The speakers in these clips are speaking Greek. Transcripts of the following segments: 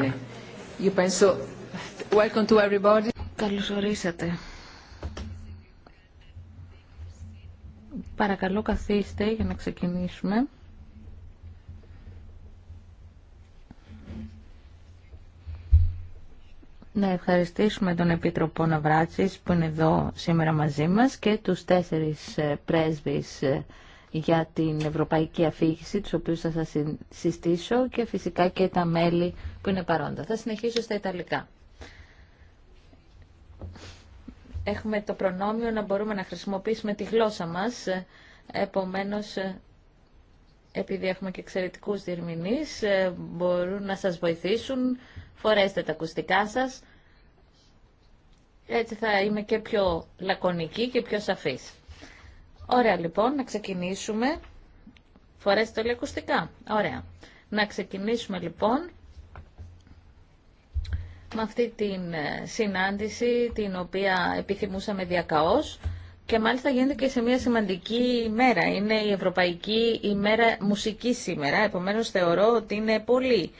Bene. Καλώς ορίσατε. Παρακαλώ καθίστε για να ξεκινήσουμε. Να ευχαριστήσουμε τον Επίτροπο Ναυράτσης που είναι εδώ σήμερα μαζί μας και τους τέσσερις ε, πρέσβεις ε, για την ευρωπαϊκή αφήγηση, του οποίου θα σας συστήσω και φυσικά και τα μέλη που είναι παρόντα. Θα συνεχίσω στα Ιταλικά. Έχουμε το προνόμιο να μπορούμε να χρησιμοποιήσουμε τη γλώσσα μας, επομένως επειδή έχουμε και εξαιρετικούς διερμηνείς, μπορούν να σας βοηθήσουν. Φορέστε τα ακουστικά σας. Έτσι θα είμαι και πιο λακωνική και πιο σαφής. Ωραία λοιπόν, να ξεκινήσουμε. Φορέστε όλοι ακουστικά. Ωραία. Να ξεκινήσουμε λοιπόν με αυτή την ε, συνάντηση την οποία επιθυμούσαμε διακαώς και μάλιστα γίνεται και σε μια σημαντική ημέρα. Είναι η Ευρωπαϊκή ημέρα μουσικής σήμερα, επομένως θεωρώ ότι είναι πολύ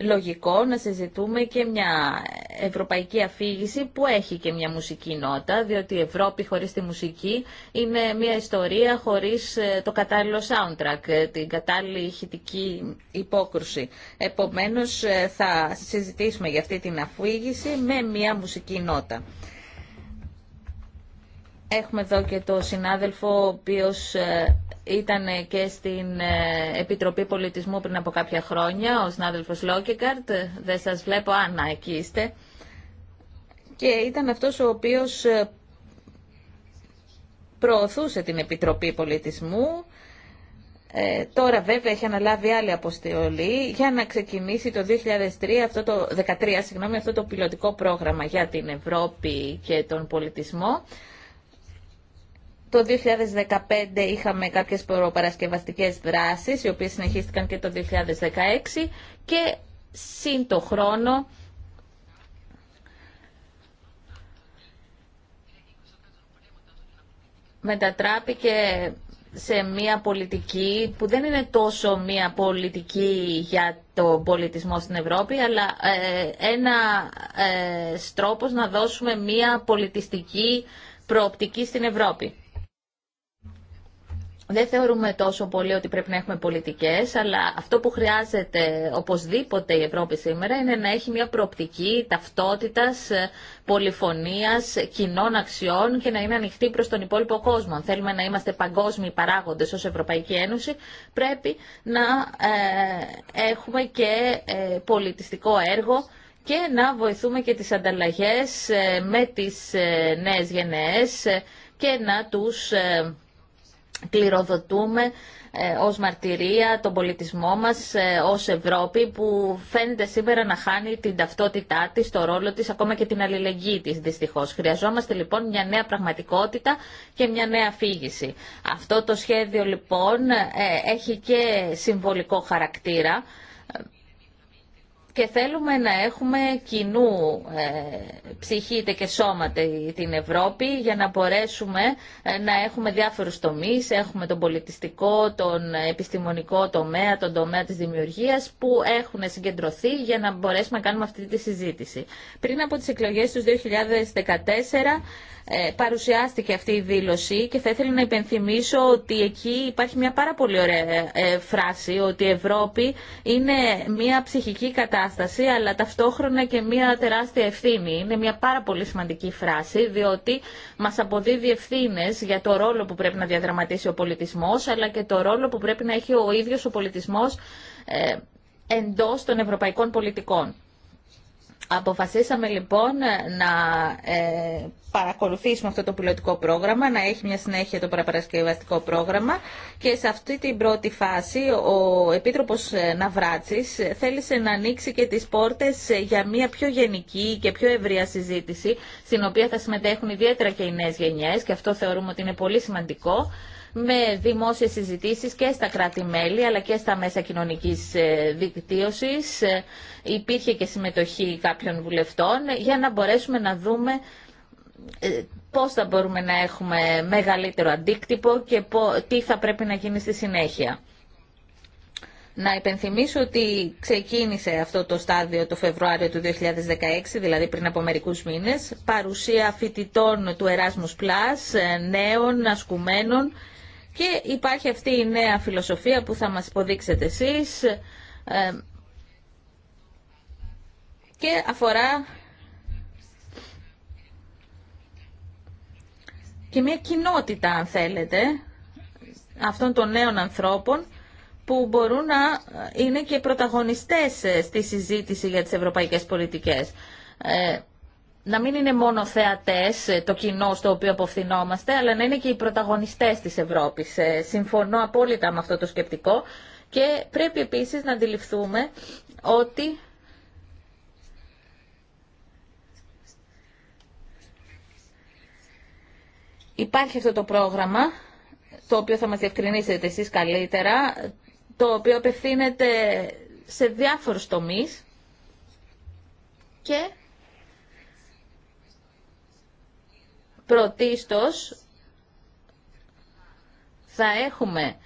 λογικό να συζητούμε και μια ευρωπαϊκή αφήγηση που έχει και μια μουσική νότα, διότι η Ευρώπη χωρίς τη μουσική είναι μια ιστορία χωρίς ε, το κατάλληλο soundtrack, ε, την κατάλληλη ηχητική υπόκρουση. Επομένως ε, θα συζητήσουμε για αυτή την αφήγηση με μια μουσική νότα. Έχουμε εδώ και τον συνάδελφο, ο οποίος ε, ήταν και στην ε, Επιτροπή Πολιτισμού πριν από κάποια χρόνια, ο συνάδελφος Λόκεκαρτ. Δεν σας βλέπω, Άννα, εκεί είστε. Και ήταν αυτός ο οποίος ε, προωθούσε την Επιτροπή Πολιτισμού. Ε, τώρα βέβαια έχει αναλάβει άλλη αποστολή για να ξεκινήσει το 2003, αυτό το, 13, συγγνώμη, αυτό το πιλωτικό πρόγραμμα για την Ευρώπη και τον πολιτισμό. Το 2015 είχαμε κάποιες προπαρασκευαστικές δράσεις, οι οποίες συνεχίστηκαν και το 2016 και σύν το χρόνο μετατράπηκε σε μια πολιτική που δεν είναι τόσο μια πολιτική για τον πολιτισμό στην Ευρώπη, αλλά ε, ένα ε, τρόπος να δώσουμε μια πολιτιστική προοπτική στην Ευρώπη δεν θεωρούμε τόσο πολύ ότι πρέπει να έχουμε πολιτικές, αλλά αυτό που χρειάζεται οπωσδήποτε η Ευρώπη σήμερα είναι να έχει μια προοπτική ταυτότητας, πολυφωνίας, κοινών αξιών και να είναι ανοιχτή προς τον υπόλοιπο κόσμο. Αν θέλουμε να είμαστε παγκόσμιοι παράγοντες ως Ευρωπαϊκή Ένωση, πρέπει να ε, έχουμε και ε, πολιτιστικό έργο και να βοηθούμε και τις ανταλλαγές ε, με τις νέες γενναίες και να τους κληροδοτούμε ε, ως μαρτυρία τον πολιτισμό μας ε, ως Ευρώπη που φαίνεται σήμερα να χάνει την ταυτότητά της, το ρόλο της, ακόμα και την αλληλεγγύη της δυστυχώς. Χρειαζόμαστε λοιπόν μια νέα πραγματικότητα και μια νέα αφήγηση. Αυτό το σχέδιο λοιπόν ε, έχει και συμβολικό χαρακτήρα και θέλουμε να έχουμε κοινού ε, ψυχήτε και σώματε την Ευρώπη για να μπορέσουμε ε, να έχουμε διάφορους τομείς, έχουμε τον πολιτιστικό, τον επιστημονικό τομέα, τον τομέα της δημιουργίας που έχουν συγκεντρωθεί για να μπορέσουμε να κάνουμε αυτή τη συζήτηση. Πριν από τις εκλογές του 2014 ε, παρουσιάστηκε αυτή η δήλωση και θα ήθελα να υπενθυμίσω ότι εκεί υπάρχει μια πάρα πολύ ωραία ε, φράση ότι η Ευρώπη είναι μια ψυχική κατάσταση κατάσταση, αλλά ταυτόχρονα και μια τεράστια ευθύνη. Είναι μια πάρα πολύ σημαντική φράση, διότι μας αποδίδει ευθύνε για το ρόλο που πρέπει να διαδραματίσει ο πολιτισμός, αλλά και το ρόλο που πρέπει να έχει ο ίδιος ο πολιτισμός ε, εντός των ευρωπαϊκών πολιτικών. Αποφασίσαμε λοιπόν να ε, παρακολουθήσουμε αυτό το πιλωτικό πρόγραμμα, να έχει μια συνέχεια το παραπαρασκευαστικό πρόγραμμα και σε αυτή την πρώτη φάση ο Επίτροπος ε, Ναυράτσης θέλησε να ανοίξει και τις πόρτες ε, για μια πιο γενική και πιο ευρεία συζήτηση στην οποία θα συμμετέχουν ιδιαίτερα και οι νέες γενιές και αυτό θεωρούμε ότι είναι πολύ σημαντικό με δημόσιες συζητήσεις και στα κράτη-μέλη αλλά και στα μέσα κοινωνικής ε, δικτύωσης. Ε, υπήρχε και συμμετοχή κάποιων βουλευτών για να μπορέσουμε να δούμε ε, πώς θα μπορούμε να έχουμε μεγαλύτερο αντίκτυπο και τι θα πρέπει να γίνει στη συνέχεια. Να υπενθυμίσω ότι ξεκίνησε αυτό το στάδιο το Φεβρουάριο του 2016, δηλαδή πριν από μερικούς μήνες, παρουσία φοιτητών του Erasmus νέων, ασκουμένων και υπάρχει αυτή η νέα φιλοσοφία που θα μας υποδείξετε εσείς ε, και αφορά και μια κοινότητα, αν θέλετε, αυτών των νέων ανθρώπων που μπορούν να είναι και πρωταγωνιστές ε, στη συζήτηση για τις ευρωπαϊκές πολιτικές. Ε, να μην είναι μόνο θεατές ε, το κοινό στο οποίο αποφθηνόμαστε, αλλά να είναι και οι πρωταγωνιστές της Ευρώπης. Ε, συμφωνώ απόλυτα με αυτό το σκεπτικό και πρέπει επίσης να αντιληφθούμε ότι υπάρχει αυτό το πρόγραμμα, το οποίο θα μας διευκρινίσετε εσείς καλύτερα, το οποίο απευθύνεται σε διάφορους τομείς και πρωτίστως θα έχουμε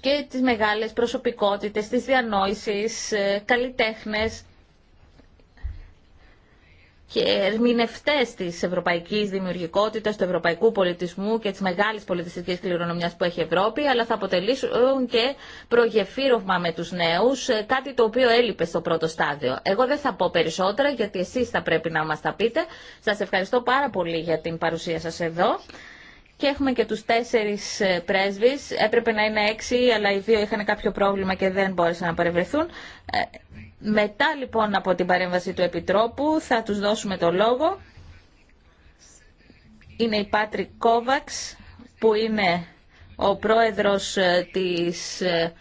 και τις μεγάλες προσωπικότητες, τις διανόησεις, ε, καλλιτέχνες, και ερμηνευτέ τη ευρωπαϊκή δημιουργικότητα, του ευρωπαϊκού πολιτισμού και τη μεγάλη πολιτιστική κληρονομιά που έχει η Ευρώπη, αλλά θα αποτελήσουν και προγεφύρωμα με του νέου, ε, κάτι το οποίο έλειπε στο πρώτο στάδιο. Εγώ δεν θα πω περισσότερα, γιατί εσεί θα πρέπει να μα τα πείτε. Σα ευχαριστώ πάρα πολύ για την παρουσία σα εδώ. Και έχουμε και τους τέσσερις ε, πρέσβεις. Έπρεπε να είναι έξι, αλλά οι δύο είχαν κάποιο πρόβλημα και δεν μπόρεσαν να παρευρεθούν. Ε, μετά λοιπόν από την παρέμβαση του Επιτρόπου θα τους δώσουμε το λόγο. Είναι η Πάτρικ Κόβαξ που είναι ο πρόεδρος ε, της ε,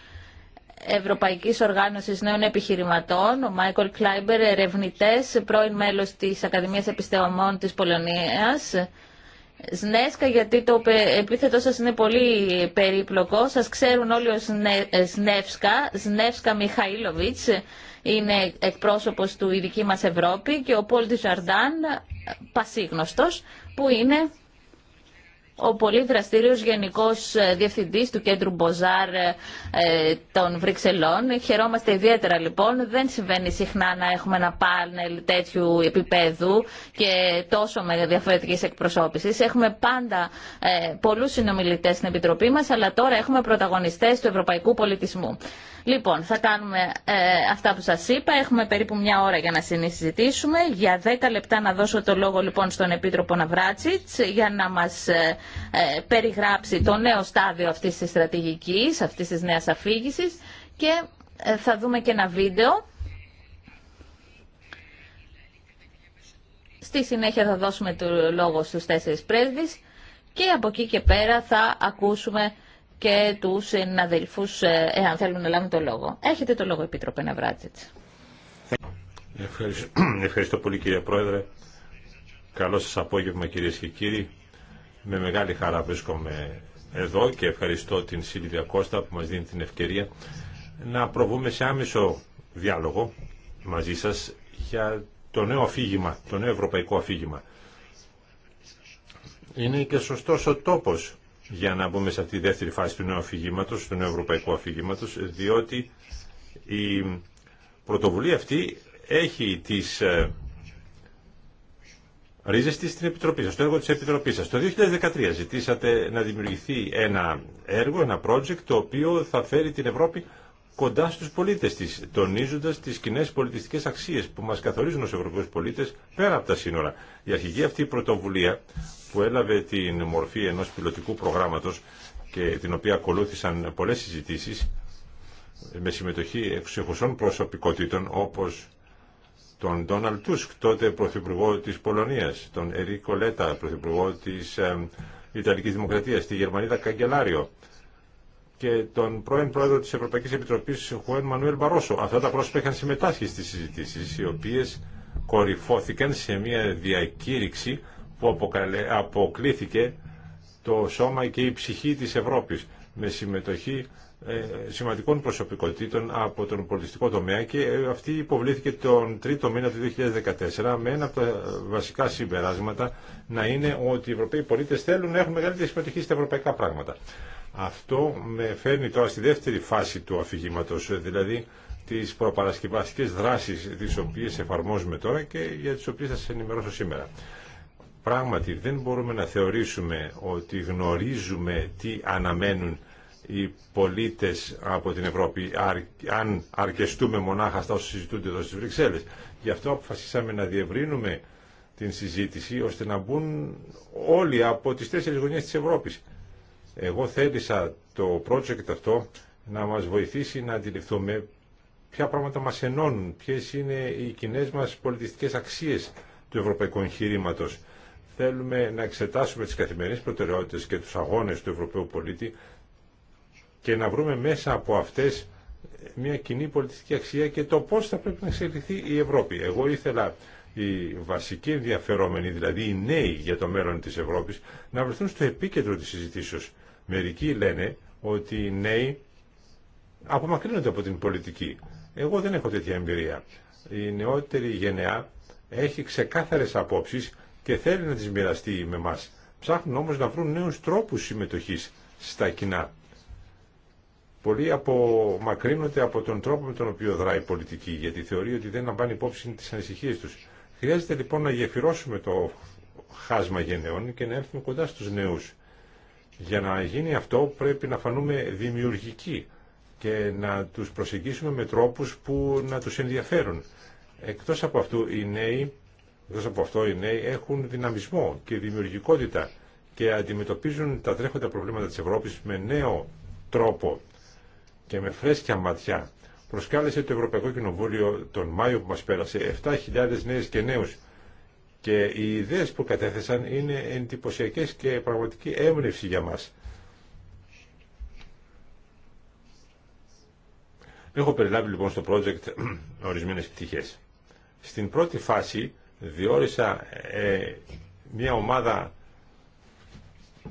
Ευρωπαϊκής Οργάνωσης Νέων Επιχειρηματών, ο Μάικολ Κλάιμπερ, ερευνητές, πρώην μέλος της Ακαδημίας Επιστεωμών της Πολωνίας. Σνέσκα, γιατί το επίθετό σας είναι πολύ περίπλοκο. Σας ξέρουν όλοι ο ε, Σνεύσκα, Σνεύσκα Μιχαήλοβιτς, είναι εκπρόσωπος του η δική μας Ευρώπη και ο Πολ Τζαρντάν, πασίγνωστος, που είναι ο πολύ δραστήριος Γενικός Διευθυντής του Κέντρου Μποζάρ ε, των Βρυξελών. Χαιρόμαστε ιδιαίτερα λοιπόν. Δεν συμβαίνει συχνά να έχουμε ένα πάνελ τέτοιου επίπεδου και τόσο με διαφορετικής εκπροσώπησης. Έχουμε πάντα ε, πολλούς συνομιλητές στην Επιτροπή μας, αλλά τώρα έχουμε πρωταγωνιστές του ευρωπαϊκού πολιτισμού. Λοιπόν, θα κάνουμε ε, αυτά που σας είπα. Έχουμε περίπου μια ώρα για να συνεισυζητήσουμε. Για 10 λεπτά να δώσω το λόγο λοιπόν στον Επίτροπο Ναυράτσιτς για να μας ε, ε, περιγράψει το νέο στάδιο αυτής της στρατηγικής, αυτής της νέας αφήγησης και ε, θα δούμε και ένα βίντεο. Στη συνέχεια θα δώσουμε το λόγο στους τέσσερις πρέσβεις και από εκεί και πέρα θα ακούσουμε και τους συναδελφούς ε, εάν θέλουν να λάβουν το λόγο. Έχετε το λόγο, Επίτροπε Ναυράτζιτς. Ευχαριστώ, Ευχαριστώ πολύ κύριε Πρόεδρε. Καλό σας απόγευμα κυρίες και κύριοι. Με μεγάλη χαρά βρίσκομαι εδώ και ευχαριστώ την Σίλβια Κώστα που μας δίνει την ευκαιρία να προβούμε σε άμεσο διάλογο μαζί σας για το νέο αφήγημα, το νέο ευρωπαϊκό αφήγημα. Είναι και σωστός ο τόπος για να μπούμε σε αυτή τη δεύτερη φάση του νέου αφηγήματος, του νέου ευρωπαϊκού αφήγηματος, διότι η πρωτοβουλία αυτή έχει τις ε, ρίζεστε στην Επιτροπή σας, στο έργο της Επιτροπής σας. Το 2013 ζητήσατε να δημιουργηθεί ένα έργο, ένα project, το οποίο θα φέρει την Ευρώπη κοντά στους πολίτες της, τονίζοντας τις κοινέ πολιτιστικές αξίες που μας καθορίζουν ως Ευρωπαίους πολίτες πέρα από τα σύνορα. Η αρχική αυτή πρωτοβουλία που έλαβε την μορφή ενός πιλωτικού προγράμματος και την οποία ακολούθησαν πολλές συζητήσεις με συμμετοχή εξεχουσών προσωπικότητων όπως τον Ντόναλτ Τούσκ, τότε Πρωθυπουργό της Πολωνίας, τον Ερή Κολέτα, Πρωθυπουργό της ε, Ιταλικής Δημοκρατίας, τη Γερμανίδα Καγκελάριο και τον πρώην Πρόεδρο της Ευρωπαϊκής Επιτροπής, Χουέν Μανουέλ Μπαρόσο. Αυτά τα πρόσωπα είχαν συμμετάσχει στις συζητήσεις, οι οποίες κορυφώθηκαν σε μια διακήρυξη που αποκλήθηκε το σώμα και η ψυχή της Ευρώπης με συμμετοχή ε, σημαντικών προσωπικότητων από τον πολιτιστικό τομέα και ε, αυτή υποβλήθηκε τον τρίτο μήνα του 2014 με ένα από τα βασικά συμπεράσματα να είναι ότι οι Ευρωπαίοι πολίτες θέλουν να έχουν μεγαλύτερη συμμετοχή στα ευρωπαϊκά πράγματα. Αυτό με φέρνει τώρα στη δεύτερη φάση του αφηγήματο, δηλαδή τις προπαρασκευαστικές δράσεις τις οποίες εφαρμόζουμε τώρα και για τις οποίες θα σας ενημερώσω σήμερα. Πράγματι δεν μπορούμε να θεωρήσουμε ότι γνωρίζουμε τι αναμένουν οι πολίτες από την Ευρώπη αν αρκεστούμε μονάχα στα όσα συζητούνται εδώ στις Βρυξέλλες. Γι' αυτό αποφασίσαμε να διευρύνουμε την συζήτηση ώστε να μπουν όλοι από τις τέσσερις γωνιές της Ευρώπης. Εγώ θέλησα το project αυτό να μας βοηθήσει να αντιληφθούμε ποια πράγματα μας ενώνουν, ποιε είναι οι κοινέ μας πολιτιστικές αξίες του ευρωπαϊκού εγχειρήματο. Θέλουμε να εξετάσουμε τις καθημερινές προτεραιότητες και τους αγώνες του ευρωπαίου πολίτη και να βρούμε μέσα από αυτές μια κοινή πολιτική αξία και το πώς θα πρέπει να εξελιχθεί η Ευρώπη. Εγώ ήθελα οι βασικοί ενδιαφερόμενοι, δηλαδή οι νέοι για το μέλλον της Ευρώπης, να βρεθούν στο επίκεντρο της συζητήσεως. Μερικοί λένε ότι οι νέοι απομακρύνονται από την πολιτική. Εγώ δεν έχω τέτοια εμπειρία. Η νεότερη γενεά έχει ξεκάθαρες απόψεις και θέλει να τις μοιραστεί με εμά. Ψάχνουν όμως να βρουν νέους τρόπους συμμετοχής στα κοινά πολλοί απομακρύνονται από τον τρόπο με τον οποίο δράει η πολιτική, γιατί θεωρεί ότι δεν λαμβάνει υπόψη τι ανησυχίε του. Χρειάζεται λοιπόν να γεφυρώσουμε το χάσμα γενναιών και να έρθουμε κοντά στου νέου. Για να γίνει αυτό πρέπει να φανούμε δημιουργικοί και να τους προσεγγίσουμε με τρόπους που να τους ενδιαφέρουν. Εκτός από, αυτού, οι νέοι, εκτός από αυτό οι νέοι έχουν δυναμισμό και δημιουργικότητα και αντιμετωπίζουν τα τρέχοντα προβλήματα της Ευρώπης με νέο τρόπο και με φρέσκια ματιά προσκάλεσε το Ευρωπαϊκό Κοινοβούλιο τον Μάιο που μας πέρασε 7.000 νέες και νέους και οι ιδέες που κατέθεσαν είναι εντυπωσιακές και πραγματική έμπνευση για μας. Έχω περιλάβει λοιπόν στο project ορισμένες πτυχές. Στην πρώτη φάση διόρισα ε, μια ομάδα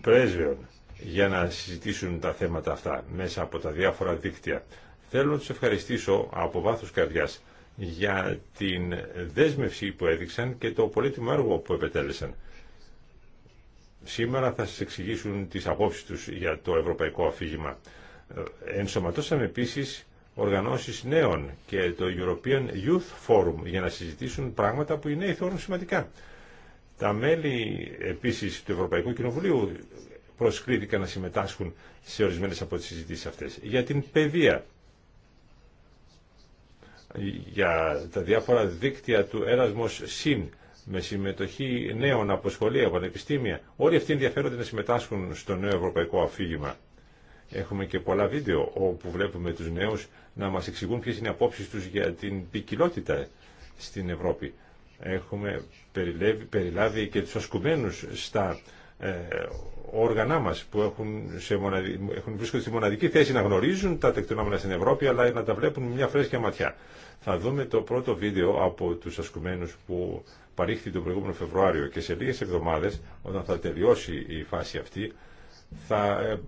πρέσβεων για να συζητήσουν τα θέματα αυτά μέσα από τα διάφορα δίκτυα. Θέλω να τους ευχαριστήσω από βάθος καρδιάς για την δέσμευση που έδειξαν και το πολύτιμο έργο που επετέλεσαν. Σήμερα θα σας εξηγήσουν τις απόψεις τους για το ευρωπαϊκό αφήγημα. Ε, ενσωματώσαμε επίσης οργανώσεις νέων και το European Youth Forum για να συζητήσουν πράγματα που οι νέοι θεωρούν σημαντικά. Τα μέλη επίσης του Ευρωπαϊκού Κοινοβουλίου προσκλήθηκαν να συμμετάσχουν σε ορισμένες από τις συζητήσεις αυτές. Για την παιδεία, για τα διάφορα δίκτυα του Erasmus ΣΥΝ, με συμμετοχή νέων από σχολεία, πανεπιστήμια, όλοι αυτοί ενδιαφέρονται να συμμετάσχουν στο νέο ευρωπαϊκό αφήγημα. Έχουμε και πολλά βίντεο όπου βλέπουμε τους νέους να μας εξηγούν ποιες είναι οι απόψεις τους για την ποικιλότητα στην Ευρώπη. Έχουμε περιλάβει και τους ασκουμένους στα ε, όργανα μας που έχουν, σε μοναδι... έχουν βρίσκονται στη μοναδική θέση να γνωρίζουν τα τεκτονόμενα στην Ευρώπη αλλά να τα βλέπουν μια φρέσκια ματιά. Θα δούμε το πρώτο βίντεο από τους ασκουμένους που παρήχθη τον προηγούμενο Φεβρουάριο και σε λίγες εβδομάδες όταν θα τελειώσει η φάση αυτή θα ε,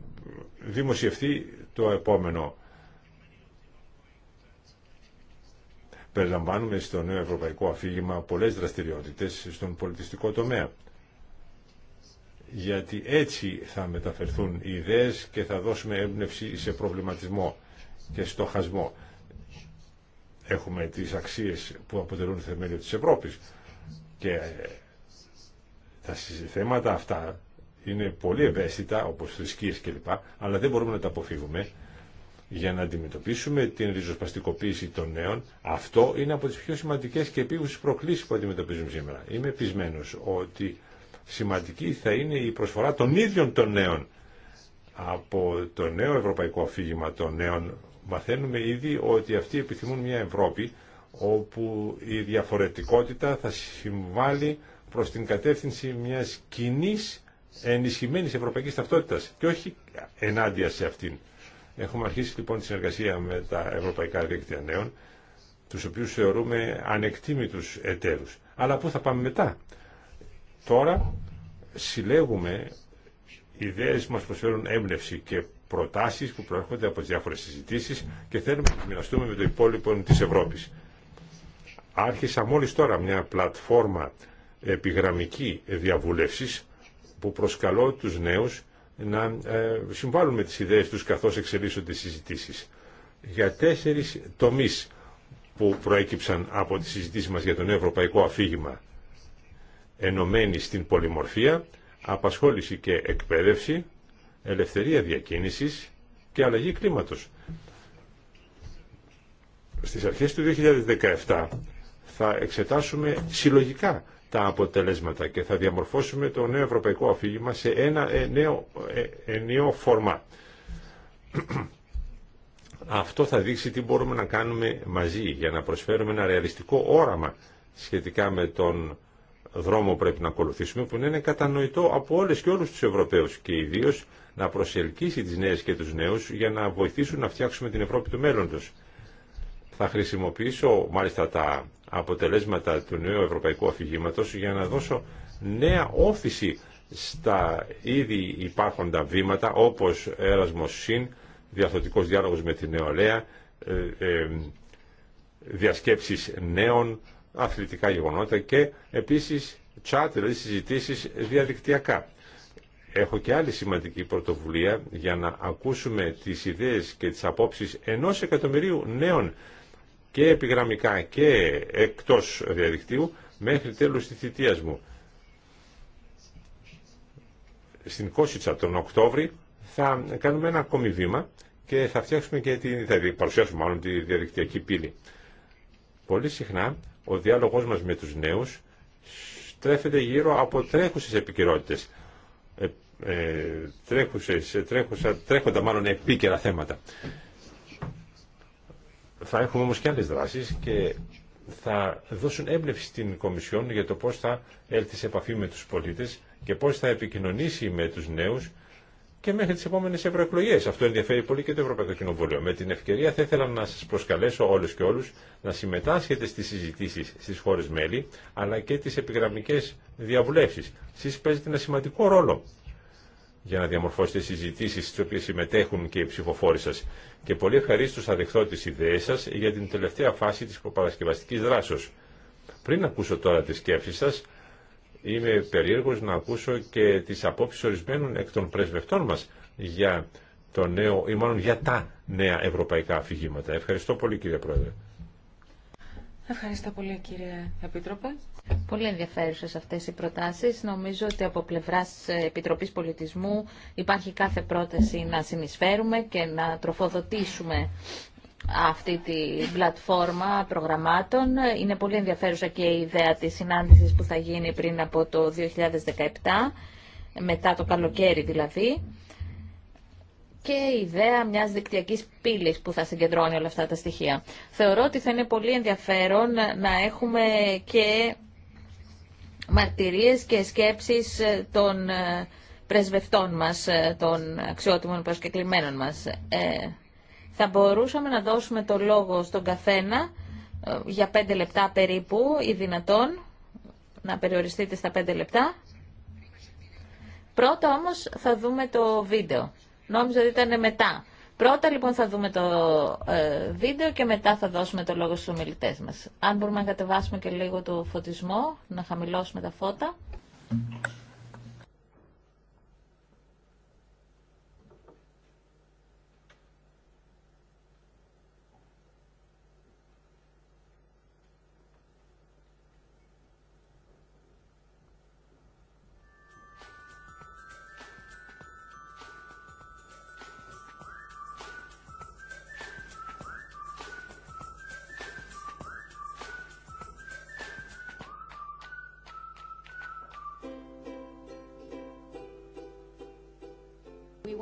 δημοσιευτεί το επόμενο. Περιλαμβάνουμε στο νέο ευρωπαϊκό αφήγημα πολλές δραστηριότητες στον πολιτιστικό τομέα γιατί έτσι θα μεταφερθούν οι ιδέες και θα δώσουμε έμπνευση σε προβληματισμό και στοχασμό. Έχουμε τις αξίες που αποτελούν θεμέλιο της Ευρώπης και ε, τα θέματα αυτά είναι πολύ ευαίσθητα, όπως θρησκείες κλπ, αλλά δεν μπορούμε να τα αποφύγουμε για να αντιμετωπίσουμε την ριζοσπαστικοποίηση των νέων. Αυτό είναι από τις πιο σημαντικές και επίγουσες προκλήσεις που αντιμετωπίζουμε σήμερα. Είμαι πεισμένος ότι σημαντική θα είναι η προσφορά των ίδιων των νέων. Από το νέο ευρωπαϊκό αφήγημα των νέων μαθαίνουμε ήδη ότι αυτοί επιθυμούν μια Ευρώπη όπου η διαφορετικότητα θα συμβάλλει προς την κατεύθυνση μιας κοινή ενισχυμένης ευρωπαϊκής ταυτότητας και όχι ενάντια σε αυτήν. Έχουμε αρχίσει λοιπόν τη συνεργασία με τα ευρωπαϊκά δίκτυα νέων, τους οποίους θεωρούμε ανεκτήμητους εταίρους. Αλλά πού θα πάμε μετά. Τώρα συλλέγουμε ιδέες που μας προσφέρουν έμπνευση και προτάσεις που προέρχονται από τις διάφορες συζητήσεις και θέλουμε να μοιραστούμε με το υπόλοιπο της Ευρώπης. Άρχισα μόλις τώρα μια πλατφόρμα επιγραμμική διαβούλευσης που προσκαλώ τους νέους να ε, συμβάλλουν με τις ιδέες τους καθώς εξελίσσονται οι συζητήσεις. Για τέσσερις τομείς που προέκυψαν από τις συζητήσεις μας για το νέο ευρωπαϊκό αφήγημα ενωμένη στην πολυμορφία, απασχόληση και εκπαίδευση, ελευθερία διακίνησης και αλλαγή κλίματος. Στις αρχές του 2017 θα εξετάσουμε συλλογικά τα αποτελέσματα και θα διαμορφώσουμε το νέο ευρωπαϊκό αφήγημα σε ένα νέο, ε, νέο φορμά. Αυτό θα δείξει τι μπορούμε να κάνουμε μαζί για να προσφέρουμε ένα ρεαλιστικό όραμα σχετικά με τον δρόμο πρέπει να ακολουθήσουμε που είναι κατανοητό από όλες και όλους τους Ευρωπαίους και ιδίω να προσελκύσει τις νέες και τους νέους για να βοηθήσουν να φτιάξουμε την Ευρώπη του μέλλοντος. Θα χρησιμοποιήσω μάλιστα τα αποτελέσματα του νέου ευρωπαϊκού Αφηγήματο για να δώσω νέα όθηση στα ήδη υπάρχοντα βήματα όπως έρασμο συν, διαθωτικό διάλογος με τη νεολαία, ε, ε, διασκέψεις νέων, αθλητικά γεγονότα και επίσης chat, δηλαδή συζητήσεις διαδικτυακά. Έχω και άλλη σημαντική πρωτοβουλία για να ακούσουμε τις ιδέες και τις απόψεις ενός εκατομμυρίου νέων και επιγραμμικά και εκτός διαδικτύου μέχρι τέλους της θητείας μου. Στην Κόσιτσα τον Οκτώβρη θα κάνουμε ένα ακόμη βήμα και θα φτιάξουμε και την θα παρουσιάσουμε μάλλον τη διαδικτυακή πύλη. Πολύ συχνά ο διάλογός μας με τους νέους στρέφεται γύρω από τρέχουσες επικαιρότητες, ε, ε τρέχουσες, ε, τρέχουσα, τρέχοντα μάλλον επίκαιρα θέματα. Θα έχουμε όμως και άλλες δράσεις και θα δώσουν έμπνευση στην Κομισιόν για το πώς θα έλθει σε επαφή με τους πολίτες και πώς θα επικοινωνήσει με τους νέους και μέχρι τι επόμενε ευρωεκλογέ. Αυτό ενδιαφέρει πολύ και το Ευρωπαϊκό Κοινοβούλιο. Με την ευκαιρία θα ήθελα να σα προσκαλέσω όλου και όλου να συμμετάσχετε στι συζητήσει στι χώρε μέλη, αλλά και τι επιγραμμικέ διαβουλεύσει. Εσεί παίζετε ένα σημαντικό ρόλο για να διαμορφώσετε συζητήσει στι οποίε συμμετέχουν και οι ψηφοφόροι σα. Και πολύ ευχαρίστω θα δεχθώ τι ιδέε σα για την τελευταία φάση τη προπαρασκευαστική δράσεω. Πριν ακούσω τώρα τι σκέψει σα, είμαι περίεργος να ακούσω και τις απόψεις ορισμένων εκ των πρεσβευτών μας για το νέο ή μάλλον για τα νέα ευρωπαϊκά αφηγήματα. Ευχαριστώ πολύ κύριε Πρόεδρε. Ευχαριστώ πολύ κύριε Επίτροπε. Πολύ ενδιαφέρουσες αυτές οι προτάσεις. Νομίζω ότι από πλευράς ε, Επιτροπής Πολιτισμού υπάρχει κάθε πρόταση να συνεισφέρουμε και να τροφοδοτήσουμε αυτή τη πλατφόρμα προγραμμάτων. Είναι πολύ ενδιαφέρουσα και η ιδέα της συνάντησης που θα γίνει πριν από το 2017, μετά το καλοκαίρι δηλαδή, και η ιδέα μιας δικτυακής πύλης που θα συγκεντρώνει όλα αυτά τα στοιχεία. Θεωρώ ότι θα είναι πολύ ενδιαφέρον να έχουμε και μαρτυρίες και σκέψεις των ε, πρεσβευτών μας, ε, των αξιότιμων προσκεκλημένων μας. Ε, θα μπορούσαμε να δώσουμε το λόγο στον καθένα ε, για πέντε λεπτά περίπου ή δυνατόν, να περιοριστείτε στα πέντε λεπτά. Πρώτα όμως θα δούμε το βίντεο. Νόμιζα ότι ήταν μετά. Πρώτα λοιπόν θα δούμε το ε, βίντεο και μετά θα δώσουμε το λόγο στους ομιλητές μας. Αν μπορούμε να κατεβάσουμε και λίγο το φωτισμό, να χαμηλώσουμε τα φώτα.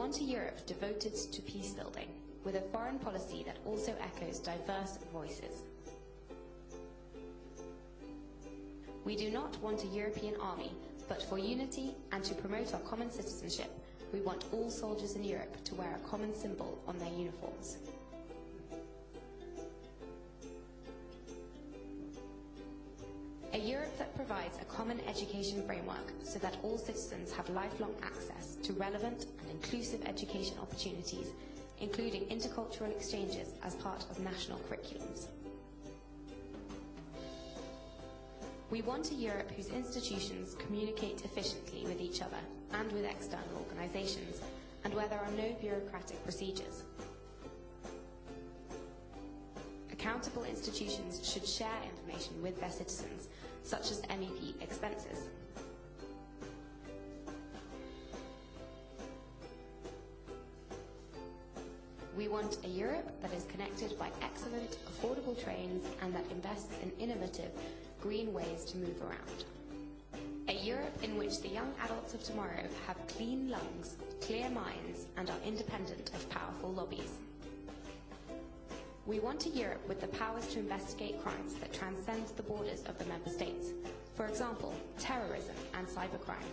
want a Europe devoted to peace building, with a foreign policy that also echoes diverse voices. We do not want a European army, but for unity and to promote our common citizenship, we want all soldiers in Europe to wear a common symbol on their uniforms. A Europe that provides a common education framework so that all citizens have lifelong access to relevant and inclusive education opportunities, including intercultural exchanges as part of national curriculums. We want a Europe whose institutions communicate efficiently with each other and with external organisations, and where there are no bureaucratic procedures. Accountable institutions should share information with their citizens such as MEP expenses. We want a Europe that is connected by excellent, affordable trains and that invests in innovative, green ways to move around. A Europe in which the young adults of tomorrow have clean lungs, clear minds and are independent of powerful lobbies. We want a Europe with the powers to investigate crimes that transcend the borders of the member states. For example, terrorism and cybercrime.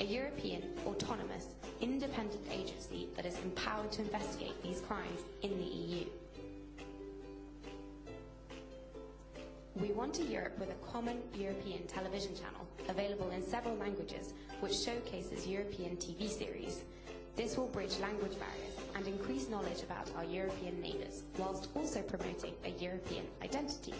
A European, autonomous, independent agency that is empowered to investigate these crimes in the EU. We want a Europe with a common European television channel, available in several languages, which showcases European TV series. This will bridge language barriers and increase knowledge about our European neighbours, whilst also promoting a European identity.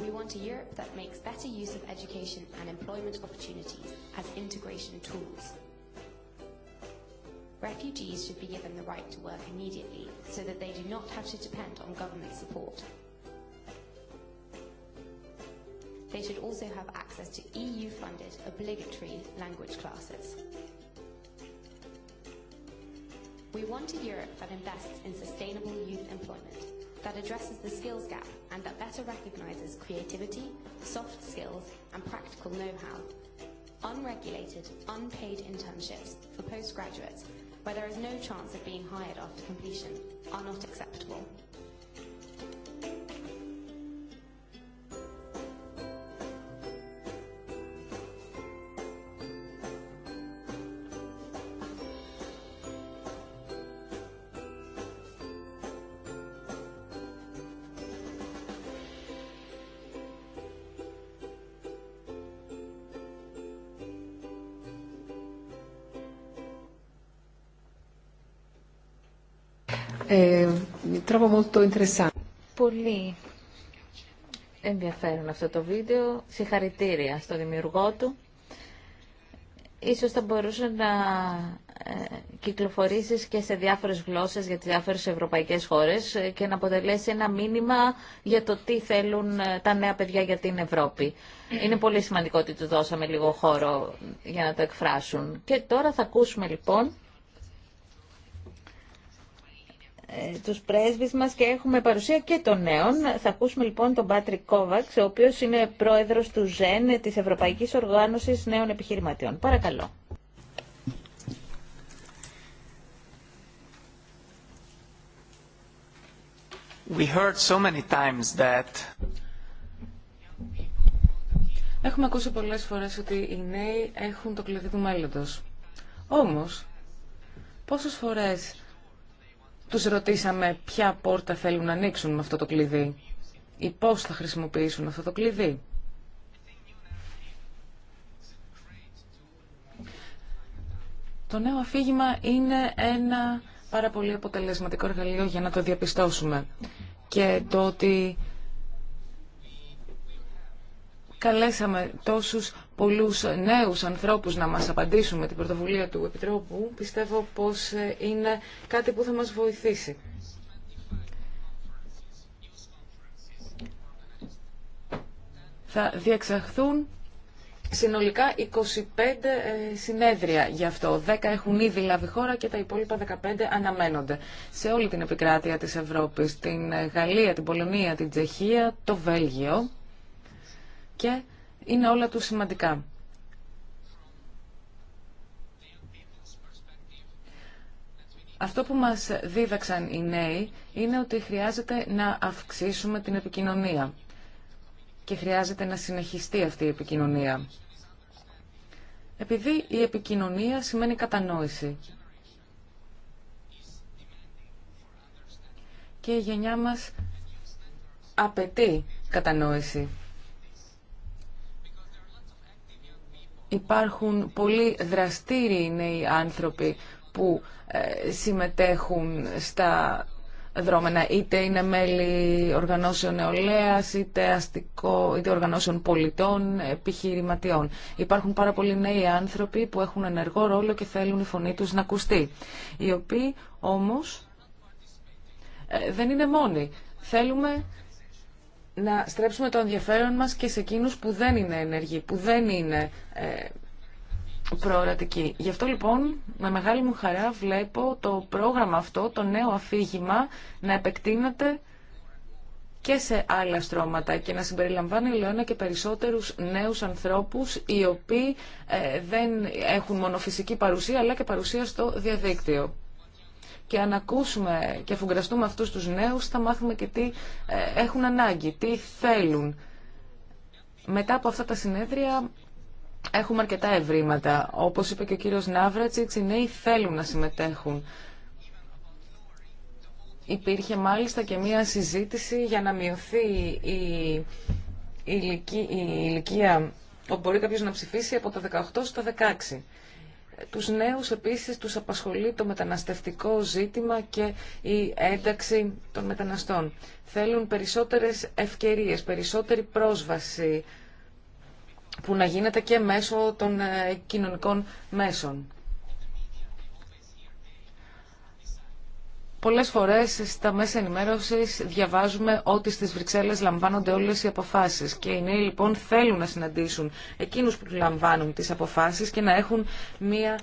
We want a Europe that makes better use of education and employment opportunities as integration tools. Refugees should be given the right to work immediately so that they do not have to depend on government support. They should also have access to EU-funded obligatory language classes. We want a Europe that invests in sustainable youth employment, that addresses the skills gap and that better recognises creativity, soft skills and practical know-how. Unregulated, unpaid internships for postgraduates where there is no chance of being hired after completion are not acceptable. trovo ε, molto Πολύ ενδιαφέρον αυτό το βίντεο. Συγχαρητήρια στο δημιουργό του. Ίσως θα μπορούσε να ε, κυκλοφορήσει και σε διάφορες γλώσσες για τις διάφορες ευρωπαϊκές χώρες ε, και να αποτελέσει ένα μήνυμα για το τι θέλουν τα νέα παιδιά για την Ευρώπη. Είναι πολύ σημαντικό ότι του δώσαμε λίγο χώρο για να το εκφράσουν. Και τώρα θα ακούσουμε λοιπόν Ε, τους πρέσβεις μας και έχουμε παρουσία και των νέων. Θα ακούσουμε λοιπόν τον Πάτρικ Κόβαξ, ο οποίος είναι πρόεδρος του ΖΕΝ, της Ευρωπαϊκής Οργάνωσης Νέων Επιχειρηματιών. Παρακαλώ. We heard so many times that... Έχουμε ακούσει πολλές φορές ότι οι νέοι έχουν το κλειδί του μέλλοντος. Όμως, πόσες φορές τους ρωτήσαμε ποια πόρτα θέλουν να ανοίξουν με αυτό το κλειδί ή πώς θα χρησιμοποιήσουν αυτό το κλειδί. Το νέο αφήγημα είναι ένα πάρα πολύ αποτελεσματικό εργαλείο για να το διαπιστώσουμε. Και το ότι καλέσαμε τόσους πολλούς νέους ανθρώπους να μας απαντήσουν με την πρωτοβουλία του Επιτρόπου, πιστεύω πως ε, είναι κάτι που θα μας βοηθήσει. Θα διεξαχθούν συνολικά 25 ε, συνέδρια γι' αυτό. 10 έχουν ήδη λάβει χώρα και τα υπόλοιπα 15 αναμένονται. Σε όλη την επικράτεια της Ευρώπης, την ε, Γαλλία, την Πολωνία, την Τσεχία, το Βέλγιο και είναι όλα του σημαντικά. Αυτό που μας δίδαξαν οι νέοι είναι ότι χρειάζεται να αυξήσουμε την επικοινωνία και χρειάζεται να συνεχιστεί αυτή η επικοινωνία. Επειδή η επικοινωνία σημαίνει κατανόηση. Και η γενιά μας απαιτεί κατανόηση. υπάρχουν πολύ δραστήριοι νέοι άνθρωποι που ε, συμμετέχουν στα δρόμενα, είτε είναι μέλη οργανώσεων νεολαία, είτε, είτε οργανώσεων πολιτών, επιχειρηματιών. Υπάρχουν πάρα πολλοί νέοι άνθρωποι που έχουν ενεργό ρόλο και θέλουν η φωνή τους να ακουστεί, οι οποίοι όμως ε, δεν είναι μόνοι. Θέλουμε να στρέψουμε το ενδιαφέρον μας και σε εκείνους που δεν είναι ενεργοί, που δεν είναι ε, προορατικοί. Γι' αυτό λοιπόν με μεγάλη μου χαρά βλέπω το πρόγραμμα αυτό, το νέο αφήγημα να επεκτείνεται και σε άλλα στρώματα και να συμπεριλαμβάνει λεώνα και περισσότερους νέους ανθρώπους οι οποίοι ε, δεν έχουν μόνο φυσική παρουσία αλλά και παρουσία στο διαδίκτυο και αν ακούσουμε και αφουγκραστούμε αυτούς τους νέους θα μάθουμε και τι ε, έχουν ανάγκη, τι θέλουν. Μετά από αυτά τα συνέδρια έχουμε αρκετά ευρήματα. Όπως είπε και ο κύριος Ναύρατσιτς, οι νέοι θέλουν να συμμετέχουν. Υπήρχε μάλιστα και μία συζήτηση για να μειωθεί η ηλικία όπου μπορεί κάποιος να ψηφίσει από τα 18 στα 16. Τους νέους επίσης τους απασχολεί το μεταναστευτικό ζήτημα και η ένταξη των μεταναστών. Θέλουν περισσότερες ευκαιρίες, περισσότερη πρόσβαση που να γίνεται και μέσω των ε, κοινωνικών μέσων. Πολλέ φορές στα μέσα ενημέρωση διαβάζουμε ότι στις Βρυξέλλες λαμβάνονται όλες οι αποφάσεις και οι νέοι λοιπόν θέλουν να συναντήσουν εκείνου που λαμβάνουν τις αποφάσεις και να έχουν μία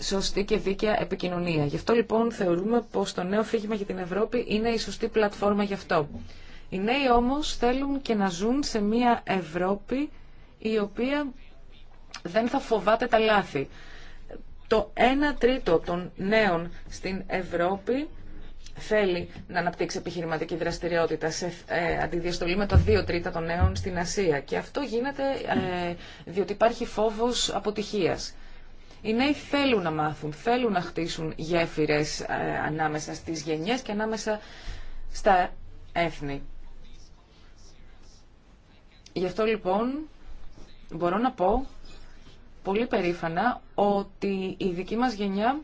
σωστή και δίκαια επικοινωνία. Γι' αυτό λοιπόν θεωρούμε πως το νέο φύγημα για την Ευρώπη είναι η σωστή πλατφόρμα γι' αυτό. Οι νέοι όμω θέλουν και να ζουν σε μία Ευρώπη η οποία δεν θα φοβάται τα λάθη το 1 τρίτο των νέων στην Ευρώπη θέλει να αναπτύξει επιχειρηματική δραστηριότητα σε ε, αντιδιαστολή με το 2 τρίτα των νέων στην Ασία. Και αυτό γίνεται ε, διότι υπάρχει φόβος αποτυχίας. Οι νέοι θέλουν να μάθουν, θέλουν να χτίσουν γέφυρες ε, ανάμεσα στις γενιές και ανάμεσα στα έθνη. Γι' αυτό λοιπόν μπορώ να πω πολύ περήφανα ότι η δική μας γενιά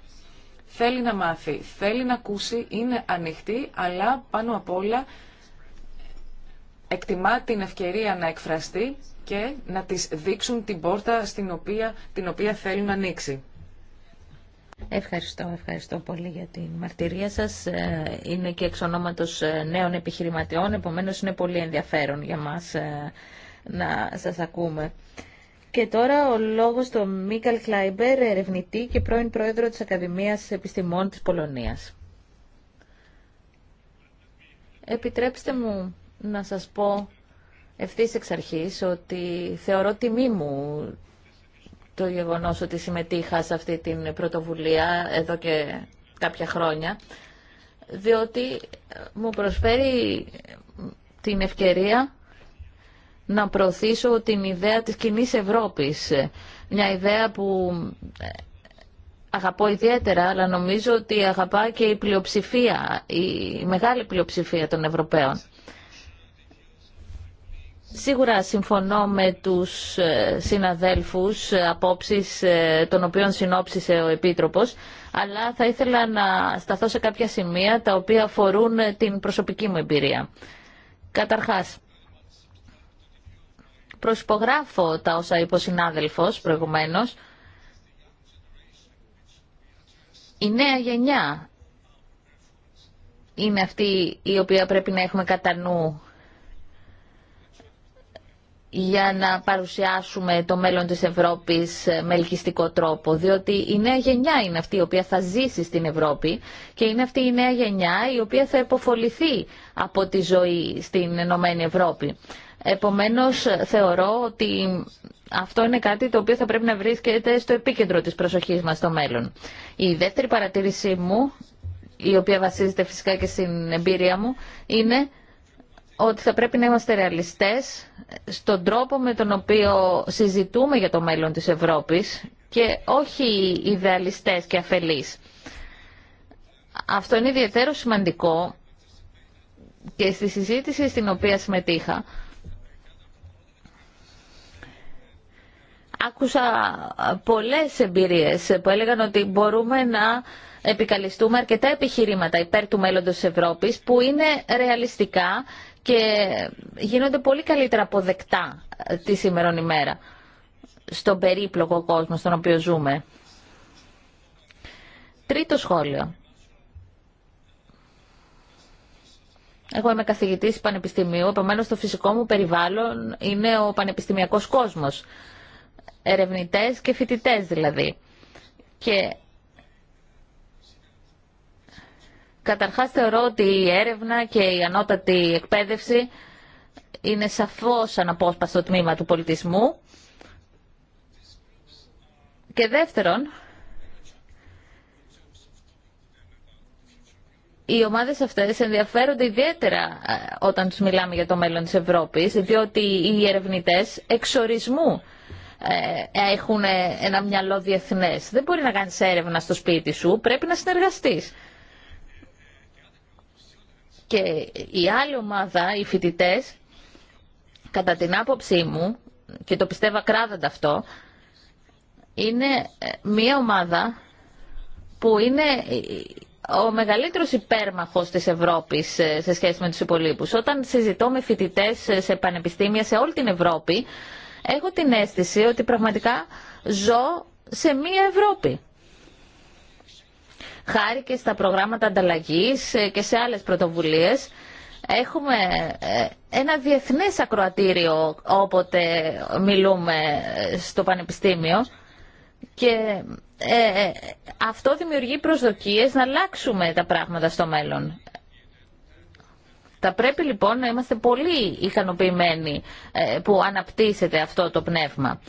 θέλει να μάθει, θέλει να ακούσει, είναι ανοιχτή, αλλά πάνω απ' όλα εκτιμά την ευκαιρία να εκφραστεί και να της δείξουν την πόρτα στην οποία, την οποία θέλουν να ανοίξει. Ευχαριστώ, ευχαριστώ πολύ για την μαρτυρία σας. Ε, είναι και εξ ονόματος ε, νέων επιχειρηματιών, επομένως είναι πολύ ενδιαφέρον για μας ε, να σας ακούμε. Και τώρα ο λόγος του Μίκαλ Κλάιμπερ, ερευνητή και πρώην πρόεδρο της Ακαδημίας Επιστημών της Πολωνίας. Επιτρέψτε μου να σας πω ευθύς εξ αρχής ότι θεωρώ τιμή μου το γεγονός ότι συμμετείχα σε αυτή την πρωτοβουλία εδώ και κάποια χρόνια, διότι μου προσφέρει την ευκαιρία να προωθήσω την ιδέα της κοινή Ευρώπης. Μια ιδέα που ε, αγαπώ ιδιαίτερα, αλλά νομίζω ότι αγαπά και η πλειοψηφία, η μεγάλη πλειοψηφία των Ευρωπαίων. Σίγουρα συμφωνώ με τους ε, συναδέλφους ε, απόψεις των οποίων συνόψισε ο Επίτροπος, αλλά θα ήθελα να σταθώ σε κάποια σημεία τα οποία αφορούν την προσωπική μου εμπειρία. Καταρχάς, Προσυπογράφω τα όσα είπε ο συνάδελφος προηγουμένως. Η νέα γενιά είναι αυτή η οποία πρέπει να έχουμε κατά νου για να παρουσιάσουμε το μέλλον της Ευρώπης με ελκυστικό τρόπο, διότι η νέα γενιά είναι αυτή η οποία θα ζήσει στην Ευρώπη και είναι αυτή η νέα γενιά η οποία θα υποφοληθεί από τη ζωή στην Ενωμένη Ευρώπη. Επομένως, θεωρώ ότι αυτό είναι κάτι το οποίο θα πρέπει να βρίσκεται στο επίκεντρο της προσοχής μας στο μέλλον. Η δεύτερη παρατήρησή μου, η οποία βασίζεται φυσικά και στην εμπειρία μου, είναι ότι θα πρέπει να είμαστε ρεαλιστές στον τρόπο με τον οποίο συζητούμε για το μέλλον της Ευρώπης και όχι ιδεαλιστές και αφελείς. Αυτό είναι ιδιαίτερο σημαντικό και στη συζήτηση στην οποία συμμετείχα άκουσα πολλές εμπειρίες που έλεγαν ότι μπορούμε να επικαλιστούμε αρκετά επιχειρήματα υπέρ του μέλλοντος της Ευρώπης που είναι ρεαλιστικά και γίνονται πολύ καλύτερα αποδεκτά τη σήμερον ημέρα στον περίπλοκο κόσμο στον οποίο ζούμε. Τρίτο σχόλιο. Εγώ είμαι καθηγητής πανεπιστημίου, επομένως το φυσικό μου περιβάλλον είναι ο πανεπιστημιακός κόσμος ερευνητές και φοιτητές δηλαδή. Και καταρχάς θεωρώ ότι η έρευνα και η ανώτατη εκπαίδευση είναι σαφώς αναπόσπαστο τμήμα του πολιτισμού. Και δεύτερον, οι ομάδες αυτές ενδιαφέρονται ιδιαίτερα ε, όταν τους μιλάμε για το μέλλον της Ευρώπης, διότι οι ερευνητές εξορισμού ε, έχουν ε, ένα μυαλό διεθνέ. Δεν μπορεί να κάνει έρευνα στο σπίτι σου, πρέπει να συνεργαστεί. Και η άλλη ομάδα, οι φοιτητέ, κατά την άποψή μου, και το πιστεύω ακράδαντα αυτό, είναι ε, μια ομάδα που είναι ο μεγαλύτερος υπέρμαχος της Ευρώπης σε σχέση με τους υπολείπους. Όταν συζητώ με φοιτητές σε πανεπιστήμια σε όλη την Ευρώπη, έχω την αίσθηση ότι πραγματικά ζω σε μία Ευρώπη. Χάρη και στα προγράμματα ανταλλαγή ε, και σε άλλες πρωτοβουλίες, έχουμε ε, ένα διεθνές ακροατήριο όποτε μιλούμε ε, στο Πανεπιστήμιο και αυτό δημιουργεί προσδοκίες να αλλάξουμε τα πράγματα στο μέλλον. Θα πρέπει λοιπόν να είμαστε πολύ ικανοποιημένοι ε, που αναπτύσσεται αυτό το πνεύμα.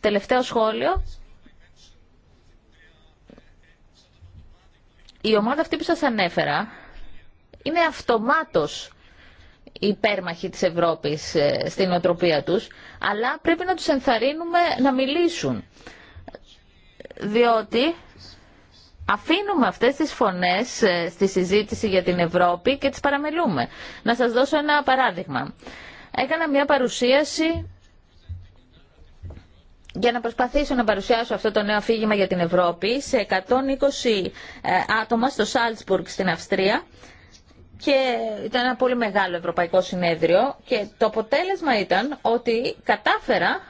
Τελευταίο σχόλιο. Η ομάδα αυτή που σας ανέφερα είναι αυτομάτως υπέρμαχοι της Ευρώπης ε, στην οτροπία τους, αλλά πρέπει να τους ενθαρρύνουμε να μιλήσουν. Διότι αφήνουμε αυτές τις φωνές ε, στη συζήτηση για την Ευρώπη και τις παραμελούμε. Να σας δώσω ένα παράδειγμα. Έκανα μια παρουσίαση για να προσπαθήσω να παρουσιάσω αυτό το νέο αφήγημα για την Ευρώπη σε 120 ε, άτομα στο Σάλτσπουργκ στην Αυστρία και ήταν ένα πολύ μεγάλο ευρωπαϊκό συνέδριο και το αποτέλεσμα ήταν ότι κατάφερα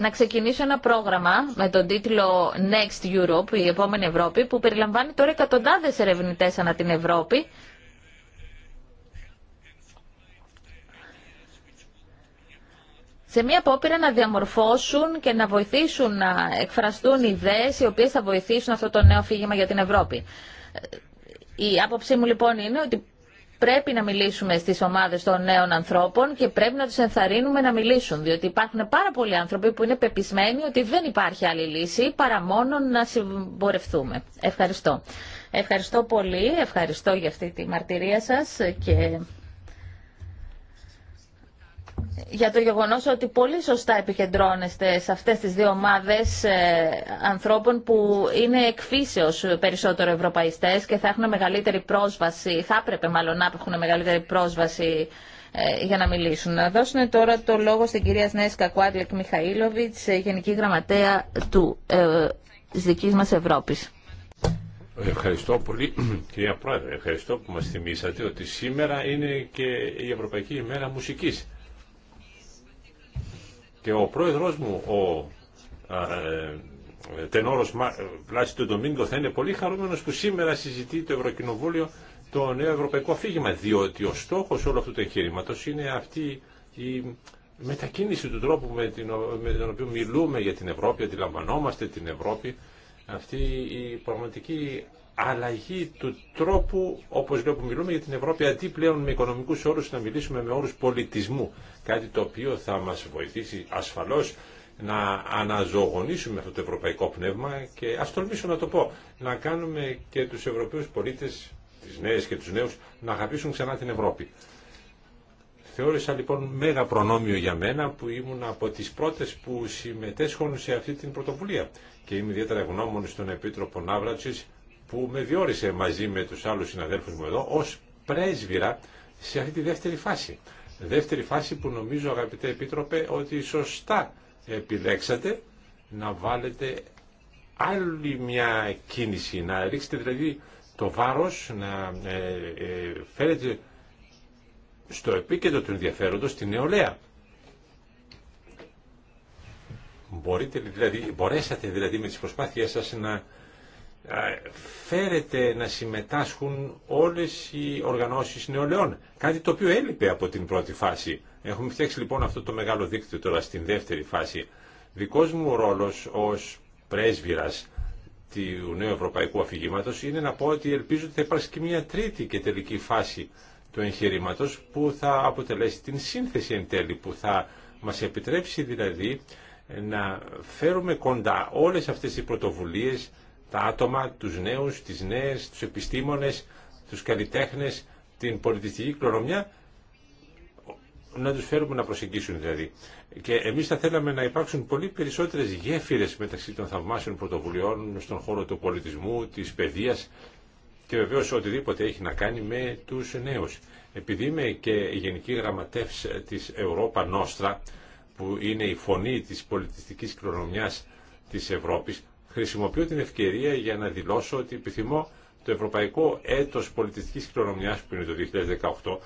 να ξεκινήσω ένα πρόγραμμα με τον τίτλο Next Europe, η επόμενη Ευρώπη, που περιλαμβάνει τώρα εκατοντάδες ερευνητές ανά την Ευρώπη, σε μία απόπειρα να διαμορφώσουν και να βοηθήσουν να εκφραστούν ιδέες οι οποίες θα βοηθήσουν αυτό το νέο φύγημα για την Ευρώπη. Η άποψή μου λοιπόν είναι ότι πρέπει να μιλήσουμε στις ομάδες των νέων ανθρώπων και πρέπει να τους ενθαρρύνουμε να μιλήσουν, διότι υπάρχουν πάρα πολλοί άνθρωποι που είναι πεπισμένοι ότι δεν υπάρχει άλλη λύση παρά μόνο να συμπορευτούμε. Ευχαριστώ. Ευχαριστώ πολύ, ευχαριστώ για αυτή τη μαρτυρία σας και για το γεγονός ότι πολύ σωστά επικεντρώνεστε σε αυτές τις δύο ομάδες ε, ανθρώπων που είναι εκφύσεως περισσότερο ευρωπαϊστές και θα έχουν μεγαλύτερη πρόσβαση, θα έπρεπε μάλλον να έχουν μεγαλύτερη πρόσβαση ε, για να μιλήσουν. Να δώσουν τώρα το λόγο στην κυρία Σνέσκα Κουάτλεκ Μιχαήλοβιτς, ε, Γενική Γραμματέα του, ε, της δικής μας Ευρώπης. Ευχαριστώ πολύ κυρία Πρόεδρε, ευχαριστώ που μας θυμήσατε ότι σήμερα είναι και η Ευρωπαϊκή ημέρα μουσικής. Και ο πρόεδρος μου, ο ε, τενόρος Πλάση του Ντομίνγκο, θα είναι πολύ χαρούμενος που σήμερα συζητεί το Ευρωκοινοβούλιο το νέο ευρωπαϊκό αφήγημα, διότι ο στόχος όλου αυτού του εγχείρηματο είναι αυτή η μετακίνηση του τρόπου με, τον οποίο μιλούμε για την Ευρώπη, αντιλαμβανόμαστε την Ευρώπη, αυτή η πραγματική αλλαγή του τρόπου, όπω λέω που μιλούμε για την Ευρώπη, αντί πλέον με οικονομικού όρου να μιλήσουμε με όρου πολιτισμού. Κάτι το οποίο θα μα βοηθήσει ασφαλώ να αναζωογονήσουμε αυτό το ευρωπαϊκό πνεύμα και ας τολμήσω να το πω, να κάνουμε και τους Ευρωπαίους πολίτες, τις νέες και τους νέους, να αγαπήσουν ξανά την Ευρώπη. Θεώρησα λοιπόν μέγα προνόμιο για μένα που ήμουν από τις πρώτες που συμμετέσχουν σε αυτή την πρωτοβουλία και είμαι ιδιαίτερα ευγνώμων στον Επίτροπο Ναύρατσης που με διόρισε μαζί με τους άλλους συναδέλφους μου εδώ ως πρέσβυρα σε αυτή τη δεύτερη φάση. Δεύτερη φάση που νομίζω αγαπητέ Επίτροπε ότι σωστά επιλέξατε να βάλετε άλλη μια κίνηση, να ρίξετε δηλαδή το βάρος, να ε, ε, φέρετε στο επίκεντρο του ενδιαφέροντος την νεολαία. Μπορείτε, δηλαδή, μπορέσατε δηλαδή με τις προσπάθειές σας να φέρεται να συμμετάσχουν όλες οι οργανώσεις νεολαίων. Κάτι το οποίο έλειπε από την πρώτη φάση. Έχουμε φτιάξει λοιπόν αυτό το μεγάλο δίκτυο τώρα στην δεύτερη φάση. Δικός μου ρόλος ως πρέσβυρας του νέου ευρωπαϊκού αφηγήματος είναι να πω ότι ελπίζω ότι θα υπάρξει και μια τρίτη και τελική φάση του εγχειρήματο που θα αποτελέσει την σύνθεση εν τέλει, που θα μας επιτρέψει δηλαδή να φέρουμε κοντά όλες αυτές οι πρωτοβουλίες τα άτομα, τους νέους, τις νέες, τους επιστήμονες, τους καλλιτέχνες, την πολιτιστική κληρονομιά, να τους φέρουμε να προσεγγίσουν δηλαδή. Και εμείς θα θέλαμε να υπάρξουν πολύ περισσότερες γέφυρες μεταξύ των θαυμάσιων πρωτοβουλειών στον χώρο του πολιτισμού, της παιδείας και βεβαίως οτιδήποτε έχει να κάνει με τους νέους. Επειδή είμαι και γενική γραμματεύς της Ευρώπα Νόστρα, που είναι η φωνή της πολιτιστικής κληρονομιάς της Ευρώπης, χρησιμοποιώ την ευκαιρία για να δηλώσω ότι επιθυμώ το Ευρωπαϊκό Έτος Πολιτιστικής Κληρονομιάς που είναι το 2018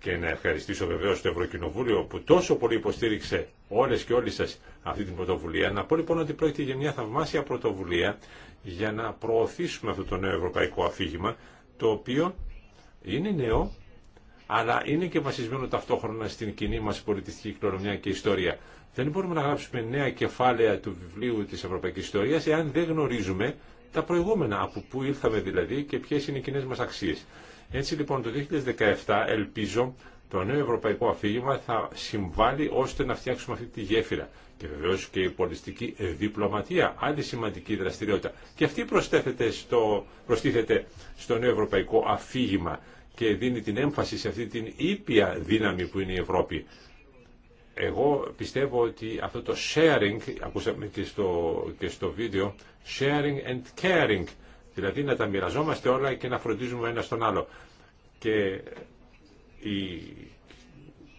και να ευχαριστήσω βεβαίως το Ευρωκοινοβούλιο που τόσο πολύ υποστήριξε όλες και όλοι σας αυτή την πρωτοβουλία. Να πω λοιπόν ότι πρόκειται για μια θαυμάσια πρωτοβουλία για να προωθήσουμε αυτό το νέο ευρωπαϊκό αφήγημα το οποίο είναι νέο αλλά είναι και βασισμένο ταυτόχρονα στην κοινή μας πολιτιστική κληρονομιά και ιστορία. Δεν μπορούμε να γράψουμε νέα κεφάλαια του βιβλίου της Ευρωπαϊκής Ιστορίας εάν δεν γνωρίζουμε τα προηγούμενα, από πού ήρθαμε δηλαδή και ποιες είναι οι κοινέ μας αξίες. Έτσι λοιπόν το 2017 ελπίζω το νέο ευρωπαϊκό αφήγημα θα συμβάλλει ώστε να φτιάξουμε αυτή τη γέφυρα. Και βεβαίω και η πολιτιστική διπλωματία, άλλη σημαντική δραστηριότητα. Και αυτή προστίθεται στο, προστίθεται στο νέο ευρωπαϊκό αφήγημα και δίνει την έμφαση σε αυτή την ήπια δύναμη που είναι η Ευρώπη εγώ πιστεύω ότι αυτό το sharing, ακούσαμε και στο, και στο βίντεο, sharing and caring, δηλαδή να τα μοιραζόμαστε όλα και να φροντίζουμε ένα στον άλλο. Και η,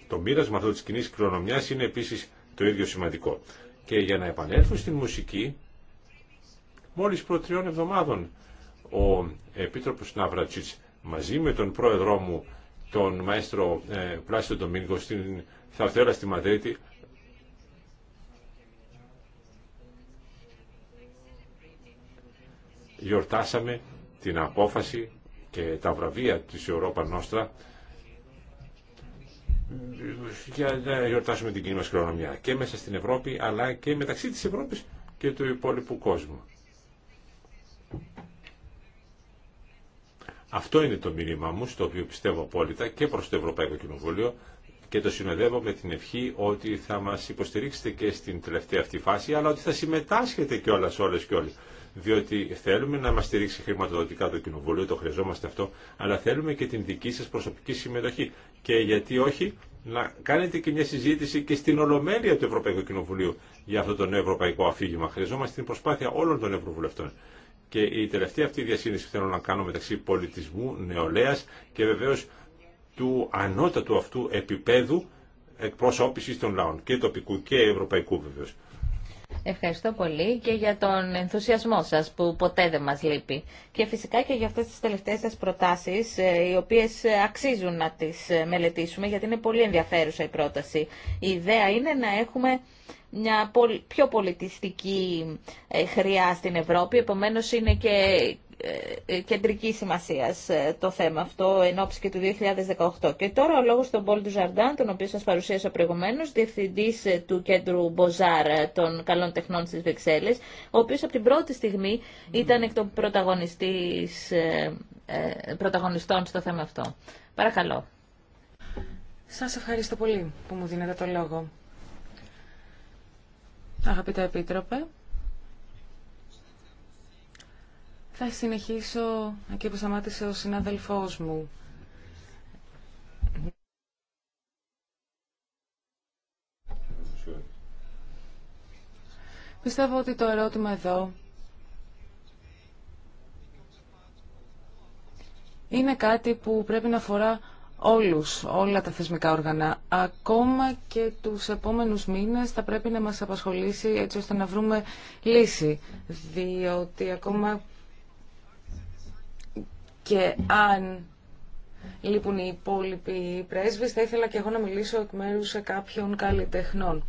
το μοίρασμα αυτό της κοινή κληρονομιάς είναι επίσης το ίδιο σημαντικό. Και για να επανέλθω στην μουσική, μόλις προ τριών εβδομάδων ο Επίτροπος Ναυρατσίτς μαζί με τον πρόεδρό μου, τον μαέστρο ε, Πλάσιο Ντομίνγκο στην θα θέλω στη Μαδρίτη γιορτάσαμε την απόφαση και τα βραβεία της Ευρώπα Νόστρα για να γιορτάσουμε την κοινή μας χρονομιά και μέσα στην Ευρώπη αλλά και μεταξύ της Ευρώπης και του υπόλοιπου κόσμου. Αυτό είναι το μήνυμά μου, στο οποίο πιστεύω απόλυτα και προς το Ευρωπαϊκό Κοινοβούλιο, και το συνοδεύω με την ευχή ότι θα μας υποστηρίξετε και στην τελευταία αυτή φάση, αλλά ότι θα συμμετάσχετε κιόλα όλε και όλοι. Διότι θέλουμε να μας στηρίξει χρηματοδοτικά το Κοινοβούλιο, το χρειαζόμαστε αυτό, αλλά θέλουμε και την δική σας προσωπική συμμετοχή. Και γιατί όχι, να κάνετε και μια συζήτηση και στην Ολομέλεια του Ευρωπαϊκού Κοινοβουλίου για αυτό το νέο ευρωπαϊκό αφήγημα. Χρειαζόμαστε την προσπάθεια όλων των Ευρωβουλευτών. Και η τελευταία αυτή διασύνδεση θέλω να κάνω μεταξύ πολιτισμού, νεολαία και βεβαίω του ανώτατου αυτού επίπεδου εκπροσώπησης των λαών και τοπικού και ευρωπαϊκού βεβαίω. Ευχαριστώ πολύ και για τον ενθουσιασμό σας που ποτέ δεν μας λείπει. Και φυσικά και για αυτές τις τελευταίες σας προτάσεις, ε, οι οποίες αξίζουν να τις ε, μελετήσουμε, γιατί είναι πολύ ενδιαφέρουσα η πρόταση. Η ιδέα είναι να έχουμε μια πιο πολιτιστική ε, χρειά στην Ευρώπη, επομένως είναι και ε, ε, κεντρική σημασία το θέμα αυτό εν ώψη και του 2018. Και τώρα ο λόγος στον Πολ του Ζαρντάν, τον οποίο σα παρουσίασα προηγουμένω, διευθυντή ε, του κέντρου Μποζάρ των καλών τεχνών στι Βεξέλλε, ο οποίος από την πρώτη στιγμή ήταν εκ των πρωταγωνιστών στο θέμα αυτό. Παρακαλώ. Σας ευχαριστώ πολύ που μου δίνετε το λόγο. Αγαπητέ Επίτροπε, Θα συνεχίσω εκεί που σταμάτησε ο συνάδελφός μου. Πιστεύω ότι το ερώτημα εδώ είναι κάτι που πρέπει να αφορά όλους, όλα τα θεσμικά όργανα. Ακόμα και τους επόμενους μήνες θα πρέπει να μας απασχολήσει έτσι ώστε να βρούμε λύση, διότι ακόμα και αν λείπουν οι υπόλοιποι πρέσβεις, θα ήθελα και εγώ να μιλήσω εκ μέρους σε κάποιων καλλιτεχνών.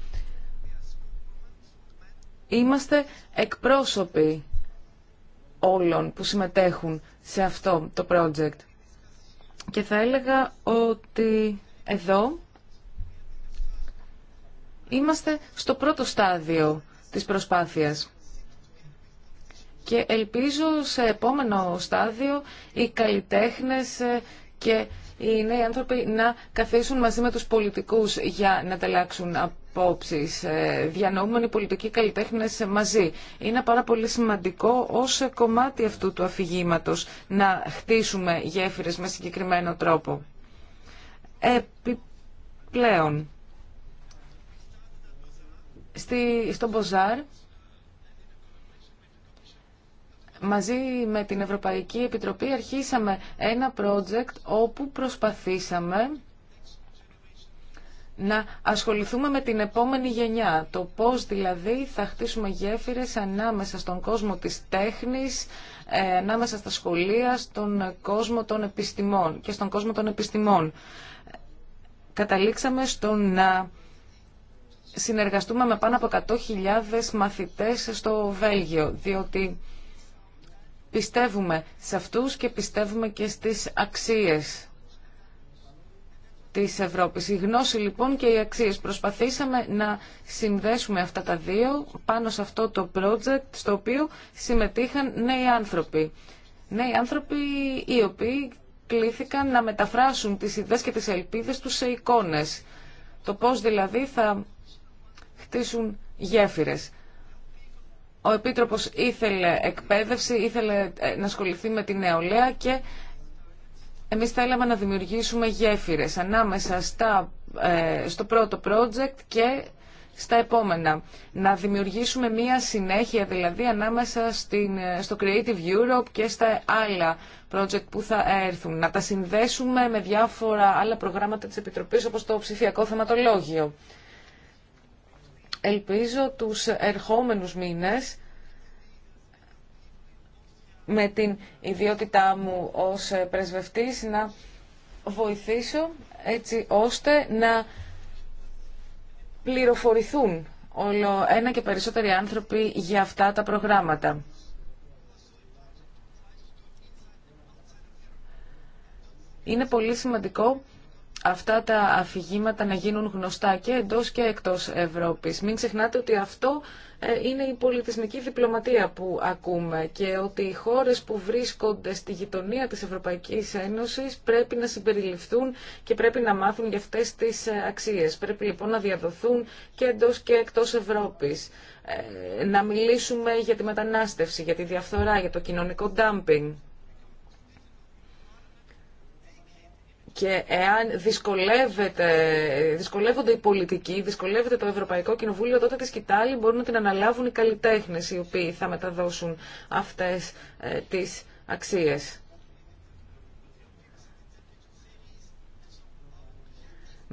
Είμαστε εκπρόσωποι όλων που συμμετέχουν σε αυτό το project. Και θα έλεγα ότι εδώ είμαστε στο πρώτο στάδιο της προσπάθειας και ελπίζω σε επόμενο στάδιο οι καλλιτέχνες ε, και οι νέοι άνθρωποι να καθίσουν μαζί με τους πολιτικούς για να ανταλλάξουν απόψεις. Ε, διανοούμενοι πολιτικοί καλλιτέχνες μαζί. Είναι πάρα πολύ σημαντικό ως κομμάτι αυτού του αφηγήματο να χτίσουμε γέφυρες με συγκεκριμένο τρόπο. Επιπλέον, στη, στο Μποζάρ μαζί με την Ευρωπαϊκή Επιτροπή αρχίσαμε ένα project όπου προσπαθήσαμε να ασχοληθούμε με την επόμενη γενιά. Το πώς δηλαδή θα χτίσουμε γέφυρες ανάμεσα στον κόσμο της τέχνης, ε, ανάμεσα στα σχολεία, στον κόσμο των επιστημών και στον κόσμο των επιστημών. Καταλήξαμε στο να συνεργαστούμε με πάνω από 100.000 μαθητές στο Βέλγιο, διότι Πιστεύουμε σε αυτούς και πιστεύουμε και στις αξίες της Ευρώπης. Η γνώση λοιπόν και οι αξίες. Προσπαθήσαμε να συνδέσουμε αυτά τα δύο πάνω σε αυτό το project στο οποίο συμμετείχαν νέοι άνθρωποι. Νέοι άνθρωποι οι οποίοι κλήθηκαν να μεταφράσουν τις ιδέες και τις ελπίδες τους σε εικόνες. Το πώς δηλαδή θα χτίσουν γέφυρες. Ο Επίτροπος ήθελε εκπαίδευση, ήθελε ε, να ασχοληθεί με την νεολαία και εμείς θέλαμε να δημιουργήσουμε γέφυρες ανάμεσα στα, ε, στο πρώτο project και στα επόμενα. Να δημιουργήσουμε μία συνέχεια δηλαδή ανάμεσα στην, ε, στο Creative Europe και στα άλλα project που θα έρθουν. Να τα συνδέσουμε με διάφορα άλλα προγράμματα της Επιτροπής όπως το ψηφιακό θεματολόγιο ελπίζω τους ερχόμενους μήνες με την ιδιότητά μου ως πρεσβευτής να βοηθήσω έτσι ώστε να πληροφορηθούν όλο ένα και περισσότεροι άνθρωποι για αυτά τα προγράμματα. Είναι πολύ σημαντικό αυτά τα αφηγήματα να γίνουν γνωστά και εντός και εκτός Ευρώπης. Μην ξεχνάτε ότι αυτό ε, είναι η πολιτισμική διπλωματία που ακούμε και ότι οι χώρες που βρίσκονται στη γειτονία της Ευρωπαϊκής Ένωσης πρέπει να συμπεριληφθούν και πρέπει να μάθουν για αυτές τις ε, αξίες. Πρέπει λοιπόν να διαδοθούν και εντός και εκτός Ευρώπης. Ε, να μιλήσουμε για τη μετανάστευση, για τη διαφθορά, για το κοινωνικό ντάμπινγκ. Και εάν δυσκολεύονται οι πολιτικοί, δυσκολεύεται το Ευρωπαϊκό Κοινοβούλιο, τότε τη σκητάλη μπορούν να την αναλάβουν οι καλλιτέχνε οι οποίοι θα μεταδώσουν αυτέ ε, τι αξίε.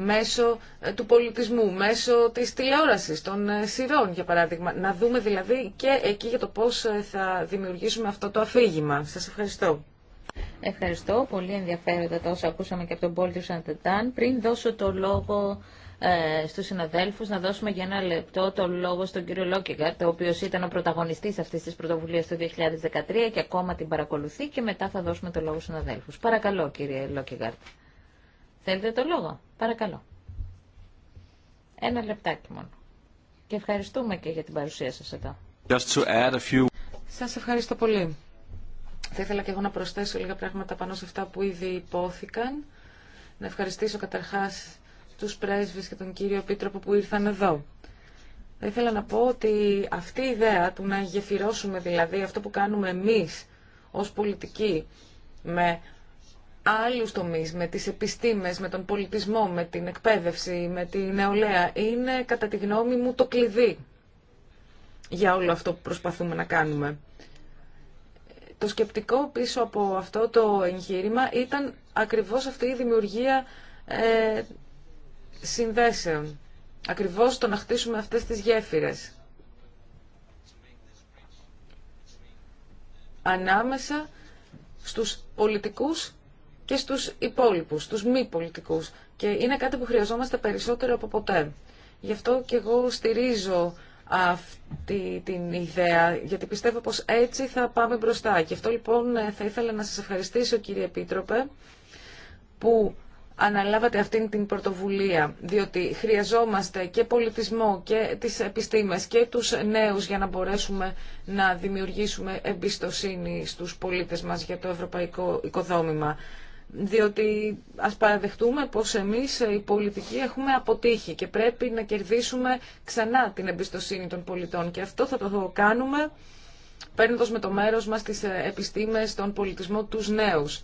μέσω ε, του πολιτισμού, μέσω της τηλεόρασης, των ε, σειρών για παράδειγμα. Να δούμε δηλαδή και εκεί για το πώς ε, θα δημιουργήσουμε αυτό το αφήγημα. Σας ευχαριστώ. Ευχαριστώ. Πολύ ενδιαφέροντα τα όσα ακούσαμε και από τον Πόλτιο Σαντεντάν Πριν δώσω το λόγο ε, στους συναδέλφους, να δώσουμε για ένα λεπτό το λόγο στον κύριο Λόκεγκαρτ, ο οποίος ήταν ο πρωταγωνιστής αυτής της πρωτοβουλίας το 2013 και ακόμα την παρακολουθεί και μετά θα δώσουμε το λόγο στους συναδέλφους. Παρακαλώ κύριε Λόκεγκαρτ. Θέλετε το λόγο. Παρακαλώ. Ένα λεπτάκι μόνο. Και ευχαριστούμε και για την παρουσία σας εδώ. ευχαριστώ πολύ. Θα ήθελα και εγώ να προσθέσω λίγα πράγματα πάνω σε αυτά που ήδη υπόθηκαν. Να ευχαριστήσω καταρχάς τους πρέσβεις και τον κύριο Επίτροπο που ήρθαν εδώ. Θα ήθελα να πω ότι αυτή η ιδέα του να γεφυρώσουμε δηλαδή αυτό που κάνουμε εμείς ως πολιτικοί με άλλους τομείς, με τις επιστήμες, με τον πολιτισμό, με την εκπαίδευση, με την νεολαία, είναι κατά τη γνώμη μου το κλειδί για όλο αυτό που προσπαθούμε να κάνουμε. Το σκεπτικό πίσω από αυτό το εγχείρημα ήταν ακριβώς αυτή η δημιουργία ε, συνδέσεων. Ακριβώς το να χτίσουμε αυτές τις γέφυρες. Ανάμεσα στους πολιτικούς και στους υπόλοιπους, στους μη πολιτικούς. Και είναι κάτι που χρειαζόμαστε περισσότερο από ποτέ. Γι' αυτό και εγώ στηρίζω αυτή την ιδέα, γιατί πιστεύω πως έτσι θα πάμε μπροστά. Και αυτό λοιπόν θα ήθελα να σας ευχαριστήσω κύριε Επίτροπε που αναλάβατε αυτήν την πρωτοβουλία, διότι χρειαζόμαστε και πολιτισμό και τις επιστήμες και τους νέους για να μπορέσουμε να δημιουργήσουμε εμπιστοσύνη στους πολίτες μας για το ευρωπαϊκό οικοδόμημα διότι ας παραδεχτούμε πως εμείς ε, οι πολιτικοί έχουμε αποτύχει και πρέπει να κερδίσουμε ξανά την εμπιστοσύνη των πολιτών και αυτό θα το κάνουμε παίρνοντα με το μέρος μας τις ε, επιστήμες, τον πολιτισμό, τους νέους.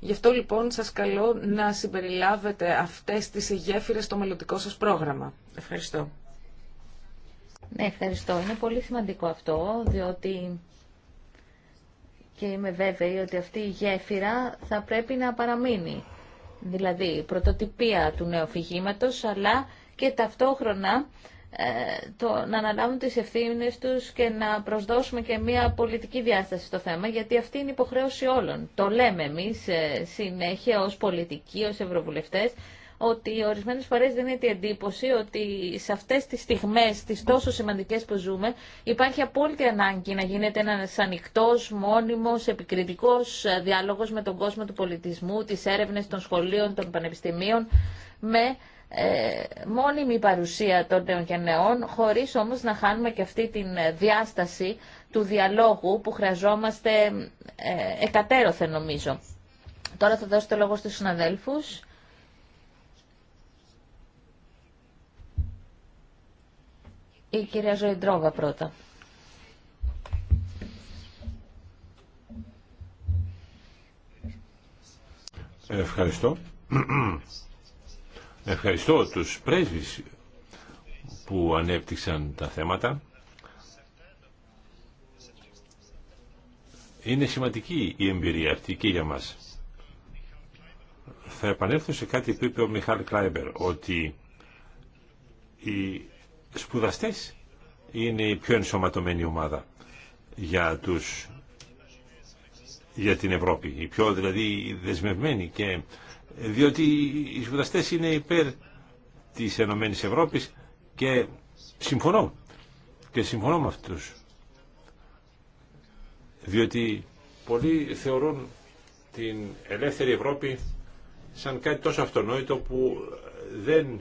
Γι' αυτό λοιπόν σας καλώ να συμπεριλάβετε αυτές τις γέφυρες στο μελλοντικό σας πρόγραμμα. Ευχαριστώ. Ναι, ευχαριστώ. Είναι πολύ σημαντικό αυτό, διότι και είμαι βέβαιη ότι αυτή η γέφυρα θα πρέπει να παραμείνει. Δηλαδή, πρωτοτυπία του νέου φυγήματος, αλλά και ταυτόχρονα ε, το, να αναλάβουν τις ευθύνες τους και να προσδώσουμε και μια πολιτική διάσταση στο θέμα, γιατί αυτή είναι υποχρέωση όλων. Το λέμε εμείς ε, συνέχεια ως πολιτικοί, ως ευρωβουλευτές, ότι ορισμένες φορές δίνεται η εντύπωση ότι σε αυτές τις στιγμές, τις τόσο σημαντικές που ζούμε, υπάρχει απόλυτη ανάγκη να γίνεται ένας ανοιχτός, μόνιμος, επικριτικός διάλογος με τον κόσμο του πολιτισμού, τις έρευνες των σχολείων, των πανεπιστημίων, με ε, μόνιμη παρουσία των νέων και νεών, χωρίς όμως να χάνουμε και αυτή τη διάσταση του διαλόγου που χρειαζόμαστε ε, εκατέρωθεν νομίζω. Τώρα θα δώσω το λόγο στους συναδέλφους. Η κυρία Ζωηντρόβα πρώτα. Ευχαριστώ. Ευχαριστώ τους πρέσβεις που ανέπτυξαν τα θέματα. Είναι σημαντική η εμπειρία αυτή και για μας. Θα επανέλθω σε κάτι που είπε ο Μιχάλ Κλάιμπερ, ότι η σπουδαστές είναι η πιο ενσωματωμένη ομάδα για, τους, για την Ευρώπη. Η πιο δηλαδή δεσμευμένη και διότι οι σπουδαστές είναι υπέρ της Ενωμένη Ευρώπης και συμφωνώ και συμφωνώ με αυτούς διότι πολλοί θεωρούν την ελεύθερη Ευρώπη σαν κάτι τόσο αυτονόητο που δεν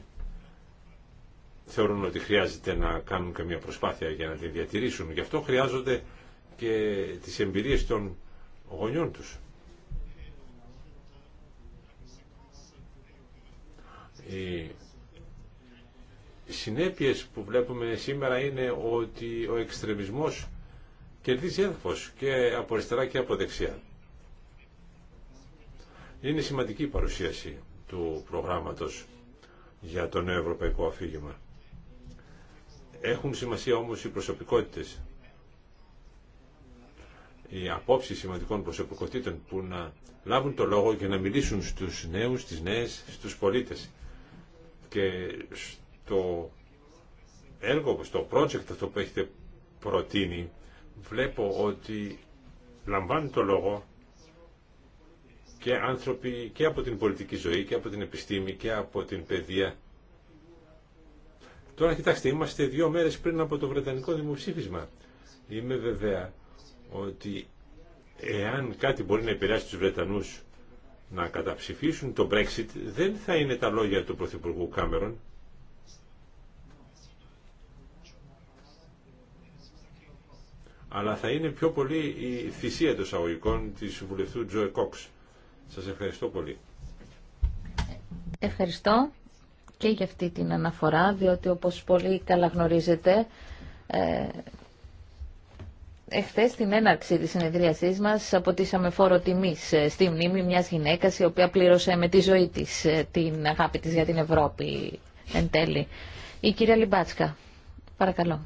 θεωρούν ότι χρειάζεται να κάνουν καμία προσπάθεια για να την διατηρήσουν. Γι' αυτό χρειάζονται και τις εμπειρίες των γονιών τους. Οι συνέπειες που βλέπουμε σήμερα είναι ότι ο εξτρεμισμός κερδίζει έδαφος και από αριστερά και από δεξιά. Είναι σημαντική η παρουσίαση του προγράμματος για το νέο ευρωπαϊκό αφήγημα. Έχουν σημασία όμως οι προσωπικότητες. Οι απόψεις σημαντικών προσωπικότητων που να λάβουν το λόγο και να μιλήσουν στους νέους, στις νέες, στους πολίτες. Και στο έργο, στο project αυτό που έχετε προτείνει, βλέπω ότι λαμβάνουν το λόγο και άνθρωποι και από την πολιτική ζωή και από την επιστήμη και από την παιδεία Τώρα κοιτάξτε, είμαστε δύο μέρες πριν από το Βρετανικό δημοψήφισμα. Είμαι βεβαία ότι εάν κάτι μπορεί να επηρεάσει τους Βρετανούς να καταψηφίσουν το Brexit, δεν θα είναι τα λόγια του Πρωθυπουργού Κάμερον. Αλλά θα είναι πιο πολύ η θυσία των εισαγωγικών της βουλευτού Τζοε Κόξ. Σας ευχαριστώ πολύ. Ευχαριστώ και για αυτή την αναφορά, διότι όπως πολύ καλά γνωρίζετε, ε, Εχθέ στην έναρξη της συνεδριασής μας αποτίσαμε φόρο τιμής ε, στη μνήμη μια γυναίκας η οποία πλήρωσε με τη ζωή τη ε, την αγάπη τη για την Ευρώπη εν τέλει. Η κυρία Λιμπάτσκα, παρακαλώ.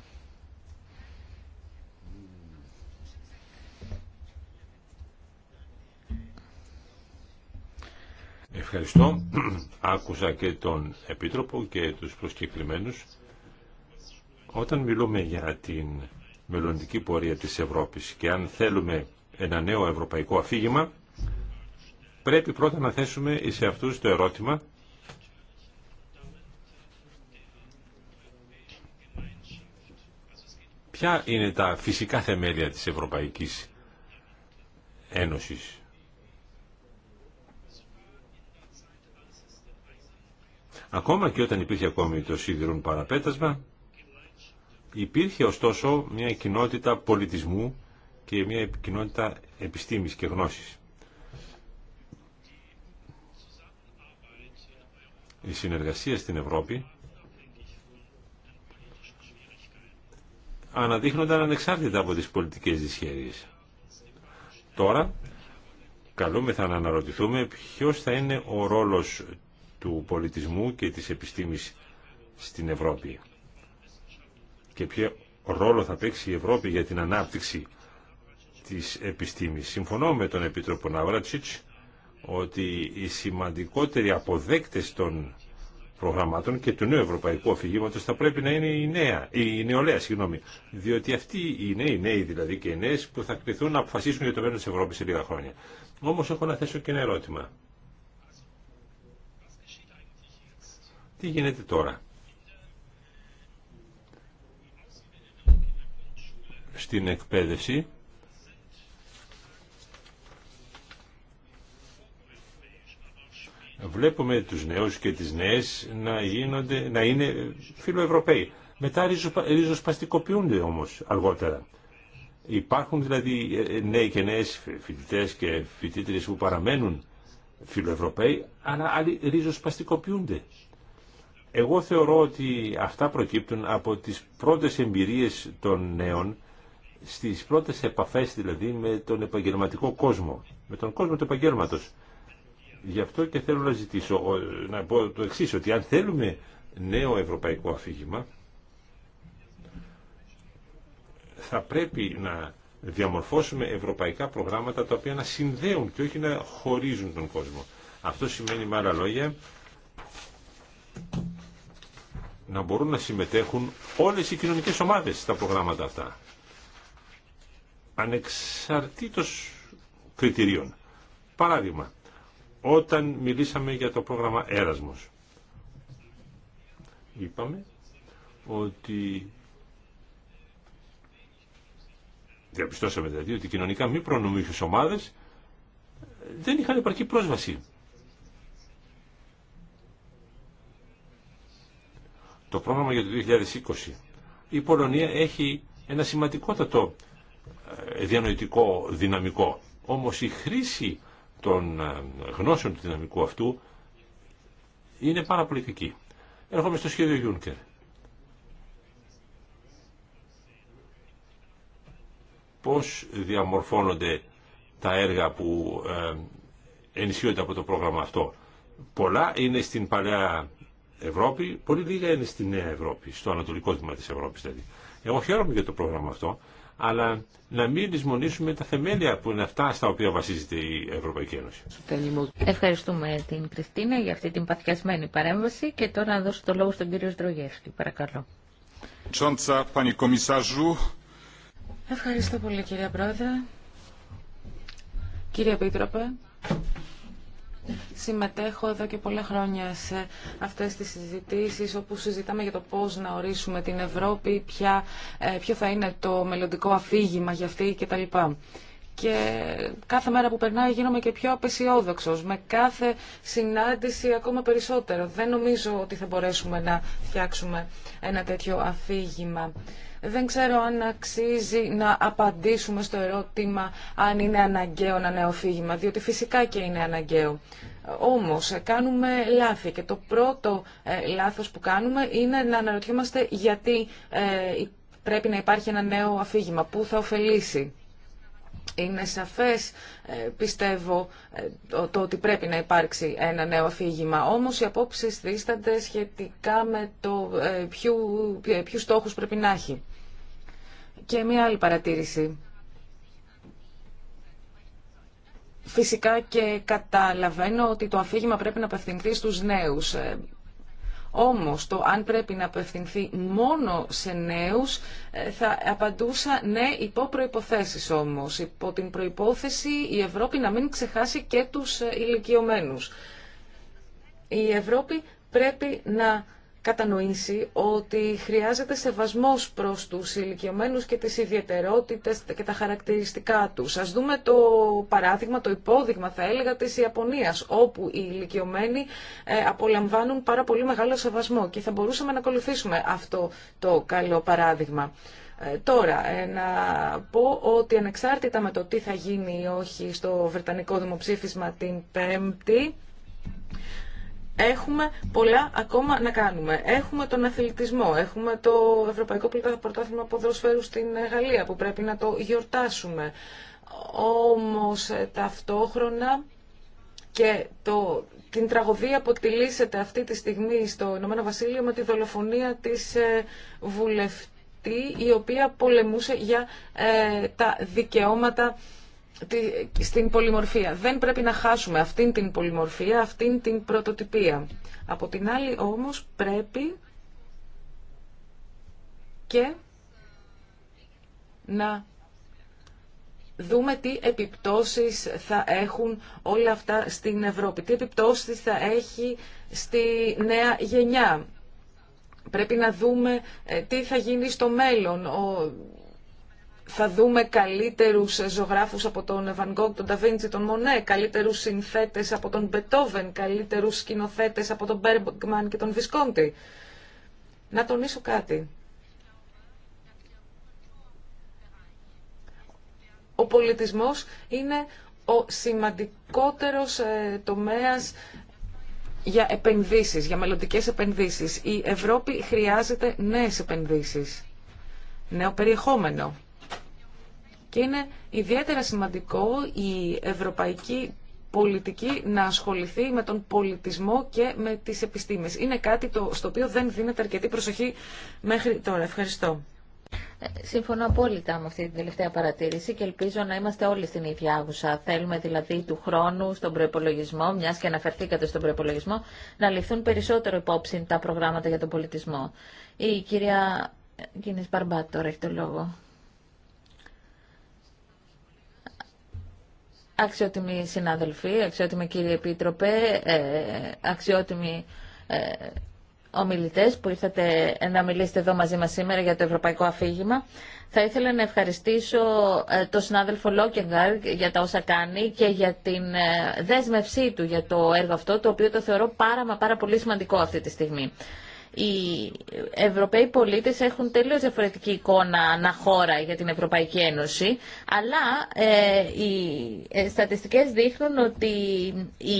Ευχαριστώ. Άκουσα και τον Επίτροπο και τους προσκεκλημένους. Όταν μιλούμε για την μελλοντική πορεία της Ευρώπης και αν θέλουμε ένα νέο ευρωπαϊκό αφήγημα, πρέπει πρώτα να θέσουμε σε αυτούς το ερώτημα ποια είναι τα φυσικά θεμέλια της Ευρωπαϊκής Ένωσης. Ακόμα και όταν υπήρχε ακόμη το σίδηρον παραπέτασμα, υπήρχε ωστόσο μια κοινότητα πολιτισμού και μια κοινότητα επιστήμης και γνώσης. Η συνεργασία στην Ευρώπη αναδείχνονταν ανεξάρτητα από τις πολιτικές δυσχέρειες. Τώρα, καλούμεθα να αναρωτηθούμε ποιος θα είναι ο ρόλος του πολιτισμού και της επιστήμης στην Ευρώπη και ποιο ρόλο θα παίξει η Ευρώπη για την ανάπτυξη της επιστήμης. Συμφωνώ με τον Επίτροπο Ναβρατσίτς ότι οι σημαντικότεροι αποδέκτες των προγραμμάτων και του νέου ευρωπαϊκού αφηγήματος θα πρέπει να είναι η, νέα, η νεολαία, συγγνώμη, διότι αυτοί οι νέοι, οι νέοι δηλαδή και οι νέες που θα κληθούν να αποφασίσουν για το μέλλον της Ευρώπης σε λίγα χρόνια. Όμως έχω να θέσω και ένα ερώτημα. Τι γίνεται τώρα. Στην εκπαίδευση βλέπουμε τους νέους και τις νέες να, γίνονται, να είναι φιλοευρωπαίοι. Μετά ριζοσπαστικοποιούνται όμως αργότερα. Υπάρχουν δηλαδή ε, ε, νέοι και νέες φοιτητές και φοιτήτρες που παραμένουν φιλοευρωπαίοι, αλλά άλλοι ριζοσπαστικοποιούνται. Εγώ θεωρώ ότι αυτά προκύπτουν από τις πρώτες εμπειρίες των νέων, στις πρώτες επαφές δηλαδή με τον επαγγελματικό κόσμο, με τον κόσμο του επαγγέλματος. Γι' αυτό και θέλω να ζητήσω, να πω το εξής, ότι αν θέλουμε νέο ευρωπαϊκό αφήγημα, θα πρέπει να διαμορφώσουμε ευρωπαϊκά προγράμματα τα οποία να συνδέουν και όχι να χωρίζουν τον κόσμο. Αυτό σημαίνει με άλλα λόγια να μπορούν να συμμετέχουν όλες οι κοινωνικές ομάδες στα προγράμματα αυτά. Ανεξαρτήτως κριτηρίων. Παράδειγμα, όταν μιλήσαμε για το πρόγραμμα Έρασμος, είπαμε ότι διαπιστώσαμε δηλαδή ότι κοινωνικά μη προνομίχες ομάδες δεν είχαν επαρκή πρόσβαση το πρόγραμμα για το 2020, η Πολωνία έχει ένα σημαντικότατο ε, διανοητικό δυναμικό. Όμως η χρήση των ε, γνώσεων του δυναμικού αυτού είναι πάρα παραπολιτική. Έρχομαι στο σχέδιο Juncker. Πώς διαμορφώνονται τα έργα που ε, ενισχύονται από το πρόγραμμα αυτό. Πολλά είναι στην παλαιά Ευρώπη, πολύ λίγα είναι στη Νέα Ευρώπη, στο ανατολικό τμήμα της Ευρώπης δηλαδή. Εγώ χαίρομαι για το πρόγραμμα αυτό, αλλά να μην δυσμονήσουμε τα θεμέλια που είναι αυτά στα οποία βασίζεται η Ευρωπαϊκή Ένωση. Ευχαριστούμε την Κριστίνα για αυτή την παθιασμένη παρέμβαση και τώρα να δώσω το λόγο στον κύριο Στρογεύσκη. Παρακαλώ. Ευχαριστώ πολύ κύριε Πρόεδρε. Κύριε Επίτροπε, Συμμετέχω εδώ και πολλά χρόνια σε αυτές τις συζητήσεις όπου συζητάμε για το πώς να ορίσουμε την Ευρώπη, ποια, ε, ποιο θα είναι το μελλοντικό αφήγημα για αυτή κτλ. Και κάθε μέρα που περνάει γίνομαι και πιο απεσιόδοξος, με κάθε συνάντηση ακόμα περισσότερο. Δεν νομίζω ότι θα μπορέσουμε να φτιάξουμε ένα τέτοιο αφήγημα. Δεν ξέρω αν αξίζει να απαντήσουμε στο ερώτημα αν είναι αναγκαίο ένα νέο φύγημα, διότι φυσικά και είναι αναγκαίο. Όμως κάνουμε λάθη και το πρώτο ε, λάθος που κάνουμε είναι να αναρωτιόμαστε γιατί ε, πρέπει να υπάρχει ένα νέο αφήγημα, που θα ωφελήσει. Είναι σαφές, ε, πιστεύω, ε, το ότι πρέπει να υπάρξει ένα νέο αφήγημα. Όμως οι απόψεις δίστανται σχετικά με το ποιου, ποιους στόχους πρέπει να έχει και μία άλλη παρατήρηση. Φυσικά και καταλαβαίνω ότι το αφήγημα πρέπει να απευθυνθεί στους νέους. Ε, όμως το αν πρέπει να απευθυνθεί μόνο σε νέους ε, θα απαντούσα ναι υπό προϋποθέσεις όμως. Υπό την προϋπόθεση η Ευρώπη να μην ξεχάσει και τους ε, ηλικιωμένους. Η Ευρώπη πρέπει να κατανοήσει ότι χρειάζεται σεβασμός προς τους ηλικιωμένου και τις ιδιαιτερότητες και τα χαρακτηριστικά τους. Ας δούμε το παράδειγμα, το υπόδειγμα θα έλεγα της Ιαπωνίας, όπου οι ηλικιωμένοι ε, απολαμβάνουν πάρα πολύ μεγάλο σεβασμό και θα μπορούσαμε να ακολουθήσουμε αυτό το καλό παράδειγμα. Ε, τώρα, ε, να πω ότι ανεξάρτητα με το τι θα γίνει ή όχι στο Βρετανικό Δημοψήφισμα την Πέμπτη, Έχουμε πολλά ακόμα να κάνουμε. Έχουμε τον αθλητισμό, έχουμε το Ευρωπαϊκό Πρωτάθλημα Ποδροσφαίρου στην Γαλλία που πρέπει να το γιορτάσουμε. Όμως ε, ταυτόχρονα και το, την τραγωδία που εκτελήσεται αυτή τη στιγμή στο Ηνωμένο Βασίλειο με τη δολοφονία της ε, βουλευτή η οποία πολεμούσε για ε, τα δικαιώματα στην πολυμορφία. Δεν πρέπει να χάσουμε αυτήν την πολυμορφία, αυτήν την πρωτοτυπία. Από την άλλη όμως πρέπει και να δούμε τι επιπτώσεις θα έχουν όλα αυτά στην Ευρώπη. Τι επιπτώσεις θα έχει στη νέα γενιά. Πρέπει να δούμε ε, τι θα γίνει στο μέλλον. Ο θα δούμε καλύτερους ζωγράφους από τον Van Gogh, τον Νταβίντσι, τον Μονέ, καλύτερους συνθέτες από τον Μπετόβεν, καλύτερους σκηνοθέτες από τον Μπέργκμαν και τον Βισκόντι. Να τονίσω κάτι. Ο πολιτισμός είναι ο σημαντικότερος ε, τομέας για επενδύσεις, για μελλοντικές επενδύσεις. Η Ευρώπη χρειάζεται νέες επενδύσεις, νέο περιεχόμενο. Και είναι ιδιαίτερα σημαντικό η ευρωπαϊκή πολιτική να ασχοληθεί με τον πολιτισμό και με τις επιστήμες. Είναι κάτι το, στο οποίο δεν δίνεται αρκετή προσοχή μέχρι τώρα. Ευχαριστώ. Ε, συμφωνώ απόλυτα με αυτή την τελευταία παρατήρηση και ελπίζω να είμαστε όλοι στην ίδια άγουσα. Θέλουμε δηλαδή του χρόνου στον προπολογισμό, μια και αναφερθήκατε στον προπολογισμό, να ληφθούν περισσότερο υπόψη τα προγράμματα για τον πολιτισμό. Η κυρία Κίνη Μπαρμπάτ τώρα έχει το λόγο. Αξιότιμοι συνάδελφοι, ε, αξιότιμοι κύριοι Επίτροπε, αξιότιμοι ομιλητές που ήρθατε να μιλήσετε εδώ μαζί μας σήμερα για το ευρωπαϊκό αφήγημα. Θα ήθελα να ευχαριστήσω ε, τον συνάδελφο Λόκεγκαρ για τα όσα κάνει και για την ε, δέσμευσή του για το έργο αυτό, το οποίο το θεωρώ πάρα μα πάρα πολύ σημαντικό αυτή τη στιγμή οι Ευρωπαίοι πολίτες έχουν τελείως διαφορετική εικόνα αναχώρα για την Ευρωπαϊκή Ένωση, αλλά ε, οι ε, στατιστικές δείχνουν ότι οι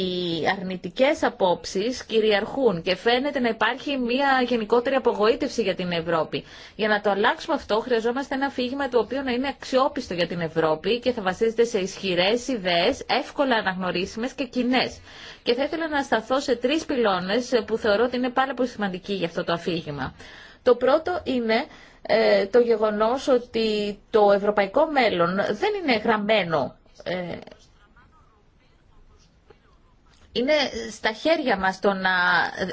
αρνητικές απόψεις κυριαρχούν και φαίνεται να υπάρχει μια γενικότερη απογοήτευση για την Ευρώπη. Για να το αλλάξουμε αυτό χρειαζόμαστε ένα αφήγημα το οποίο να είναι αξιόπιστο για την Ευρώπη και θα βασίζεται σε ισχυρές ιδέες, εύκολα αναγνωρίσιμες και κοινέ. Και θα ήθελα να σταθώ σε τρεις πυλώνες που θεωρώ ότι είναι πάρα πολύ σημαντικοί για αυτό το αφήγημα. Το πρώτο είναι ε, το γεγονός ότι το ευρωπαϊκό μέλλον δεν είναι γραμμένο ε, είναι στα χέρια μας το να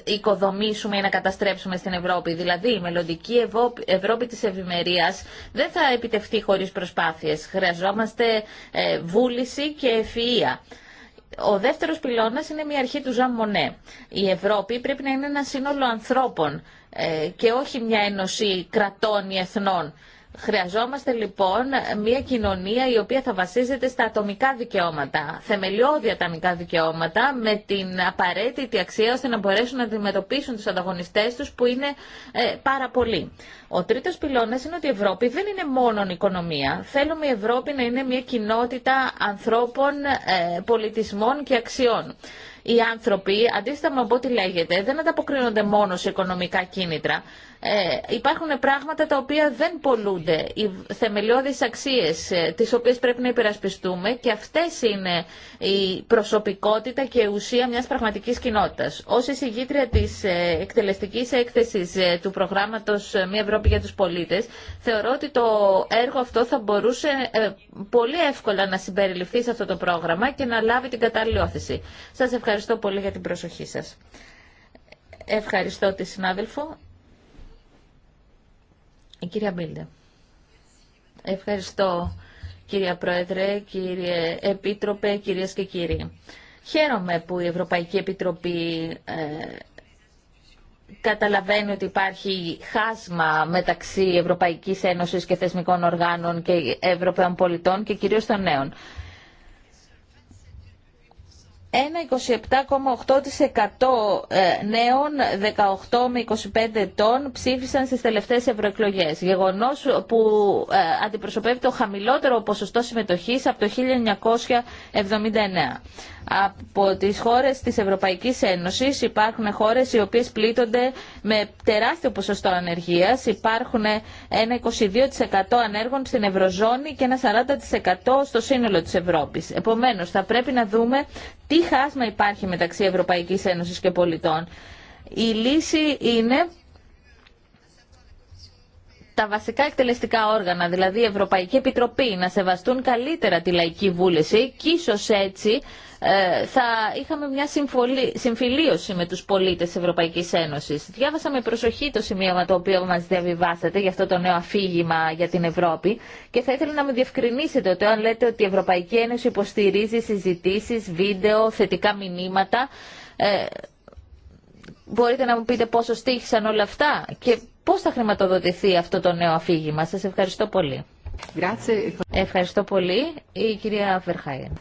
οικοδομήσουμε ή να καταστρέψουμε στην Ευρώπη. Δηλαδή η μελλοντική Ευρώπη, μελλοντικη ευρωπη της ευημερία δεν θα επιτευχθεί χωρίς προσπάθειες. Χρειαζόμαστε ε, βούληση και ευφυΐα. Ο δεύτερος πυλώνας είναι μια αρχή του Ζαν Μονέ. Η Ευρώπη πρέπει να είναι ένα σύνολο ανθρώπων ε, και όχι μια ένωση κρατών ή εθνών. Χρειαζόμαστε λοιπόν μια κοινωνία η οποία θα βασίζεται στα ατομικά δικαιώματα, θεμελιώδη ατομικά δικαιώματα, με την απαραίτητη αξία ώστε να μπορέσουν να αντιμετωπίσουν τους ανταγωνιστές τους που είναι ε, πάρα πολλοί. Ο τρίτος πυλώνας είναι ότι η Ευρώπη δεν είναι μόνο οικονομία. Θέλουμε η Ευρώπη να είναι μια κοινότητα ανθρώπων, ε, πολιτισμών και αξιών οι άνθρωποι, αντίστοιχα με ό,τι λέγεται, δεν ανταποκρίνονται μόνο σε οικονομικά κίνητρα ε, υπάρχουν πράγματα τα οποία δεν πολλούνται. Οι θεμελιώδεις αξίες ε, τις οποίες πρέπει να υπερασπιστούμε και αυτές είναι η προσωπικότητα και η ουσία μιας πραγματικής κοινότητας. Ως εισηγήτρια της ε, εκτελεστικής έκθεσης ε, του προγράμματος «Μια Ευρώπη για τους πολίτες» θεωρώ ότι το έργο αυτό θα μπορούσε πολύ εύκολα να συμπεριληφθεί σε αυτό το πρόγραμμα και να λάβει την κατάλληλη όθηση. Σας ευχαριστώ πολύ για την προσοχή σας. Ευχαριστώ τη συνάδελφο. Η κυρία Μπίλντε. Ευχαριστώ κυρία Πρόεδρε, κύριε Επίτροπε, κυρίες και κύριοι. Χαίρομαι που η Ευρωπαϊκή Επιτροπή ε, καταλαβαίνει ότι υπάρχει χάσμα μεταξύ Ευρωπαϊκής Ένωσης και θεσμικών οργάνων και Ευρωπαίων πολιτών και κυρίως των νέων ένα 27,8% ε, νέων 18 με 25 ετών ψήφισαν στις τελευταίες ευρωεκλογέ. Γεγονός που ε, αντιπροσωπεύει το χαμηλότερο ποσοστό συμμετοχής από το 1979. Από τις χώρες της Ευρωπαϊκής Ένωσης υπάρχουν χώρες οι οποίες πλήττονται με τεράστιο ποσοστό ανεργίας. Υπάρχουν ένα 22% ανέργων στην Ευρωζώνη και ένα 40% στο σύνολο της Ευρώπης. Επομένως, θα πρέπει να δούμε τι χάσμα υπάρχει μεταξύ Ευρωπαϊκής Ένωσης και πολιτών. Η λύση είναι τα βασικά εκτελεστικά όργανα, δηλαδή η Ευρωπαϊκή Επιτροπή, να σεβαστούν καλύτερα τη λαϊκή βούληση και ίσω έτσι ε, θα είχαμε μια συμφιλίωση με τους πολίτες της Ευρωπαϊκής Ένωσης. Διάβασα με προσοχή το σημείωμα το οποίο μας διαβιβάσατε για αυτό το νέο αφήγημα για την Ευρώπη και θα ήθελα να με διευκρινίσετε ότι αν λέτε ότι η Ευρωπαϊκή Ένωση υποστηρίζει συζητήσεις, βίντεο, θετικά μηνύματα, ε, μπορείτε να μου πείτε πόσο στήχησαν όλα αυτά πώς θα χρηματοδοτηθεί αυτό το νέο αφήγημα. Σας ευχαριστώ πολύ. Ευχαριστώ πολύ. Η κυρία Βερχάγεν.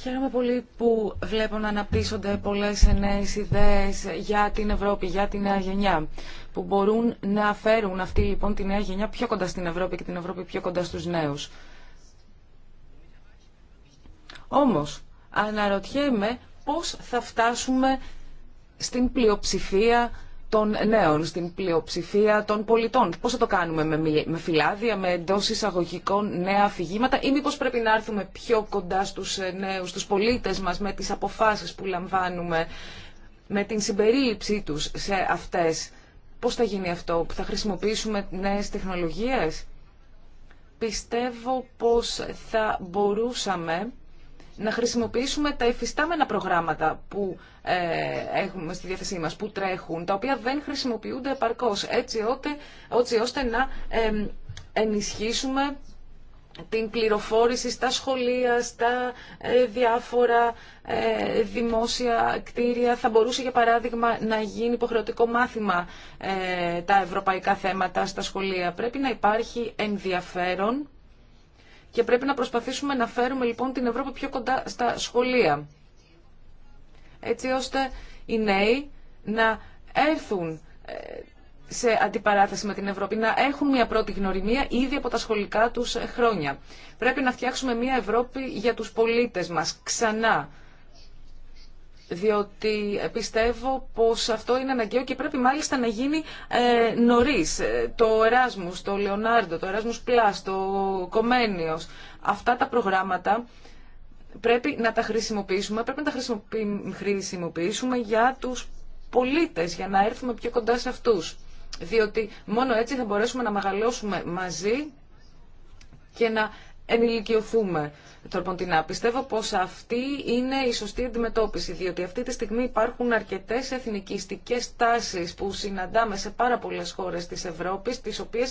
Χαίρομαι πολύ που βλέπω να αναπτύσσονται πολλές νέες ιδέες για την Ευρώπη, για τη νέα γενιά, που μπορούν να φέρουν αυτή λοιπόν τη νέα γενιά πιο κοντά στην Ευρώπη και την Ευρώπη πιο κοντά στους νέους. Όμως, αναρωτιέμαι πώς θα φτάσουμε στην πλειοψηφία των νέων, στην πλειοψηφία των πολιτών. Πώς θα το κάνουμε με φυλάδια, με εντό εισαγωγικών νέα αφηγήματα ή μήπως πρέπει να έρθουμε πιο κοντά στους ε, νέους, στους πολίτες μας με τις αποφάσεις που λαμβάνουμε, με την συμπερίληψή τους σε αυτές. Πώς θα γίνει αυτό, θα χρησιμοποιήσουμε νέες τεχνολογίες. Πιστεύω πως θα μπορούσαμε να χρησιμοποιήσουμε τα εφιστάμενα προγράμματα που ε, έχουμε στη διάθεσή μας, που τρέχουν, τα οποία δεν χρησιμοποιούνται επαρκώς, έτσι, ώστε, ώστε να ενισχύσουμε την πληροφόρηση στα σχολεία, στα ε, διάφορα ε, δημόσια κτίρια. Θα μπορούσε, για παράδειγμα, να γίνει υποχρεωτικό μάθημα τα ευρωπαϊκά θέματα στα σχολεία. Πρέπει να υπάρχει ενδιαφέρον και πρέπει να προσπαθήσουμε να φέρουμε λοιπόν την Ευρώπη πιο κοντά στα σχολεία. Έτσι ώστε οι νέοι να έρθουν ε, σε αντιπαράθεση με την Ευρώπη, να έχουν μια πρώτη γνωριμία ήδη από τα σχολικά τους χρόνια. Πρέπει να φτιάξουμε μια Ευρώπη για τους πολίτες μας ξανά διότι πιστεύω πως αυτό είναι αναγκαίο και πρέπει μάλιστα να γίνει ε, νωρίς. Ε, το Εράσμους, το Λεωνάρντο, το Εράσμους Πλάς, το Κομένιος, αυτά τα προγράμματα πρέπει να τα χρησιμοποιήσουμε, πρέπει να τα χρησιμοποιήσουμε για τους πολίτες, για να έρθουμε πιο κοντά σε αυτούς. Διότι μόνο έτσι θα μπορέσουμε να μεγαλώσουμε μαζί και να ενηλικιωθούμε. Πιστεύω πω αυτή είναι η σωστή αντιμετώπιση, διότι αυτή τη στιγμή υπάρχουν αρκετέ εθνικιστικές τάσει που συναντάμε σε πάρα πολλέ χώρε τη Ευρώπη, τι οποίε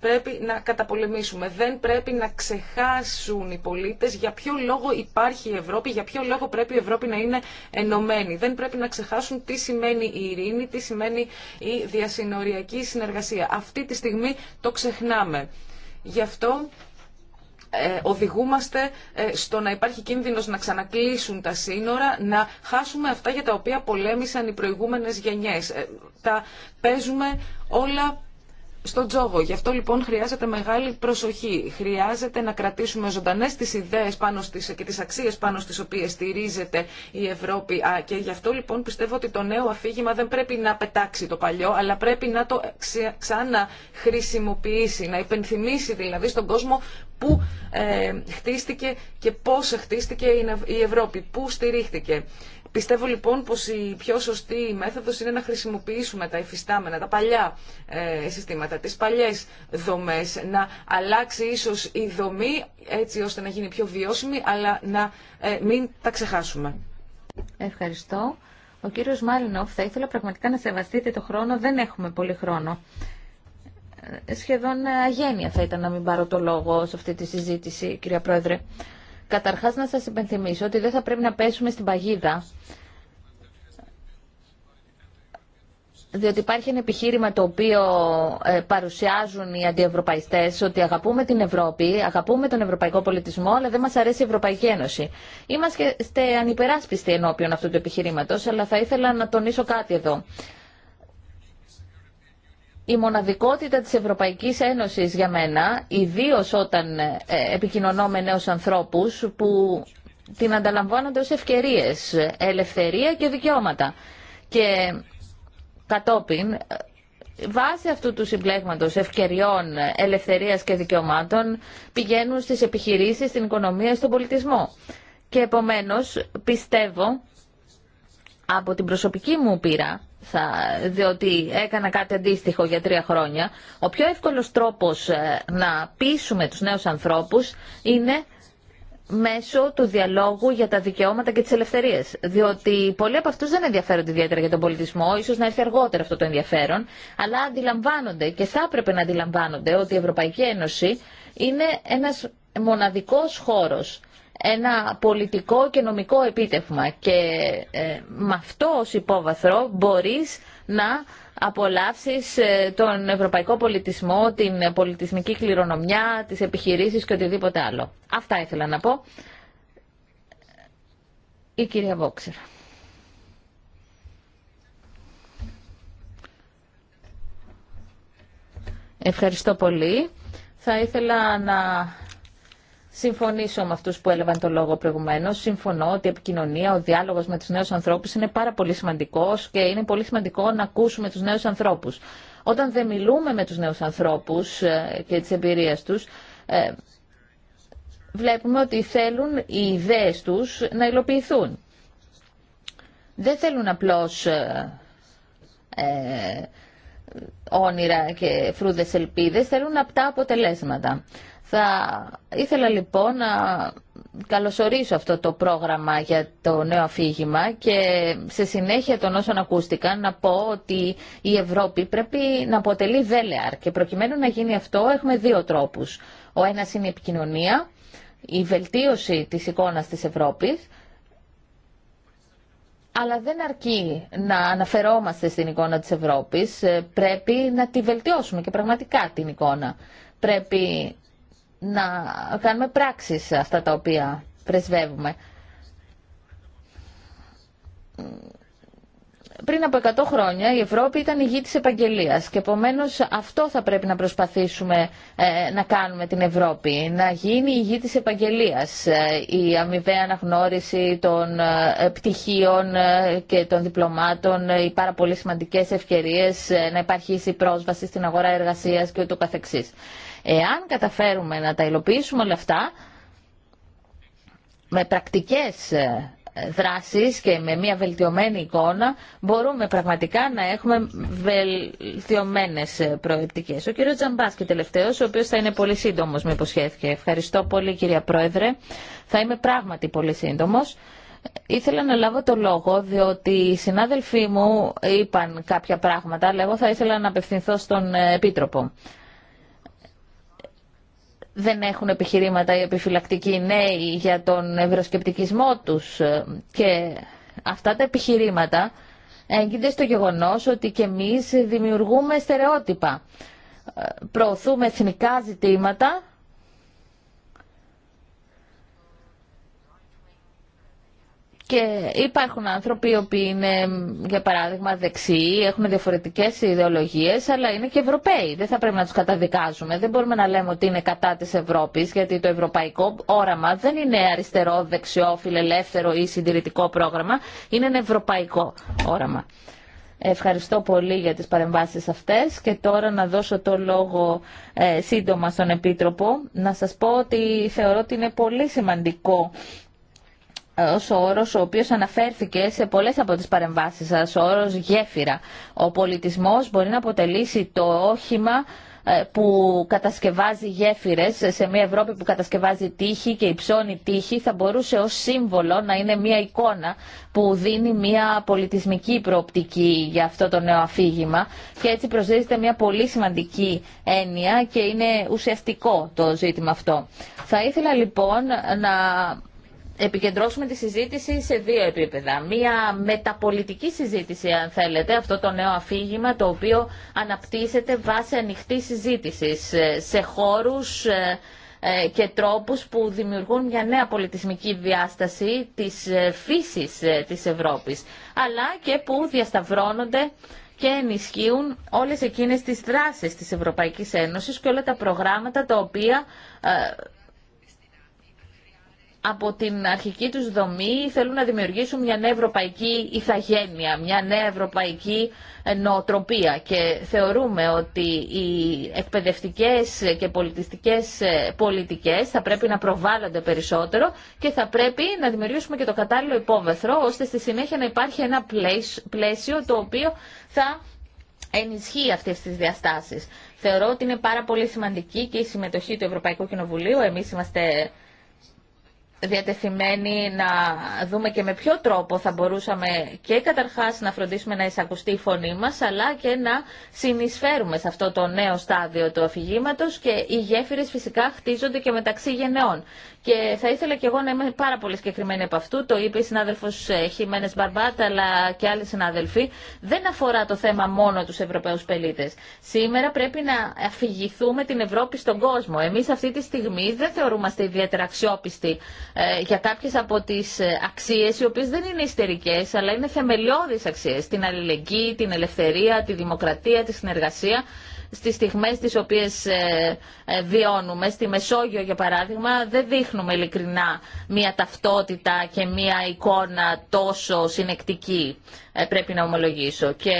πρέπει να καταπολεμήσουμε. Δεν πρέπει να ξεχάσουν οι πολίτε για ποιο λόγο υπάρχει η Ευρώπη, για ποιο λόγο πρέπει η Ευρώπη να είναι ενωμένη. Δεν πρέπει να ξεχάσουν τι σημαίνει η ειρήνη, τι σημαίνει η διασυνοριακή συνεργασία. Αυτή τη στιγμή το ξεχνάμε. Γι' αυτό ε, οδηγούμαστε ε, στο να υπάρχει κίνδυνος να ξανακλείσουν τα σύνορα, να χάσουμε αυτά για τα οποία πολέμησαν οι προηγούμενες γενιές. Ε, τα παίζουμε όλα στον τζόγο. Γι' αυτό λοιπόν χρειάζεται μεγάλη προσοχή. Χρειάζεται να κρατήσουμε ζωντανέ τι ιδέε και τι αξίε πάνω στι οποίε στηρίζεται η Ευρώπη. και γι' αυτό λοιπόν πιστεύω ότι το νέο αφήγημα δεν πρέπει να πετάξει το παλιό, αλλά πρέπει να το ξαναχρησιμοποιήσει. Να υπενθυμίσει δηλαδή στον κόσμο πού ε, χτίστηκε και πώς χτίστηκε η Ευρώπη, πού στηρίχθηκε. Πιστεύω λοιπόν πως η πιο σωστή μέθοδος είναι να χρησιμοποιήσουμε τα υφιστάμενα, τα παλιά ε, συστήματα, τις παλιές δομές, να αλλάξει ίσως η δομή έτσι ώστε να γίνει πιο βιώσιμη, αλλά να ε, μην τα ξεχάσουμε. Ευχαριστώ. Ο κύριος Μάλινοφ θα ήθελα πραγματικά να σεβαστείτε το χρόνο, δεν έχουμε πολύ χρόνο. Ε, σχεδόν ε, αγένεια θα ήταν να μην πάρω το λόγο σε αυτή τη συζήτηση, κυρία Πρόεδρε. Καταρχάς να σας υπενθυμίσω ότι δεν θα πρέπει να πέσουμε στην παγίδα διότι υπάρχει ένα επιχείρημα το οποίο ε, παρουσιάζουν οι αντιευρωπαϊστές ότι αγαπούμε την Ευρώπη, αγαπούμε τον ευρωπαϊκό πολιτισμό, αλλά δεν μας αρέσει η Ευρωπαϊκή Ένωση. Είμαστε ανυπεράσπιστοι ενώπιον αυτού του επιχειρήματος, αλλά θα ήθελα να τονίσω κάτι εδώ η μοναδικότητα της Ευρωπαϊκής Ένωσης για μένα, ιδίω όταν ε, επικοινωνώ με νέους ανθρώπους που την ανταλαμβάνονται ως ευκαιρίες, ελευθερία και δικαιώματα. Και κατόπιν, βάσει αυτού του συμπλέγματος ευκαιριών, ελευθερίας και δικαιωμάτων, πηγαίνουν στις επιχειρήσεις, στην οικονομία, στον πολιτισμό. Και επομένως, πιστεύω, από την προσωπική μου πείρα, διότι έκανα κάτι αντίστοιχο για τρία χρόνια. Ο πιο εύκολος τρόπος ε, να πείσουμε τους νέους ανθρώπους είναι μέσω του διαλόγου για τα δικαιώματα και τις ελευθερίες. Διότι πολλοί από αυτούς δεν ενδιαφέρονται ιδιαίτερα για τον πολιτισμό, ίσως να έρθει αργότερα αυτό το ενδιαφέρον, αλλά αντιλαμβάνονται και θα έπρεπε να αντιλαμβάνονται ότι η Ευρωπαϊκή Ένωση είναι ένας μοναδικός χώρος ένα πολιτικό και νομικό επίτευγμα και ε, με αυτό ως υπόβαθρο μπορείς να απολαύσεις ε, τον ευρωπαϊκό πολιτισμό, την πολιτισμική κληρονομιά, τις επιχειρήσεις και οτιδήποτε άλλο. Αυτά ήθελα να πω. Η κυρία Βόξερ. Ευχαριστώ πολύ. Θα ήθελα να συμφωνήσω με αυτού που έλαβαν το λόγο προηγουμένω. Συμφωνώ ότι η επικοινωνία, ο διάλογο με του νέου ανθρώπου είναι πάρα πολύ σημαντικό και είναι πολύ σημαντικό να ακούσουμε του νέου ανθρώπου. Όταν δεν μιλούμε με του νέου ανθρώπου ε, και τι εμπειρίε του, ε, βλέπουμε ότι θέλουν οι ιδέε τους να υλοποιηθούν. Δεν θέλουν απλώς ε, όνειρα και φρούδε ελπίδες, θέλουν απτά αποτελέσματα. Θα ήθελα λοιπόν να καλωσορίσω αυτό το πρόγραμμα για το νέο αφήγημα και σε συνέχεια των όσων ακούστηκαν να πω ότι η Ευρώπη πρέπει να αποτελεί δέλεαρ και προκειμένου να γίνει αυτό έχουμε δύο τρόπους. Ο ένας είναι η επικοινωνία, η βελτίωση της εικόνας της Ευρώπης αλλά δεν αρκεί να αναφερόμαστε στην εικόνα της Ευρώπης, πρέπει να τη βελτιώσουμε και πραγματικά την εικόνα. Πρέπει να κάνουμε πράξεις αυτά τα οποία πρεσβεύουμε. Πριν από 100 χρόνια η Ευρώπη ήταν η γη της επαγγελίας και επομένως αυτό θα πρέπει να προσπαθήσουμε ε, να κάνουμε την Ευρώπη, να γίνει η γη της επαγγελίας, ε, η αμοιβαία αναγνώριση των ε, πτυχίων και των διπλωμάτων, οι πάρα πολύ σημαντικές ευκαιρίες να υπάρχει η πρόσβαση στην αγορά εργασίας και ούτω καθεξής. Εάν καταφέρουμε να τα υλοποιήσουμε όλα αυτά, με πρακτικές ε, δράσεις και με μια βελτιωμένη εικόνα μπορούμε πραγματικά να έχουμε βελτιωμένες ε, προεπτικές. Ο κύριος Τζαμπάς και τελευταίος, ο οποίος θα είναι πολύ σύντομος με υποσχέθηκε. Ευχαριστώ πολύ κυρία Πρόεδρε. Θα είμαι πράγματι πολύ σύντομος. Ήθελα να λάβω το λόγο διότι οι συνάδελφοί μου είπαν κάποια πράγματα αλλά εγώ θα ήθελα να απευθυνθώ στον ε, Επίτροπο δεν έχουν επιχειρήματα οι επιφυλακτικοί νέοι για τον ευρωσκεπτικισμό τους και αυτά τα επιχειρήματα έγκυνται στο γεγονός ότι και εμείς δημιουργούμε στερεότυπα. Ε, προωθούμε εθνικά ζητήματα Και υπάρχουν άνθρωποι οι οποίοι είναι, για παράδειγμα, δεξιοί, έχουν διαφορετικέ ιδεολογίε, αλλά είναι και Ευρωπαίοι. Δεν θα πρέπει να του καταδικάζουμε. Δεν μπορούμε να λέμε ότι είναι κατά τη Ευρώπη, γιατί το ευρωπαϊκό όραμα δεν είναι αριστερό, δεξιό, φιλελεύθερο ή συντηρητικό πρόγραμμα. Είναι ένα ευρωπαϊκό όραμα. Ευχαριστώ πολύ για τις παρεμβάσεις αυτές και τώρα να δώσω το λόγο ε, σύντομα στον Επίτροπο. Να σας πω ότι θεωρώ ότι είναι πολύ σημαντικό ως όρος ο οποίος αναφέρθηκε σε πολλές από τις παρεμβάσεις σας, ο όρος γέφυρα. Ο πολιτισμός μπορεί να αποτελήσει το όχημα ε, που κατασκευάζει γέφυρες σε μια Ευρώπη που κατασκευάζει τείχη και υψώνει τείχη θα μπορούσε ως σύμβολο να είναι μια εικόνα που δίνει μια πολιτισμική προοπτική για αυτό το νέο αφήγημα και έτσι προσδίδεται μια πολύ σημαντική έννοια και είναι ουσιαστικό το ζήτημα αυτό. Θα ήθελα λοιπόν να επικεντρώσουμε τη συζήτηση σε δύο επίπεδα. Μία μεταπολιτική συζήτηση, αν θέλετε, αυτό το νέο αφήγημα, το οποίο αναπτύσσεται βάσει ανοιχτή συζήτηση ε, σε χώρους ε, ε, και τρόπους που δημιουργούν μια νέα πολιτισμική διάσταση της φύσης της Ευρώπης, αλλά και που διασταυρώνονται και ενισχύουν όλες εκείνες τις δράσεις της Ευρωπαϊκής Ένωσης και όλα τα προγράμματα τα οποία από την αρχική τους δομή θέλουν να δημιουργήσουν μια νέα ευρωπαϊκή ηθαγένεια, μια νέα ευρωπαϊκή νοοτροπία και θεωρούμε ότι οι εκπαιδευτικές και πολιτιστικές πολιτικές θα πρέπει να προβάλλονται περισσότερο και θα πρέπει να δημιουργήσουμε και το κατάλληλο υπόβεθρο ώστε στη συνέχεια να υπάρχει ένα πλαίσιο το οποίο θα ενισχύει αυτές τις διαστάσεις. Θεωρώ ότι είναι πάρα πολύ σημαντική και η συμμετοχή του Ευρωπαϊκού Κοινοβουλίου. Εμείς είμαστε διατεθειμένοι να δούμε και με ποιο τρόπο θα μπορούσαμε και καταρχάς να φροντίσουμε να εισακουστεί η φωνή μας αλλά και να συνεισφέρουμε σε αυτό το νέο στάδιο του αφηγήματος και οι γέφυρες φυσικά χτίζονται και μεταξύ γενεών. Και θα ήθελα και εγώ να είμαι πάρα πολύ συγκεκριμένη από αυτού. Το είπε η συνάδελφο ε, Χιμένε Μπαρμπάτα αλλά και άλλοι συνάδελφοι. Δεν αφορά το θέμα μόνο του Ευρωπαίου πελίτε. Σήμερα πρέπει να αφηγηθούμε την Ευρώπη στον κόσμο. Εμεί αυτή τη στιγμή δεν θεωρούμαστε ιδιαίτερα αξιόπιστοι ε, για κάποιε από τι ε, αξίε οι οποίε δεν είναι ιστερικέ αλλά είναι θεμελιώδει αξίε. Την αλληλεγγύη, την ελευθερία, τη δημοκρατία, τη συνεργασία στις στιγμές τις οποίες ε, ε, βιώνουμε. Στη Μεσόγειο, για παράδειγμα, δεν δείχνουμε ειλικρινά μία ταυτότητα και μία εικόνα τόσο συνεκτική, ε, πρέπει να ομολογήσω. Και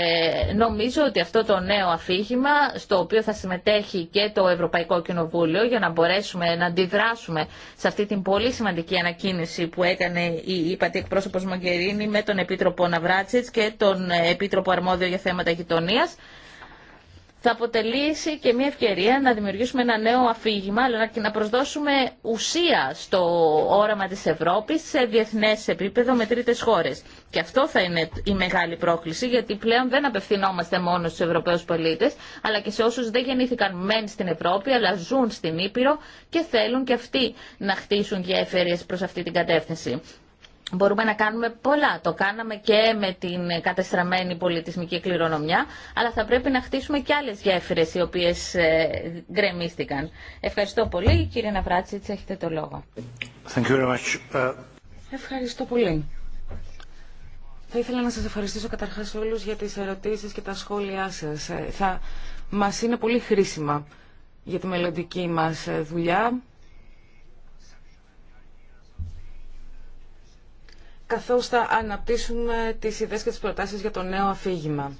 νομίζω ότι αυτό το νέο αφήγημα, στο οποίο θα συμμετέχει και το Ευρωπαϊκό Κοινοβούλιο, για να μπορέσουμε να αντιδράσουμε σε αυτή την πολύ σημαντική ανακοίνηση που έκανε η υπατή εκπρόσωπος Μαγκερίνη με τον Επίτροπο Ναυράτσιτς και τον Επίτροπο Αρμόδιο για θέματα γειτονίας, θα αποτελήσει και μια ευκαιρία να δημιουργήσουμε ένα νέο αφήγημα, αλλά και να προσδώσουμε ουσία στο όραμα της Ευρώπης σε διεθνές επίπεδο με τρίτες χώρες. Και αυτό θα είναι η μεγάλη πρόκληση, γιατί πλέον δεν απευθυνόμαστε μόνο στους Ευρωπαίους πολίτες, αλλά και σε όσους δεν γεννήθηκαν μεν στην Ευρώπη, αλλά ζουν στην Ήπειρο και θέλουν και αυτοί να χτίσουν γέφυρες προς αυτή την κατεύθυνση. Μπορούμε να κάνουμε πολλά. Το κάναμε και με την κατεστραμμένη πολιτισμική κληρονομιά, αλλά θα πρέπει να χτίσουμε και άλλες γέφυρες οι οποίες ε, γκρεμίστηκαν. Ευχαριστώ πολύ. Κύριε Ναβράτσιτς, έχετε το λόγο. Thank you very much. Ε, Ευχαριστώ πολύ. Θα ήθελα να σας ευχαριστήσω καταρχάς όλους για τις ερωτήσεις και τα σχόλιά σας. Ε, θα μας είναι πολύ χρήσιμα για τη μελλοντική μας δουλειά καθώς θα αναπτύσσουμε τις ιδέες και τις προτάσεις για το νέο αφήγημα.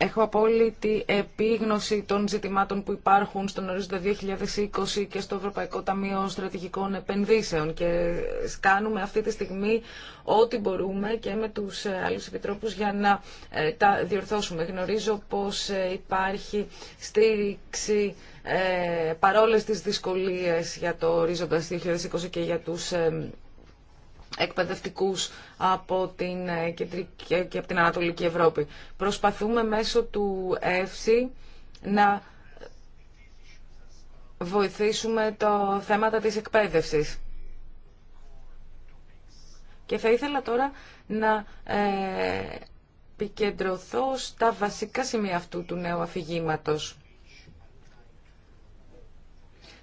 Έχω απόλυτη επίγνωση των ζητημάτων που υπάρχουν στον ορίζοντα 2020 και στο Ευρωπαϊκό Ταμείο Στρατηγικών Επενδύσεων και κάνουμε αυτή τη στιγμή ό,τι μπορούμε και με τους ε, άλλους επιτρόπους για να ε, τα διορθώσουμε. Γνωρίζω πως ε, υπάρχει στήριξη ε, παρόλες τις δυσκολίες για το ορίζοντας 2020 και για τους ε, εκπαιδευτικούς από την ε, και από την Ανατολική Ευρώπη. Προσπαθούμε μέσω του ΕΦΣΥ να βοηθήσουμε το θέματα της εκπαίδευσης. Και θα ήθελα τώρα να ε, επικεντρωθώ στα βασικά σημεία αυτού του νέου αφηγήματος.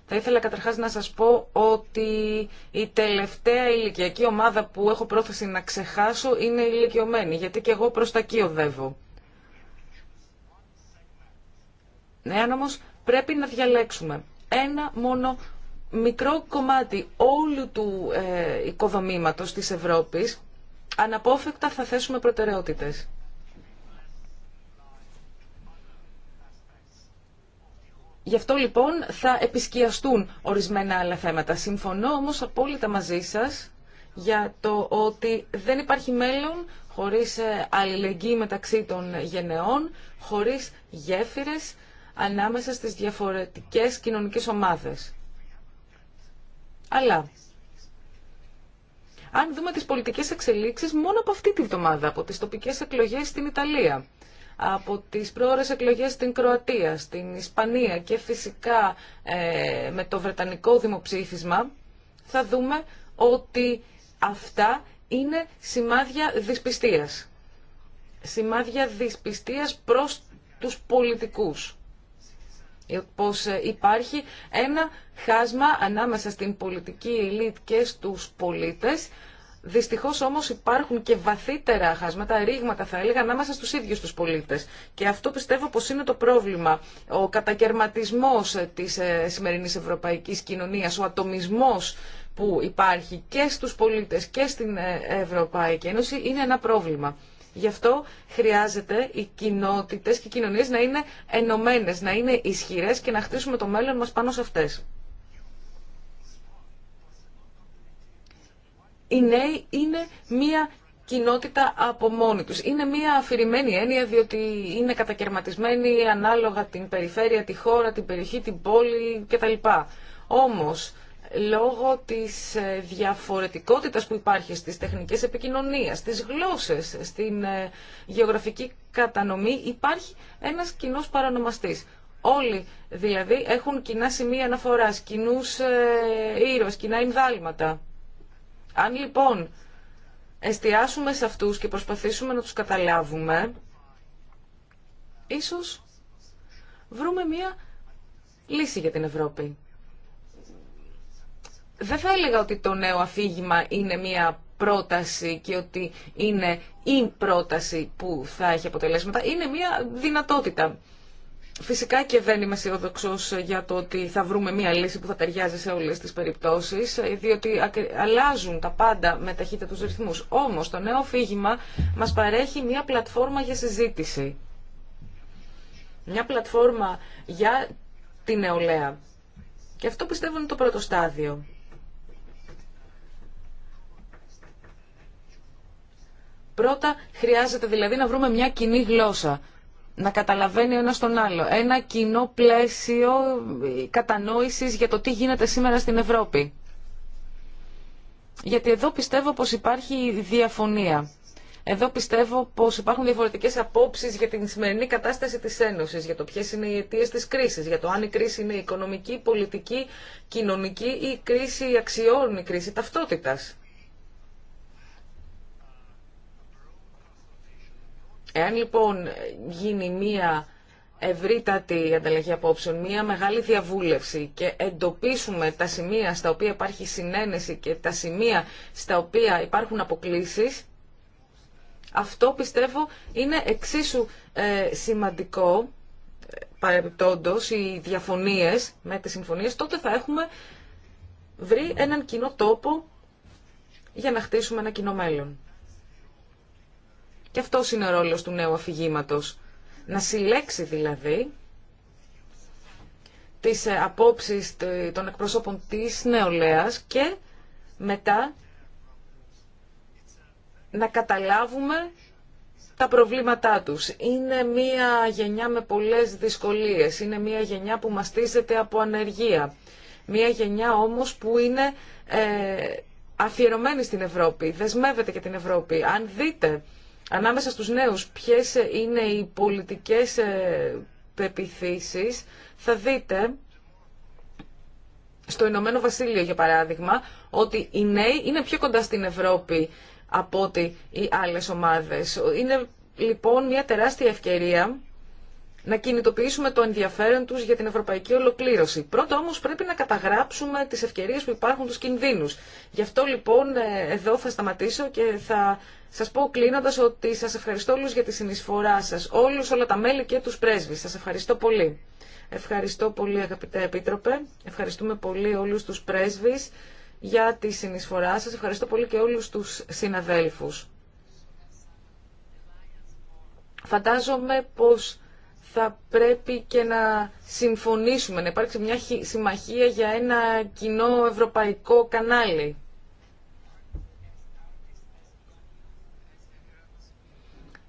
Θα ήθελα καταρχάς να σας πω ότι η τελευταία ηλικιακή ομάδα που έχω πρόθεση να ξεχάσω είναι η ηλικιωμένη, γιατί και εγώ προς τα εκεί οδεύω. Ναι, αν πρέπει να διαλέξουμε ένα μόνο μικρό κομμάτι όλου του ε, οικοδομήματος της Ευρώπης, αναπόφευκτα θα θέσουμε προτεραιότητες. Γι' αυτό λοιπόν θα επισκιαστούν ορισμένα άλλα θέματα. Συμφωνώ όμως απόλυτα μαζί σας για το ότι δεν υπάρχει μέλλον χωρίς ε, αλληλεγγύη μεταξύ των γενεών, χωρίς γέφυρες ανάμεσα στις διαφορετικές κοινωνικές ομάδες. Αλλά, αν δούμε τις πολιτικές εξελίξεις μόνο από αυτή τη βδομάδα, από τις τοπικές εκλογές στην Ιταλία, από τις πρόορες εκλογές στην Κροατία, στην Ισπανία και φυσικά ε, με το Βρετανικό δημοψήφισμα, θα δούμε ότι αυτά είναι σημάδια δυσπιστίας. Σημάδια δυσπιστίας προς τους πολιτικούς. Πως ε, υπάρχει ένα χάσμα ανάμεσα στην πολιτική ελίτ και στους πολίτες Δυστυχώς όμως υπάρχουν και βαθύτερα χάσματα, ρήγματα θα έλεγα, ανάμεσα στου ίδιου του πολίτε. Και αυτό πιστεύω πως είναι το πρόβλημα. Ο κατακαιρματισμό της ε, σημερινής ευρωπαϊκής κοινωνίας, ο ατομισμός που υπάρχει και στους πολίτες και στην ε, Ευρωπαϊκή Ένωση είναι ένα πρόβλημα. Γι' αυτό χρειάζεται οι κοινότητε και οι κοινωνίε να είναι ενωμένε, να είναι ισχυρέ και να χτίσουμε το μέλλον μα πάνω σε αυτέ. οι νέοι είναι μία κοινότητα από μόνοι τους. Είναι μία αφηρημένη έννοια διότι είναι κατακαιρματισμένη ανάλογα την περιφέρεια, τη χώρα, την περιοχή, την πόλη κτλ. Όμως, λόγω της ε, διαφορετικότητας που υπάρχει στις τεχνικές επικοινωνίας, στις γλώσσες, στην ε, γεωγραφική κατανομή, υπάρχει ένας κοινό παρανομαστής. Όλοι δηλαδή έχουν κοινά σημεία αναφοράς, κοινούς ε, ήρωες, κοινά ενδάλματα. Αν λοιπόν εστιάσουμε σε αυτούς και προσπαθήσουμε να τους καταλάβουμε, ίσως βρούμε μία λύση για την Ευρώπη. Δεν θα έλεγα ότι το νέο αφήγημα είναι μία πρόταση και ότι είναι η πρόταση που θα έχει αποτελέσματα. Είναι μία δυνατότητα. Φυσικά και δεν είμαι αισιόδοξο για το ότι θα βρούμε μία λύση που θα ταιριάζει σε όλε τι περιπτώσει, διότι αλλάζουν τα πάντα με ταχύτητα του ρυθμού. Όμω το νέο αφήγημα μα παρέχει μία πλατφόρμα για συζήτηση. Μια πλατφόρμα για τη νεολαία. Και αυτό πιστεύω είναι το πρώτο στάδιο. Πρώτα χρειάζεται δηλαδή να βρούμε μια κοινή γλώσσα να καταλαβαίνει ο ένας τον άλλο. Ένα κοινό πλαίσιο κατανόησης για το τι γίνεται σήμερα στην Ευρώπη. Γιατί εδώ πιστεύω πως υπάρχει διαφωνία. Εδώ πιστεύω πως υπάρχουν διαφορετικές απόψεις για την σημερινή κατάσταση της Ένωσης, για το ποιες είναι οι αιτίες της κρίσης, για το αν η κρίση είναι οικονομική, πολιτική, κοινωνική ή κρίση αξιών, η κριση αξιων ταυτότητας. Εάν λοιπόν γίνει μία ευρύτατη ανταλλαγή απόψεων, μία μεγάλη διαβούλευση και εντοπίσουμε τα σημεία στα οποία υπάρχει συνένεση και τα σημεία στα οποία υπάρχουν αποκλήσεις, αυτό πιστεύω είναι εξίσου ε, σημαντικό, ε, παρεμπιπτόντως, οι διαφωνίες με τις συμφωνίες, τότε θα έχουμε βρει έναν κοινό τόπο για να χτίσουμε ένα κοινό μέλλον. Και αυτό είναι ο ρόλος του νέου αφηγήματο. Να συλλέξει δηλαδή τις ε, απόψεις των εκπροσώπων της νεολαίας και μετά να καταλάβουμε τα προβλήματά τους. Είναι μία γενιά με πολλές δυσκολίες, είναι μία γενιά που μαστίζεται από ανεργία. Μία γενιά όμως που είναι ε, αφιερωμένη στην Ευρώπη, δεσμεύεται και την Ευρώπη. Αν δείτε ανάμεσα στους νέους ποιες είναι οι πολιτικές ε, πεπιθήσεις, θα δείτε στο Ηνωμένο Βασίλειο για παράδειγμα ότι οι νέοι είναι πιο κοντά στην Ευρώπη από ότι οι άλλες ομάδες. Είναι λοιπόν μια τεράστια ευκαιρία να κινητοποιήσουμε το ενδιαφέρον τους για την ευρωπαϊκή ολοκλήρωση. Πρώτα όμως πρέπει να καταγράψουμε τις ευκαιρίες που υπάρχουν, τους κινδύνους. Γι' αυτό λοιπόν ε, εδώ θα σταματήσω και θα σας πω κλείνοντας ότι σας ευχαριστώ όλους για τη συνεισφορά σας, όλους όλα τα μέλη και τους πρέσβεις. Σας ευχαριστώ πολύ. Ευχαριστώ πολύ αγαπητέ Επίτροπε, ευχαριστούμε πολύ όλους τους πρέσβεις για τη συνεισφορά σας, ευχαριστώ πολύ και όλους τους συναδέλφους. Φαντάζομαι πως θα πρέπει και να συμφωνήσουμε, να υπάρξει μια συμμαχία για ένα κοινό ευρωπαϊκό κανάλι.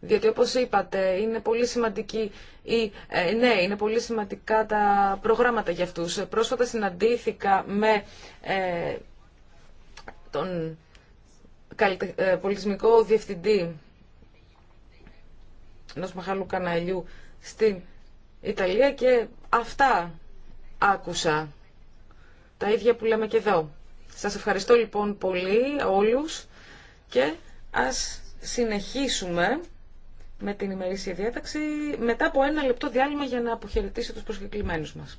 Διότι όπως είπατε, είναι πολύ σημαντική η, ε, ναι, είναι πολύ σημαντικά τα προγράμματα για αυτούς. Πρόσφατα συναντήθηκα με ε, τον ε, πολιτισμικό διευθυντή ενός μεγάλου Καναλιού στην Ιταλία και αυτά άκουσα. Τα ίδια που λέμε και εδώ. Σας ευχαριστώ λοιπόν πολύ όλους και ας συνεχίσουμε με την ημερήσια διάταξη μετά από ένα λεπτό διάλειμμα για να αποχαιρετήσω τους προσκεκλημένους μας.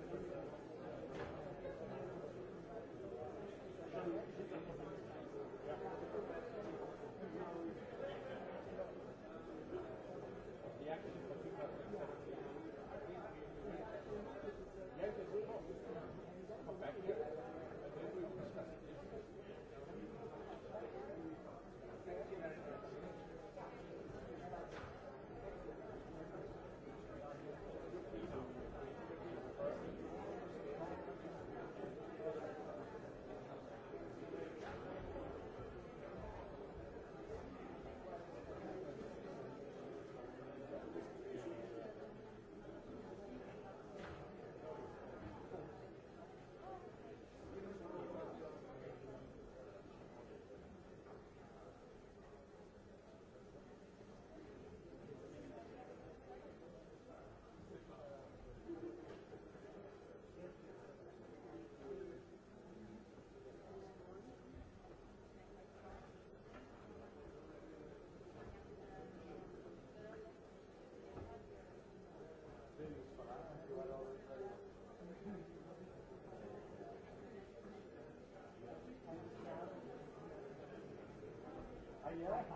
Υπότιτλοι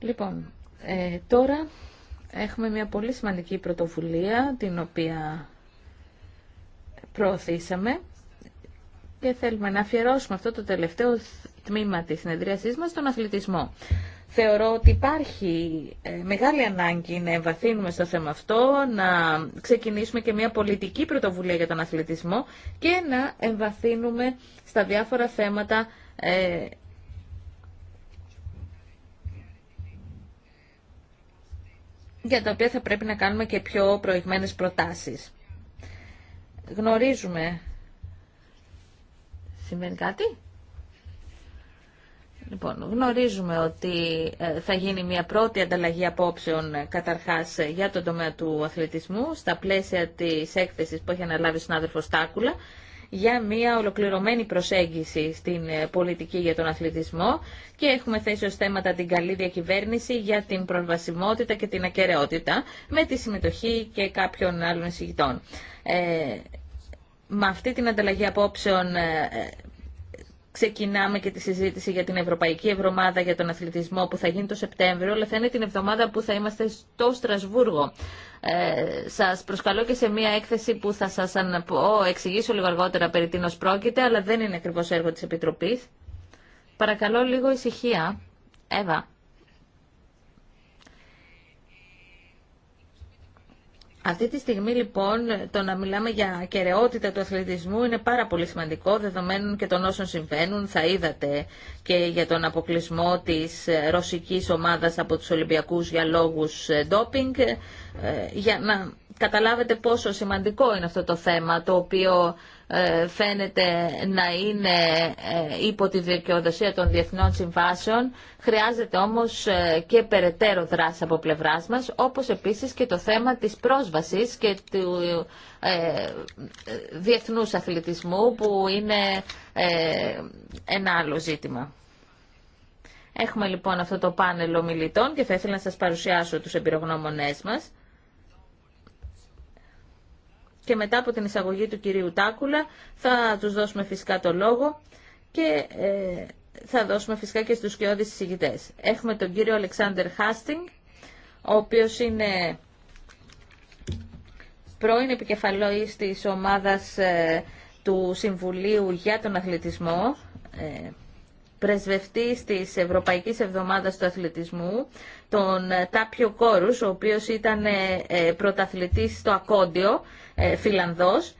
Λοιπόν, ε, τώρα έχουμε μια πολύ σημαντική πρωτοβουλία την οποία προωθήσαμε και θέλουμε να αφιερώσουμε αυτό το τελευταίο τμήμα της συνεδρίασής μας στον αθλητισμό. Θεωρώ ότι υπάρχει ε, μεγάλη ανάγκη να εμβαθύνουμε στο θέμα αυτό, να ξεκινήσουμε και μια πολιτική πρωτοβουλία για τον αθλητισμό και να εμβαθύνουμε στα διάφορα θέματα ε, για τα οποία θα πρέπει να κάνουμε και πιο προηγμένες προτάσεις. Γνωρίζουμε... σημαίνει κάτι? Λοιπόν, γνωρίζουμε ότι ε, θα γίνει μια πρώτη ανταλλαγή απόψεων ε, καταρχάς ε, για τον τομέα του αθλητισμού στα πλαίσια της έκθεσης που έχει αναλάβει ο συνάδελφος Τάκουλα για μια ολοκληρωμένη προσέγγιση στην ε, πολιτική για τον αθλητισμό και έχουμε θέσει ως θέματα την καλή διακυβέρνηση για την προσβασιμότητα και την ακαιρεότητα με τη συμμετοχή και κάποιων άλλων εισηγητών. Ε, με αυτή την ανταλλαγή απόψεων ε, ξεκινάμε και τη συζήτηση για την Ευρωπαϊκή Εβδομάδα για τον Αθλητισμό που θα γίνει το Σεπτέμβριο, αλλά θα είναι την εβδομάδα που θα είμαστε στο Στρασβούργο. Ε, σας προσκαλώ και σε μια έκθεση που θα σας εξηγήσω λίγο αργότερα περί τίνος πρόκειται, αλλά δεν είναι ακριβώ έργο της Επιτροπής. Παρακαλώ λίγο ησυχία. Εύα. Αυτή τη στιγμή λοιπόν το να μιλάμε για κεραιότητα του αθλητισμού είναι πάρα πολύ σημαντικό δεδομένων και των όσων συμβαίνουν. Θα είδατε και για τον αποκλεισμό της ε, ρωσικής ομάδας από τους Ολυμπιακούς για λόγους ε, ντόπινγκ ε, για να καταλάβετε πόσο σημαντικό είναι αυτό το θέμα το οποίο ε, φαίνεται να είναι ε, υπό τη δικαιοδοσία των διεθνών συμβάσεων. Χρειάζεται όμως ε, και περαιτέρω δράση από πλευράς μας, όπως επίσης και το θέμα της πρόσβασης και του διεθνούς αθλητισμού, που είναι ένα άλλο ζήτημα. Έχουμε λοιπόν αυτό το πάνελ ομιλητών και θα ήθελα να σας παρουσιάσω τους εμπειρογνώμονές μας και μετά από την εισαγωγή του κυρίου Τάκουλα θα τους δώσουμε φυσικά το λόγο και ε, θα δώσουμε φυσικά και στους κοιόδης συζητητές. Έχουμε τον κύριο Αλεξάνδερ Χάστινγκ, ο οποίος είναι πρώην επικεφαλής της ομάδας ε, του Συμβουλίου για τον Αθλητισμό, ε, πρεσβευτής της Ευρωπαϊκής Εβδομάδας του Αθλητισμού, τον Τάπιο Κόρους, ο οποίος ήταν ε, ε, πρωταθλητής στο Ακόντιο ε, Φιλανδός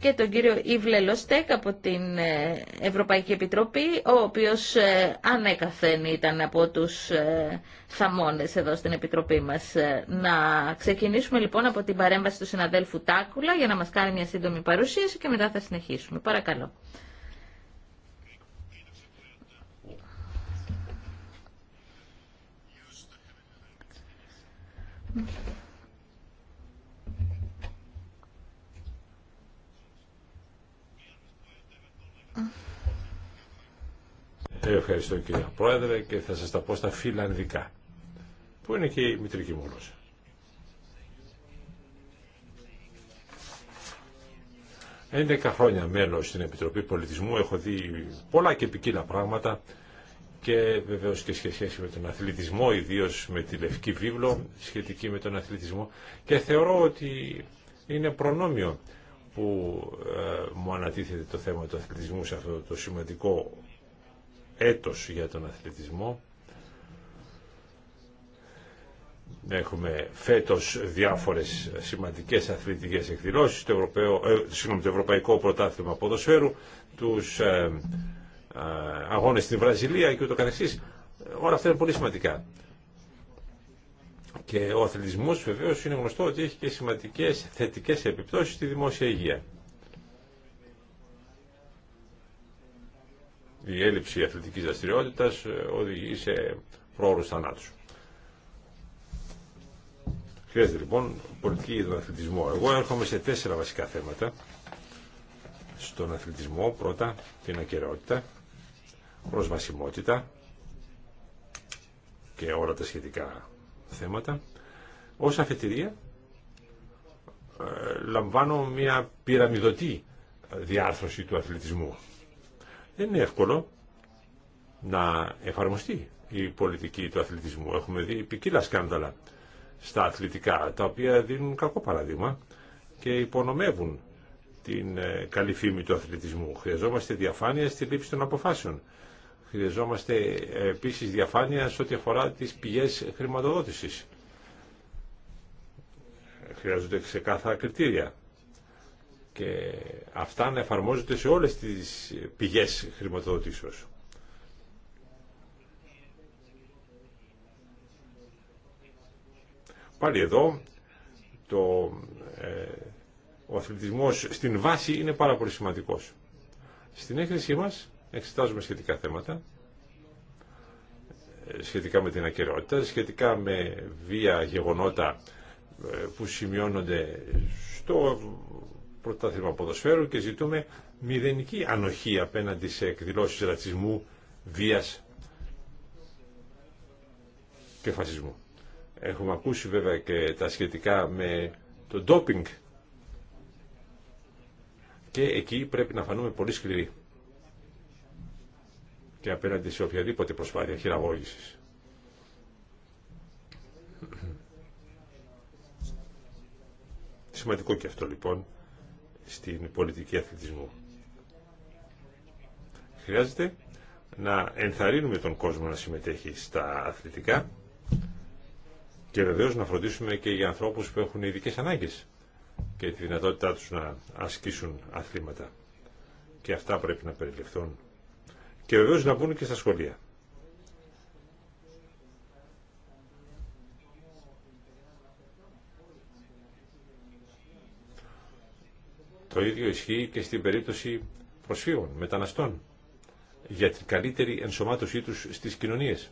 και τον κύριο Ιβλε Λοστέκ από την ε, Ευρωπαϊκή Επιτροπή, ο οποίος ε, ανέκαθεν ήταν από τους θαμώνες εδώ στην Επιτροπή μας. Να ξεκινήσουμε λοιπόν από την παρέμβαση του συναδέλφου Τάκουλα για να μας κάνει μια σύντομη παρουσίαση και μετά θα συνεχίσουμε. Παρακαλώ. Ευχαριστώ κύριε Πρόεδρε και θα σας τα πω στα φιλανδικά, που είναι και η μητρική μου γλώσσα. Έντεκα χρόνια μέλος στην Επιτροπή Πολιτισμού έχω δει πολλά και ποικίλα πράγματα και βεβαίως και σχέση με τον αθλητισμό, ιδίως με τη Λευκή Βίβλο σχετική με τον αθλητισμό και θεωρώ ότι είναι προνόμιο που ε, μου ανατίθεται το θέμα του αθλητισμού σε αυτό το σημαντικό έτος για τον αθλητισμό. Έχουμε φέτος διάφορες σημαντικές αθλητικές εκδηλώσεις, το, Ευρωπαίο, ε, το Ευρωπαϊκό Πρωτάθλημα Ποδοσφαίρου, τους ε, αγώνες στην Βραζιλία και ούτω καθεξής. Όλα αυτά είναι πολύ σημαντικά. Και ο αθλητισμός βεβαίως είναι γνωστό ότι έχει και σημαντικές θετικές επιπτώσεις στη δημόσια υγεία. Η έλλειψη αθλητικής δραστηριότητα ε, οδηγεί σε πρόωρους θανάτους. Χρειάζεται λοιπόν πολιτική για τον αθλητισμό. Εγώ έρχομαι σε τέσσερα βασικά θέματα. Στον αθλητισμό πρώτα την ακαιρεότητα, προσβασιμότητα και όλα τα σχετικά θέματα. Ως αφετηρία ε, λαμβάνω μια πυραμιδωτή διάρθρωση του αθλητισμού. Δεν είναι εύκολο να εφαρμοστεί η πολιτική του αθλητισμού. Έχουμε δει ποικίλα σκάνδαλα στα αθλητικά, τα οποία δίνουν κακό παράδειγμα και υπονομεύουν την ε, καλή φήμη του αθλητισμού. Χρειαζόμαστε διαφάνεια στη λήψη των αποφάσεων. Χρειαζόμαστε ε, επίσης διαφάνεια σε ό,τι αφορά τις πηγές χρηματοδότησης. Χρειάζονται ξεκάθαρα κριτήρια και αυτά να εφαρμόζονται σε όλες τις πηγές χρηματοδοτήσεως. Πάλι εδώ το, ε, ο αθλητισμός στην βάση είναι πάρα πολύ σημαντικός. Στην έκθεσή μας εξετάζουμε σχετικά θέματα, ε, σχετικά με την ακαιρεότητα, σχετικά με βία γεγονότα ε, που σημειώνονται στο πρωτάθλημα ποδοσφαίρου και ζητούμε μηδενική ανοχή απέναντι σε εκδηλώσεις ρατσισμού, βίας και φασισμού. Έχουμε ακούσει βέβαια και τα σχετικά με το ντόπινγκ και εκεί πρέπει να φανούμε πολύ σκληροί και απέναντι σε οποιαδήποτε προσπάθεια χειραγώγησης. Σημαντικό και αυτό λοιπόν στην πολιτική αθλητισμού. Χρειάζεται να ενθαρρύνουμε τον κόσμο να συμμετέχει στα αθλητικά και βεβαίως να φροντίσουμε και για ανθρώπους που έχουν ειδικέ ανάγκες και τη δυνατότητά τους να ασκήσουν αθλήματα. Και αυτά πρέπει να περιληφθούν και βεβαίως να μπουν και στα σχολεία. Το ίδιο ισχύει και στην περίπτωση προσφύγων, μεταναστών, για την καλύτερη ενσωμάτωσή τους στις κοινωνίες.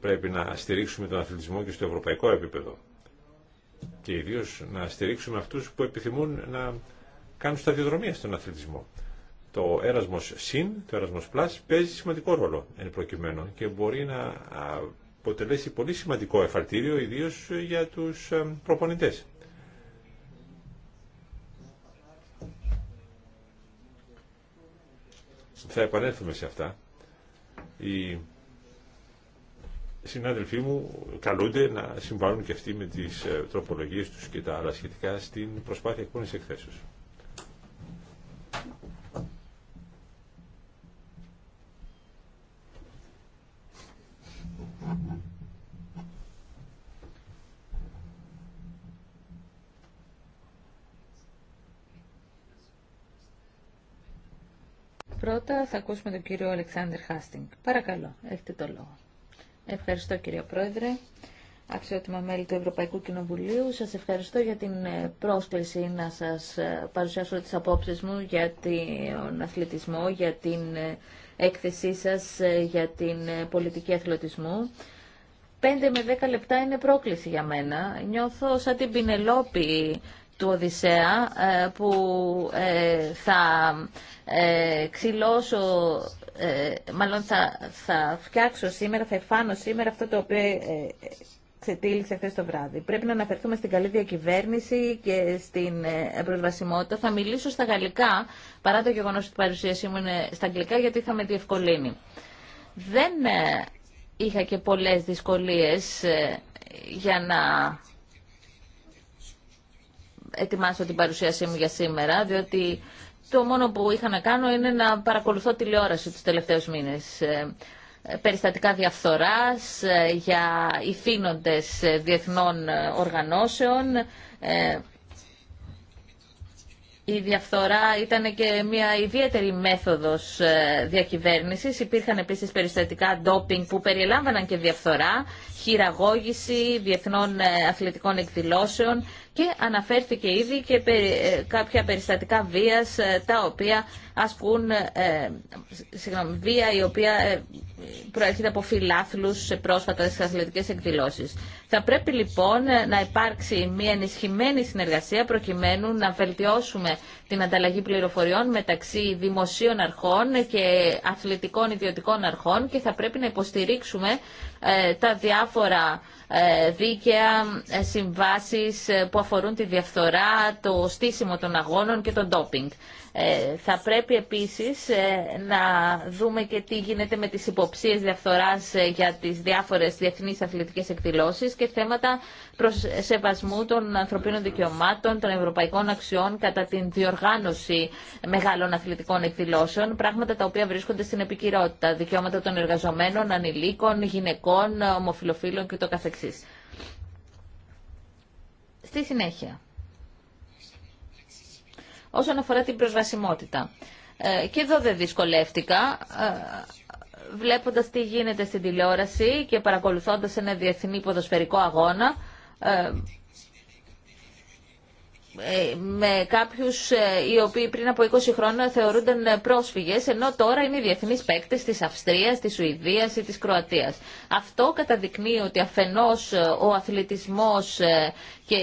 Πρέπει να στηρίξουμε τον αθλητισμό και στο ευρωπαϊκό επίπεδο και ιδίως να στηρίξουμε αυτούς που επιθυμούν να κάνουν σταδιοδρομία στον αθλητισμό το Erasmus Συν, το Erasmus Plus, παίζει σημαντικό ρόλο εν προκειμένου και μπορεί να αποτελέσει πολύ σημαντικό εφαρτήριο, ιδίως για τους ε, προπονητέ. Θα επανέλθουμε σε αυτά. Οι συνάδελφοί μου καλούνται να συμβάλλουν και αυτοί με τις ε, τροπολογίες τους και τα άλλα σχετικά στην προσπάθεια εκπόνησης εκθέσεως. Πρώτα θα ακούσουμε τον κύριο Αλεξάνδρ Χάστινγκ. Παρακαλώ, έχετε το λόγο. Ευχαριστώ κύριο Πρόεδρε, αξιότιμα μέλη του Ευρωπαϊκού Κοινοβουλίου. Σας ευχαριστώ για την ε, πρόσκληση να σας ε, παρουσιάσω τις απόψεις μου για τον αθλητισμό, για την ε, έκθεσή σας, για την πολιτική αθλητισμού. 5 με 10 λεπτά είναι πρόκληση για μένα. Νιώθω σαν την Πινελόπη του Οδυσσέα ε, που ε, θα ε, ξυλώσω, μάλλον θα, θα φτιάξω σήμερα, θα εφάνω σήμερα αυτό το οποίο ξετήλησε χθε το βράδυ. Πρέπει να αναφερθούμε στην καλή διακυβέρνηση και στην προσβασιμότητα. Θα μιλήσω στα γαλλικά, παρά το γεγονός ότι η παρουσίασή μου είναι στα αγγλικά, γιατί θα με διευκολύνει. Δεν είχα και πολλές δυσκολίες για να ετοιμάσω την παρουσίασή μου για σήμερα, διότι το μόνο που είχα να κάνω είναι να παρακολουθώ τηλεόραση τους τελευταίους μήνες. Ε, περιστατικά διαφθοράς ε, για υφήνοντες ε, διεθνών οργανώσεων. Η διαφθορά ήταν και μια ιδιαίτερη μέθοδος διακυβέρνησης. Υπήρχαν επίσης περιστατικά ντόπινγκ που περιελάμβαναν και διαφθορά, χειραγώγηση διεθνών αθλητικών εκδηλώσεων και αναφέρθηκε ήδη και ε, κάποια περιστατικά βίας ε, τα οποία ασκούν ε, συγγνώμη, βία η οποία ε, προέρχεται από φιλάθλους σε πρόσφατες αθλητικές εκδηλώσεις. Θα πρέπει λοιπόν να υπάρξει μια ενισχυμένη συνεργασία προκειμένου να βελτιώσουμε την ανταλλαγή πληροφοριών μεταξύ δημοσίων αρχών και αθλητικών ιδιωτικών αρχών και θα πρέπει να υποστηρίξουμε τα διάφορα ε, δίκαια ε, συμβάσεις ε, που αφορούν τη διαφθορά, το στήσιμο των αγώνων και το ντόπινγκ. Ε, θα πρέπει επίσης ε, να δούμε και τι γίνεται με τις υποψίες διαφθοράς ε, για τις διάφορες διεθνείς αθλητικές εκδηλώσεις και θέματα προς σεβασμού των ανθρωπίνων δικαιωμάτων, των ευρωπαϊκών αξιών κατά την διοργάνωση μεγάλων αθλητικών εκδηλώσεων, πράγματα τα οποία βρίσκονται στην επικυρότητα, δικαιώματα των εργαζομένων, ανηλίκων, γυναικών, ομοφιλοφίλων κ.ο.κ. Στη συνέχεια. Όσον αφορά την προσβασιμότητα. Ε, και εδώ δεν δυσκολεύτηκα ε, βλέποντας τι γίνεται στην τηλεόραση και παρακολουθώντας ένα διεθνή ποδοσφαιρικό αγώνα ε, με κάποιους οι οποίοι πριν από 20 χρόνια θεωρούνταν πρόσφυγες ενώ τώρα είναι οι διεθνείς παίκτες της Αυστρίας, της Σουηδίας ή της Κροατίας. Αυτό καταδεικνύει ότι αφενός ο αθλητισμός και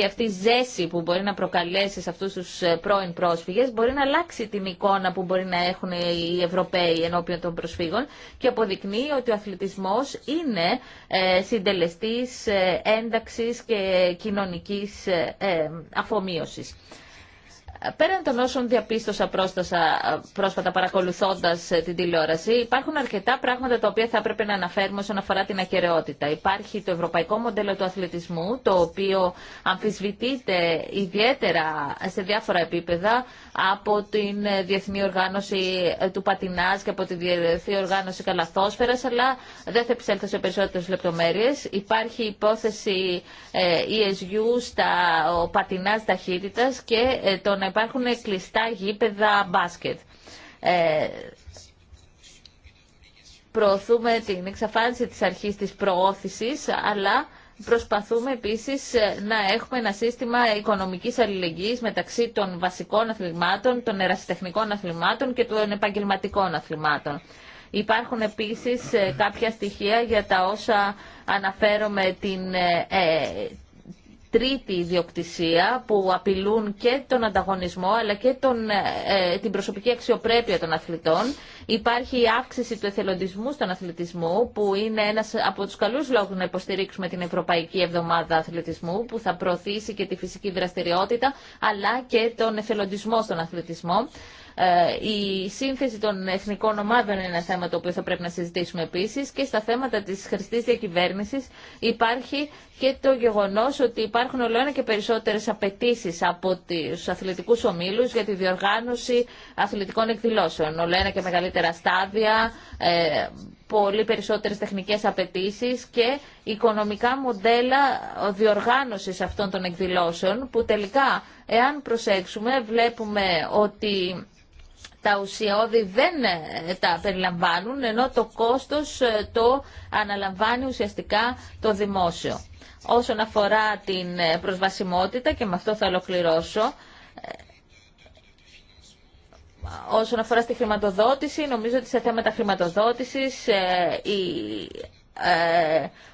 η αυτή ζέση που μπορεί να προκαλέσει σε αυτούς τους ε, πρώην πρόσφυγες μπορεί να αλλάξει την εικόνα που μπορεί να έχουν οι Ευρωπαίοι ενώπιον των προσφύγων και αποδεικνύει ότι ο αθλητισμός είναι ε, συντελεστής ε, ένταξης και κοινωνικής αφομοίωσης. Πέραν των όσων διαπίστωσα πρόσθεσα, ε, πρόσφατα παρακολουθώντα ε, την τηλεόραση, υπάρχουν αρκετά πράγματα τα οποία θα έπρεπε να αναφέρουμε όσον αφορά την ακαιρεότητα. Υπάρχει το ευρωπαϊκό μοντέλο του αθλητισμού, το οποίο αμφισβητείται ιδιαίτερα σε διάφορα επίπεδα από την ε, Διεθνή Οργάνωση του Πατινά και από τη Διεθνή Οργάνωση Καλαθόσφαιρα, αλλά δεν θα επισέλθω σε περισσότερε λεπτομέρειε. Υπάρχει υπόθεση ESU στα πατινά ταχύτητα και τον υπάρχουν κλειστά γήπεδα μπάσκετ. Ε, προωθούμε την εξαφάνιση της αρχής της προώθησης, αλλά προσπαθούμε επίσης ε, να έχουμε ένα σύστημα οικονομικής αλληλεγγύης μεταξύ των βασικών αθλημάτων, των ερασιτεχνικών αθλημάτων και των επαγγελματικών αθλημάτων. Υπάρχουν επίσης ε, κάποια στοιχεία για τα όσα αναφέρομαι την, ε, τρίτη ιδιοκτησία που απειλούν και τον ανταγωνισμό αλλά και τον, ε, ε, την προσωπική αξιοπρέπεια των αθλητών. Υπάρχει η αύξηση του εθελοντισμού στον αθλητισμό που είναι ένας από τους καλούς λόγους να υποστηρίξουμε την Ευρωπαϊκή Εβδομάδα Αθλητισμού που θα προωθήσει και τη φυσική δραστηριότητα αλλά και τον εθελοντισμό στον αθλητισμό. Ε, η σύνθεση των εθνικών ομάδων είναι ένα θέμα το οποίο θα πρέπει να συζητήσουμε επίση και στα θέματα τη χρηστή διακυβέρνηση υπάρχει και το γεγονό ότι υπάρχουν ολοένα και περισσότερε απαιτήσει από του αθλητικού ομίλου για τη διοργάνωση αθλητικών εκδηλώσεων. Ολοένα και μεγαλύτερα στάδια, ε, πολύ περισσότερε τεχνικέ απαιτήσει και οικονομικά μοντέλα διοργάνωση αυτών των εκδηλώσεων που τελικά, εάν προσέξουμε, βλέπουμε ότι τα ουσιώδη δεν ε, τα περιλαμβάνουν, ενώ το κόστος ε, το αναλαμβάνει ουσιαστικά το δημόσιο. Όσον αφορά την ε, προσβασιμότητα, και με αυτό θα ολοκληρώσω, όσον αφορά στη χρηματοδότηση, νομίζω ότι σε θέματα χρηματοδότησης η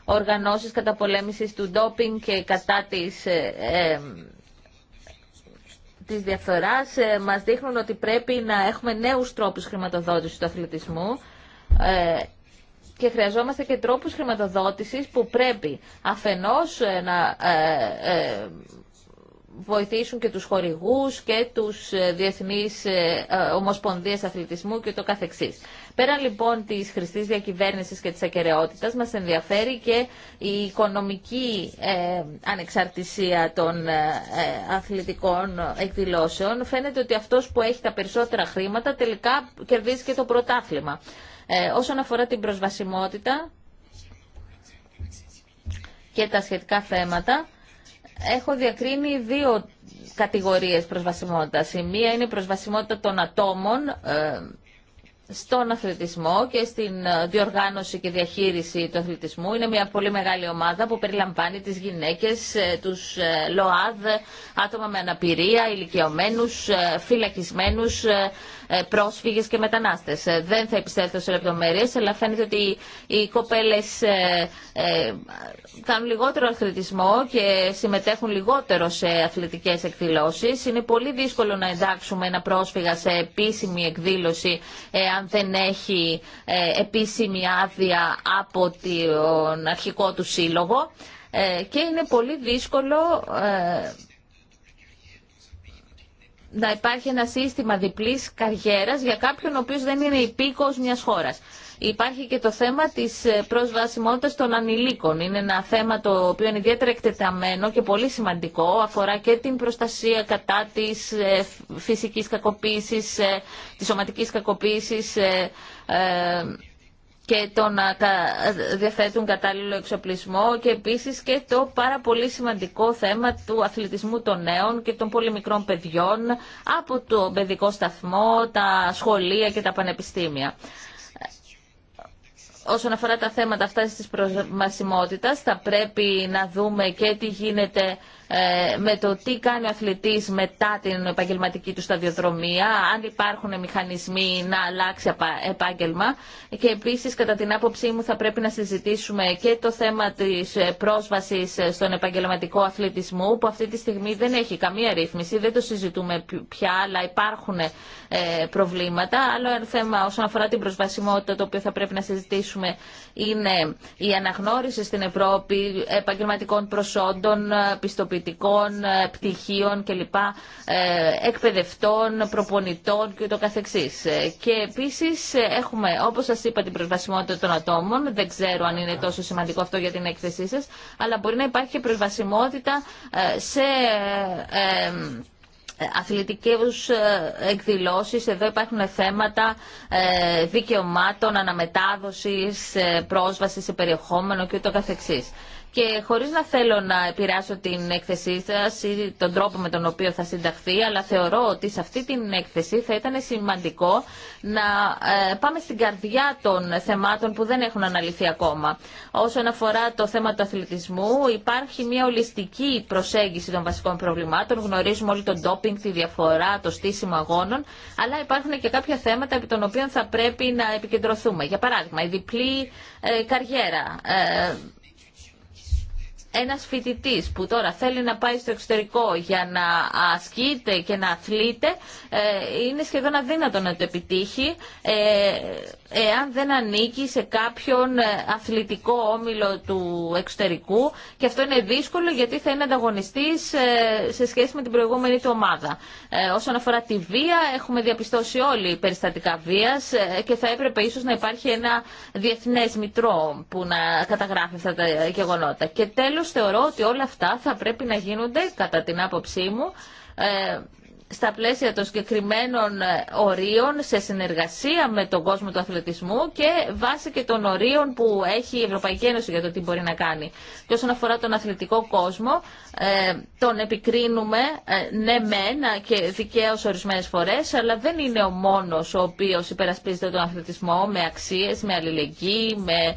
οργανώσεις καταπολέμησης του ντόπινγκ και κατά της της διαφθοράς ε, μας δείχνουν ότι πρέπει να έχουμε νέους τρόπους χρηματοδότησης του αθλητισμού ε, και χρειαζόμαστε και τρόπους χρηματοδότησης που πρέπει αφενός ε, να βοηθήσουν και τους χορηγούς και τους διεθνείς ομοσπονδίες αθλητισμού και το καθεξής. Πέρα λοιπόν τη χρηστή διακυβέρνηση και τη ακαιρεότητα, μα ενδιαφέρει και η οικονομική ε, ανεξαρτησία των ε, αθλητικών εκδηλώσεων. Φαίνεται ότι αυτό που έχει τα περισσότερα χρήματα τελικά κερδίζει και το πρωτάθλημα. Ε, όσον αφορά την προσβασιμότητα και τα σχετικά θέματα, έχω διακρίνει δύο κατηγορίες προσβασιμότητας. Η μία είναι η προσβασιμότητα των ατόμων, στον αθλητισμό και στην ε, διοργάνωση και διαχείριση του αθλητισμού. Είναι μια πολύ μεγάλη ομάδα που περιλαμβάνει τις γυναίκες, ε, τους ε, ΛΟΑΔ, άτομα με αναπηρία, ηλικιωμένους, φυλακισμένους, ε, Πρόσφυγε και μετανάστες. Ε, δεν θα επιστρέψω σε λεπτομέρειε. αλλά φαίνεται ότι οι κοπέλες ε, κάνουν λιγότερο αθλητισμό και συμμετέχουν λιγότερο σε αθλητικές εκδηλώσει. Είναι πολύ δύσκολο να εντάξουμε ένα πρόσφυγα σε επίσημη εκδήλωση αν δεν έχει επίσημη άδεια από τον αρχικό του σύλλογο και είναι πολύ δύσκολο να υπάρχει ένα σύστημα διπλής καριέρας για κάποιον ο οποίος δεν είναι υπήκος μιας χώρας. Υπάρχει και το θέμα της ε, προσβασιμότητας των ανηλίκων. Είναι ένα θέμα το οποίο είναι ιδιαίτερα εκτεταμένο και πολύ σημαντικό. Αφορά και την προστασία κατά της ε, φυσικής κακοποίησης, ε, της σωματικής κακοποίησης, και το να διαθέτουν κατάλληλο εξοπλισμό και επίσης και το πάρα πολύ σημαντικό θέμα του αθλητισμού των νέων και των πολύ μικρών παιδιών από το παιδικό σταθμό, τα σχολεία και τα πανεπιστήμια. Όσον αφορά τα θέματα αυτά της προσβασιμότητας, θα πρέπει να δούμε και τι γίνεται ε, με το τι κάνει ο αθλητής μετά την επαγγελματική του σταδιοδρομία, αν υπάρχουν μηχανισμοί να αλλάξει επάγγελμα και επίσης κατά την άποψή μου θα πρέπει να συζητήσουμε και το θέμα της ε, πρόσβασης στον επαγγελματικό αθλητισμό που αυτή τη στιγμή δεν έχει καμία ρύθμιση, δεν το συζητούμε πια αλλά υπάρχουν ε, προβλήματα. Άλλο ένα θέμα όσον αφορά την προσβασιμότητα το οποίο θα πρέπει να συζητήσουμε είναι η αναγνώριση στην Ευρώπη επαγγελματικών προσόντων, πιστοποιητών. Ε, πτυχίων κλπ. Ε, εκπαιδευτών, προπονητών και ούτω καθεξής. Ε, και επίσης έχουμε, όπως σας είπα, την προσβασιμότητα των ατόμων. Δεν ξέρω αν είναι τόσο σημαντικό αυτό για την έκθεσή σας, αλλά μπορεί να υπάρχει και προσβασιμότητα σε αθλητικές εκδηλώσεις. Εδώ υπάρχουν θέματα δικαιωμάτων, αναμετάδοσης, πρόσβαση σε περιεχόμενο και ούτω καθεξής και χωρίς να θέλω να επηρεάσω την έκθεσή σας ή τον τρόπο με τον οποίο θα συνταχθεί, αλλά θεωρώ ότι σε αυτή την έκθεση θα ήταν σημαντικό να ε, πάμε στην καρδιά των θεμάτων που δεν έχουν αναλυθεί ακόμα. Όσον αφορά το θέμα του αθλητισμού, υπάρχει μια ολιστική προσέγγιση των βασικών προβλημάτων. Γνωρίζουμε όλοι τον ντόπινγκ, τη διαφορά, το στήσιμο αγώνων, αλλά υπάρχουν και κάποια θέματα επί των οποίων θα πρέπει να επικεντρωθούμε. Για παράδειγμα, η διπλή ε, καριέρα ε, ένας φοιτητής που τώρα θέλει να πάει στο εξωτερικό για να ασκείται και να αθλείται, ε, είναι σχεδόν αδύνατο να το επιτύχει ε, εάν δεν ανήκει σε κάποιον ε, αθλητικό όμιλο του εξωτερικού και αυτό είναι δύσκολο γιατί θα είναι ανταγωνιστής ε, σε σχέση με την προηγούμενη του ομάδα. Ε, όσον αφορά τη βία, έχουμε διαπιστώσει όλοι περιστατικά βίας και θα έπρεπε ίσως να υπάρχει ένα διεθνές μητρό που να καταγράφει αυτά τα γεγονότα. Και τέλος θεωρώ ότι όλα αυτά θα πρέπει να γίνονται, κατά την άποψή μου, στα πλαίσια των συγκεκριμένων ε, ορίων σε συνεργασία με τον κόσμο του αθλητισμού και βάσει και των ορίων που έχει η Ευρωπαϊκή Ένωση για το τι μπορεί να κάνει. Και όσον αφορά τον αθλητικό κόσμο, ε, τον επικρίνουμε ε, ναι μεν και δικαίως ορισμένες φορές, αλλά δεν είναι ο μόνος ο οποίος υπερασπίζεται τον αθλητισμό με αξίες, με αλληλεγγύη, με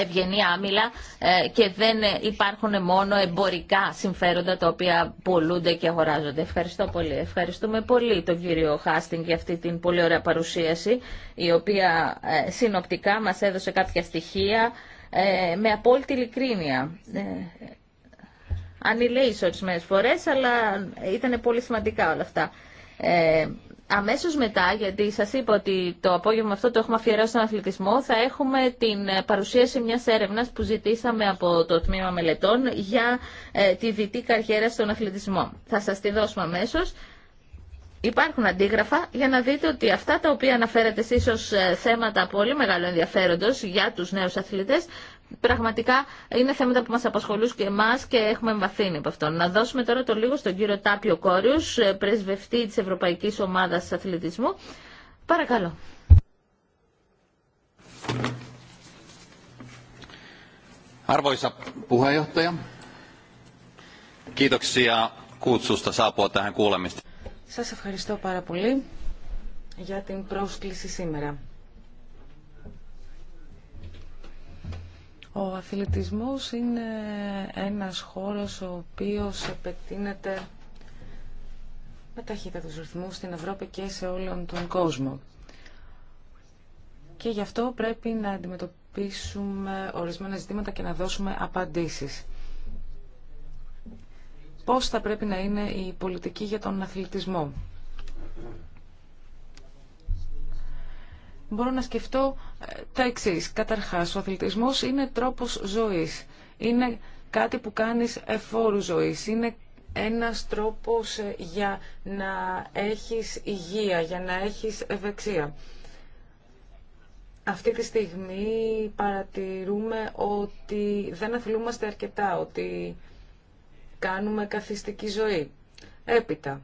ευγενή άμυλα ε, και δεν υπάρχουν μόνο εμπορικά συμφέροντα τα οποία πολλούνται και αγοράζονται. Ευχαριστώ πολύ. Ευχαριστούμε πολύ τον κύριο Χάστινγκ για αυτή την πολύ ωραία παρουσίαση η οποία ε, συνοπτικά μας έδωσε κάποια στοιχεία ε, με απόλυτη ειλικρίνεια. Ανηλέησε ορισμένε φορές αλλά ήταν πολύ σημαντικά όλα αυτά αμέσως μετά, γιατί σας είπα ότι το απόγευμα αυτό το έχουμε αφιερώσει στον αθλητισμό, θα έχουμε την ε, παρουσίαση μιας έρευνας που ζητήσαμε από το Τμήμα Μελετών για ε, τη δυτή καριέρα στον αθλητισμό. Θα σας τη δώσουμε αμέσως. Υπάρχουν αντίγραφα για να δείτε ότι αυτά τα οποία αναφέρετε εσείς ως ε, θέματα πολύ μεγάλο ενδιαφέροντος για τους νέους αθλητές πραγματικά είναι θέματα που μας απασχολούν και εμάς και έχουμε εμβαθύνει από αυτό. Να δώσουμε τώρα το λίγο στον κύριο Τάπιο Κόριους, ε, πρεσβευτή της Ευρωπαϊκής Ομάδας Αθλητισμού. Παρακαλώ. Arvoisa puheenjohtaja, kiitoksia kutsusta saapua tähän kuulemista. Σας ευχαριστώ πάρα πολύ για την πρόσκληση σήμερα. Ο αθλητισμός είναι ένας χώρος ο οποίος επεκτείνεται με ταχύτητα τους ρυθμούς στην Ευρώπη και σε όλον τον κόσμο. Και γι' αυτό πρέπει να αντιμετωπίσουμε ορισμένα ζητήματα και να δώσουμε απαντήσεις. Πώς θα πρέπει να είναι η πολιτική για τον αθλητισμό μπορώ να σκεφτώ ε, τα εξή. Καταρχάς, ο αθλητισμός είναι τρόπος ζωής. Είναι κάτι που κάνεις εφόρου ζωής. Είναι ένας τρόπος ε, για να έχεις υγεία, για να έχεις ευεξία. Αυτή τη στιγμή παρατηρούμε ότι δεν αθλούμαστε αρκετά, ότι κάνουμε καθιστική ζωή. Έπειτα,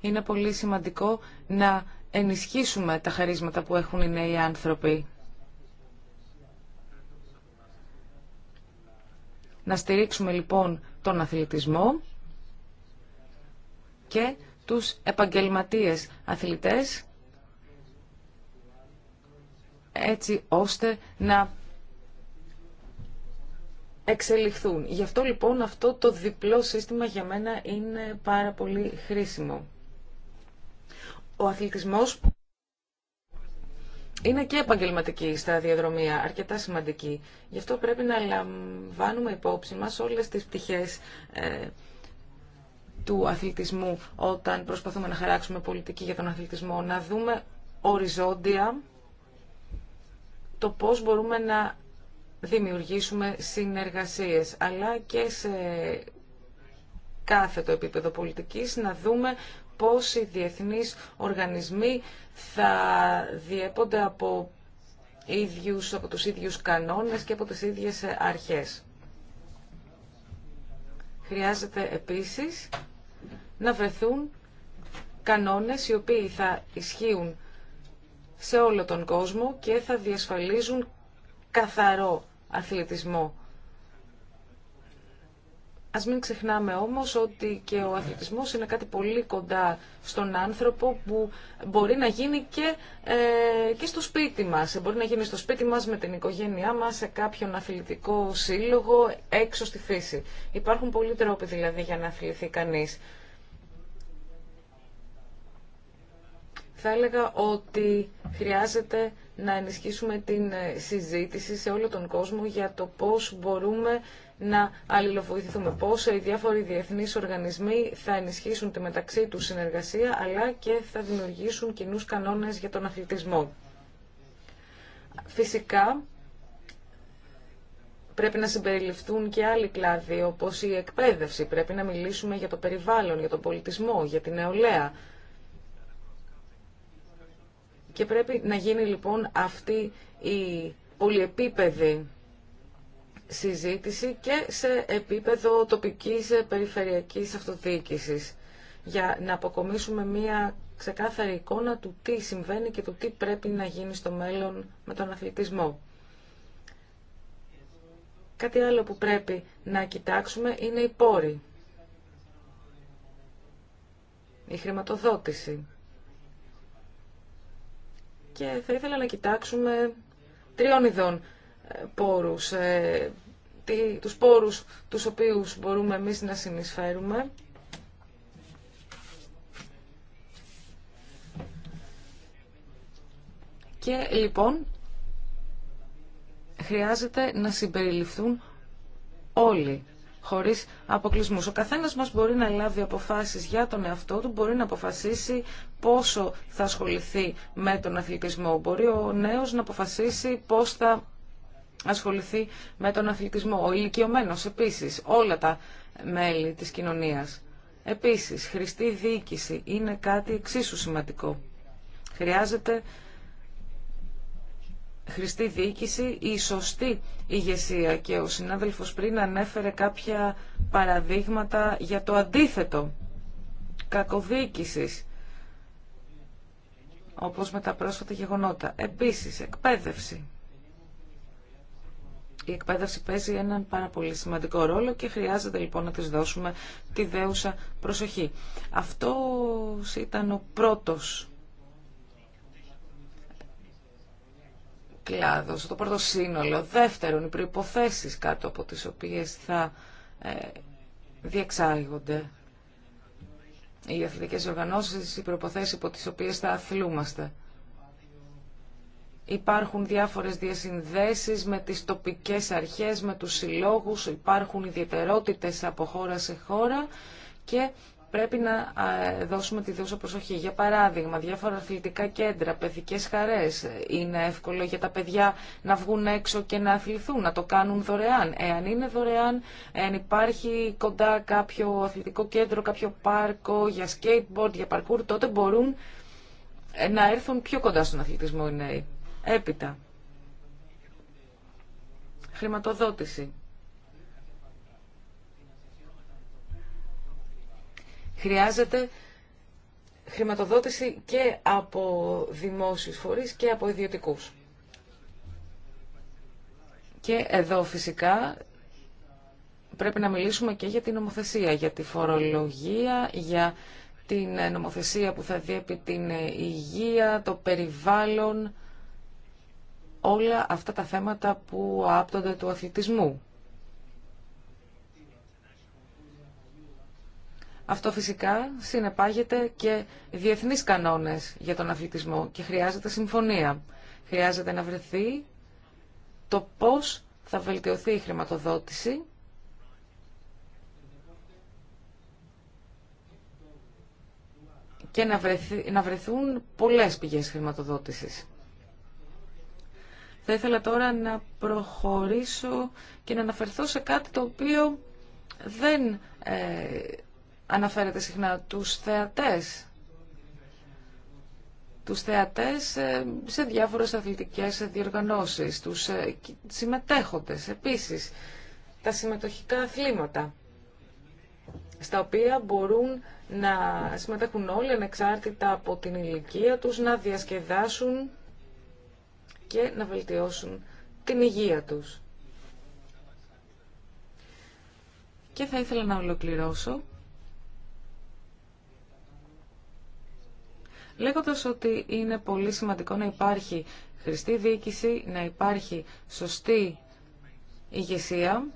είναι πολύ σημαντικό να ενισχύσουμε τα χαρίσματα που έχουν οι νέοι άνθρωποι. Να στηρίξουμε λοιπόν τον αθλητισμό και τους επαγγελματίες αθλητές έτσι ώστε να εξελιχθούν. Γι' αυτό λοιπόν αυτό το διπλό σύστημα για μένα είναι πάρα πολύ χρήσιμο ο αθλητισμός είναι και επαγγελματική στα διαδρομία, αρκετά σημαντική. Γι' αυτό πρέπει να λαμβάνουμε υπόψη μας όλες τις πτυχές ε, του αθλητισμού όταν προσπαθούμε να χαράξουμε πολιτική για τον αθλητισμό, να δούμε οριζόντια το πώς μπορούμε να δημιουργήσουμε συνεργασίες, αλλά και σε κάθε το επίπεδο πολιτικής να δούμε πώς οι διεθνείς οργανισμοί θα διέπονται από, ίδιους, από τους ίδιους κανόνες και από τις ίδιες αρχές. Χρειάζεται επίσης να βρεθούν κανόνες οι οποίοι θα ισχύουν σε όλο τον κόσμο και θα διασφαλίζουν καθαρό αθλητισμό Ας μην ξεχνάμε όμως ότι και ο αθλητισμός είναι κάτι πολύ κοντά στον άνθρωπο που μπορεί να γίνει και, ε, και στο σπίτι μας. Ε, μπορεί να γίνει στο σπίτι μας με την οικογένειά μας, σε κάποιον αθλητικό σύλλογο, έξω στη φύση. Υπάρχουν πολλοί τρόποι δηλαδή για να αθληθεί κανείς. Θα έλεγα ότι χρειάζεται να ενισχύσουμε την ε, συζήτηση σε όλο τον κόσμο για το πώς μπορούμε να αλληλοβοηθηθούμε, πόσο οι διάφοροι διεθνείς οργανισμοί θα ενισχύσουν τη μεταξύ τους συνεργασία, αλλά και θα δημιουργήσουν κοινούς κανόνες για τον αθλητισμό. Φυσικά, πρέπει να συμπεριληφθούν και άλλοι κλάδοι, όπως η εκπαίδευση. Πρέπει να μιλήσουμε για το περιβάλλον, για τον πολιτισμό, για την νεολαία. Και πρέπει να γίνει λοιπόν αυτή η πολυεπίπεδη συζήτηση και σε επίπεδο τοπικής ε, περιφερειακής αυτοδιοίκησης για να αποκομίσουμε μία ξεκάθαρη εικόνα του τι συμβαίνει και του τι πρέπει να γίνει στο μέλλον με τον αθλητισμό. Κάτι άλλο που πρέπει να κοιτάξουμε είναι οι πόροι, η χρηματοδότηση. Και θα ήθελα να κοιτάξουμε τριών ειδών πόρους, ε, τι, τους πόρους τους οποίους μπορούμε εμείς να συνεισφέρουμε. Και λοιπόν, χρειάζεται να συμπεριληφθούν όλοι, χωρίς αποκλεισμούς. Ο καθένας μας μπορεί να λάβει αποφάσεις για τον εαυτό του, μπορεί να αποφασίσει πόσο θα ασχοληθεί με τον αθλητισμό. Μπορεί ο νέος να αποφασίσει πώς θα ασχοληθεί με τον αθλητισμό. Ο ηλικιωμένο επίσης, όλα τα μέλη της κοινωνίας. Επίσης, χρηστή διοίκηση είναι κάτι εξίσου σημαντικό. Χρειάζεται χρηστή διοίκηση, η σωστή ηγεσία και ο συνάδελφος πριν ανέφερε κάποια παραδείγματα για το αντίθετο κακοδιοίκησης όπως με τα πρόσφατα γεγονότα. Επίσης, εκπαίδευση. Η εκπαίδευση παίζει έναν πάρα πολύ σημαντικό ρόλο και χρειάζεται λοιπόν να της δώσουμε τη δέουσα προσοχή. Αυτό ήταν ο πρώτος κλάδος, το πρώτο σύνολο. Δεύτερον, οι προϋποθέσεις κάτω από τις οποίες θα ε, διεξάγονται οι αθλητικές οργανώσεις, οι προϋποθέσεις από τις οποίες θα αθλούμαστε. Υπάρχουν διάφορες διασυνδέσεις με τις τοπικές αρχές, με τους συλλόγους, υπάρχουν ιδιαιτερότητες από χώρα σε χώρα και πρέπει να δώσουμε τη δόση προσοχή. Για παράδειγμα, διάφορα αθλητικά κέντρα, παιδικές χαρές. Είναι εύκολο για τα παιδιά να βγουν έξω και να αθληθούν, να το κάνουν δωρεάν. Εάν είναι δωρεάν, εάν υπάρχει κοντά κάποιο αθλητικό κέντρο, κάποιο πάρκο για skateboard, για parkour, τότε μπορούν να έρθουν πιο κοντά στον αθλητισμό οι νέοι. Έπειτα, χρηματοδότηση. Χρειάζεται χρηματοδότηση και από δημόσιους φορείς και από ιδιωτικούς. Και εδώ φυσικά πρέπει να μιλήσουμε και για την νομοθεσία, για τη φορολογία, για την νομοθεσία που θα διέπει την υγεία, το περιβάλλον, όλα αυτά τα θέματα που άπτονται του αθλητισμού. Αυτό φυσικά συνεπάγεται και διεθνείς κανόνες για τον αθλητισμό και χρειάζεται συμφωνία. Χρειάζεται να βρεθεί το πώς θα βελτιωθεί η χρηματοδότηση και να, βρεθούν πολλές πηγές χρηματοδότησης. Θα ήθελα τώρα να προχωρήσω και να αναφερθώ σε κάτι το οποίο δεν ε, αναφέρεται συχνά τους θεατές. Τους θεατές ε, σε διάφορες αθλητικές διοργανώσεις, τους ε, συμμετέχοντες επίσης, τα συμμετοχικά αθλήματα, στα οποία μπορούν να συμμετέχουν όλοι ανεξάρτητα από την ηλικία τους, να διασκεδάσουν και να βελτιώσουν την υγεία τους. Και θα ήθελα να ολοκληρώσω λέγοντας ότι είναι πολύ σημαντικό να υπάρχει χρηστή διοίκηση, να υπάρχει σωστή ηγεσία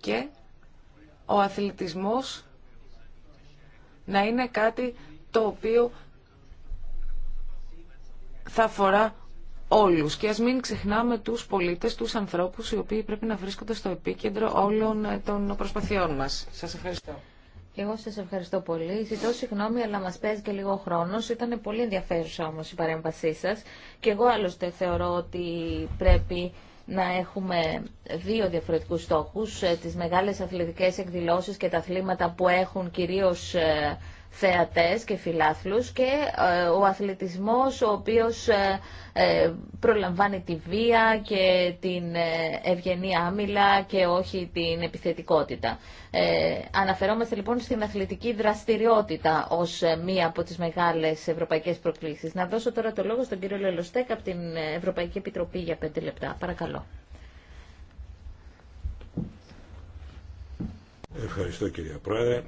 και ο αθλητισμός να είναι κάτι το οποίο θα αφορά όλους και ας μην ξεχνάμε τους πολίτες, τους ανθρώπους οι οποίοι πρέπει να βρίσκονται στο επίκεντρο όλων ε, των προσπαθειών μας. Σας ευχαριστώ. εγώ σας ευχαριστώ πολύ. Ζητώ συγγνώμη, αλλά μας παίζει και λίγο χρόνος. Ήταν πολύ ενδιαφέρουσα όμως η παρέμβασή σας. Και εγώ άλλωστε θεωρώ ότι πρέπει να έχουμε δύο διαφορετικούς στόχους, ε, τις μεγάλες αθλητικές εκδηλώσεις και τα αθλήματα που έχουν κυρίως ε, θεατές και φιλάθλους και ε, ο αθλητισμός ο οποίος ε, ε, προλαμβάνει τη βία και την ευγενή άμυλα και όχι την επιθετικότητα. Αναφερόμαστε λοιπόν στην αθλητική δραστηριότητα ως μία από τις μεγάλες ευρωπαϊκές προκλήσεις. Να δώσω τώρα το λόγο στον κύριο Λελοστέκα από την Ευρωπαϊκή Επιτροπή για πέντε λεπτά. Παρακαλώ. Ευχαριστώ κυρία Πρόεδρε.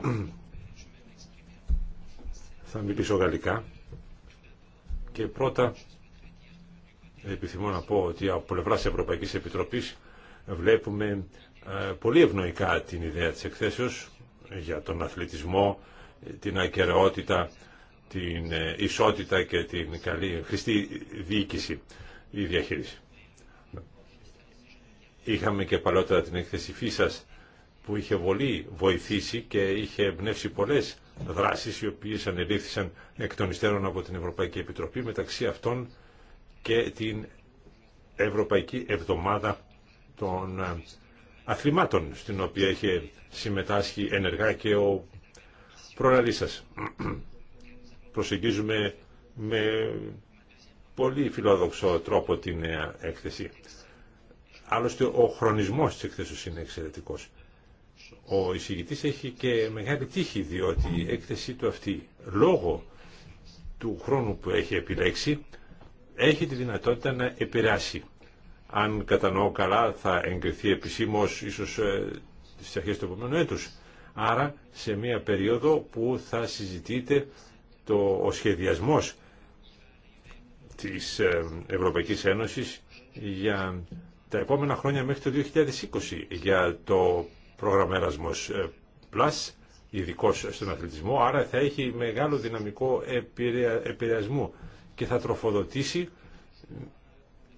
Θα μιλήσω γαλλικά. Και πρώτα επιθυμώ να πω ότι από πλευράς Ευρωπαϊκής Επιτροπής βλέπουμε ε, πολύ ευνοϊκά την ιδέα της εκθέσεως για τον αθλητισμό, την ακαιρεότητα, την ε, ισότητα και την καλή χρηστή διοίκηση ή διαχείριση. Είχαμε και παλαιότερα την εκθεσή φύσας που είχε πολύ βοηθήσει και είχε εμπνεύσει πολλές δράσεις οι οποίες ανελήφθησαν εκ των υστέρων από την Ευρωπαϊκή Επιτροπή μεταξύ αυτών και την Ευρωπαϊκή Εβδομάδα των ε, Αθλημάτων στην οποία είχε συμμετάσχει ενεργά και ο προλαλή σας. Προσεγγίζουμε με πολύ φιλόδοξο τρόπο την έκθεση. Άλλωστε ο χρονισμός της εκθέσεως είναι εξαιρετικός. Ο εισηγητής έχει και μεγάλη τύχη διότι η έκθεσή του αυτή λόγω του χρόνου που έχει επιλέξει έχει τη δυνατότητα να επηρεάσει. Αν κατανοώ καλά θα εγκριθεί επισήμως ίσως ε, στις αρχές του επόμενου έτους. Άρα σε μια περίοδο που θα συζητείται το, ο σχεδιασμός της ε, Ευρωπαϊκής Ένωσης για τα επόμενα χρόνια μέχρι το 2020 για το πρόγραμμα Erasmus ε, Plus, ειδικό στον αθλητισμό, άρα θα έχει μεγάλο δυναμικό επηρεασμό και θα τροφοδοτήσει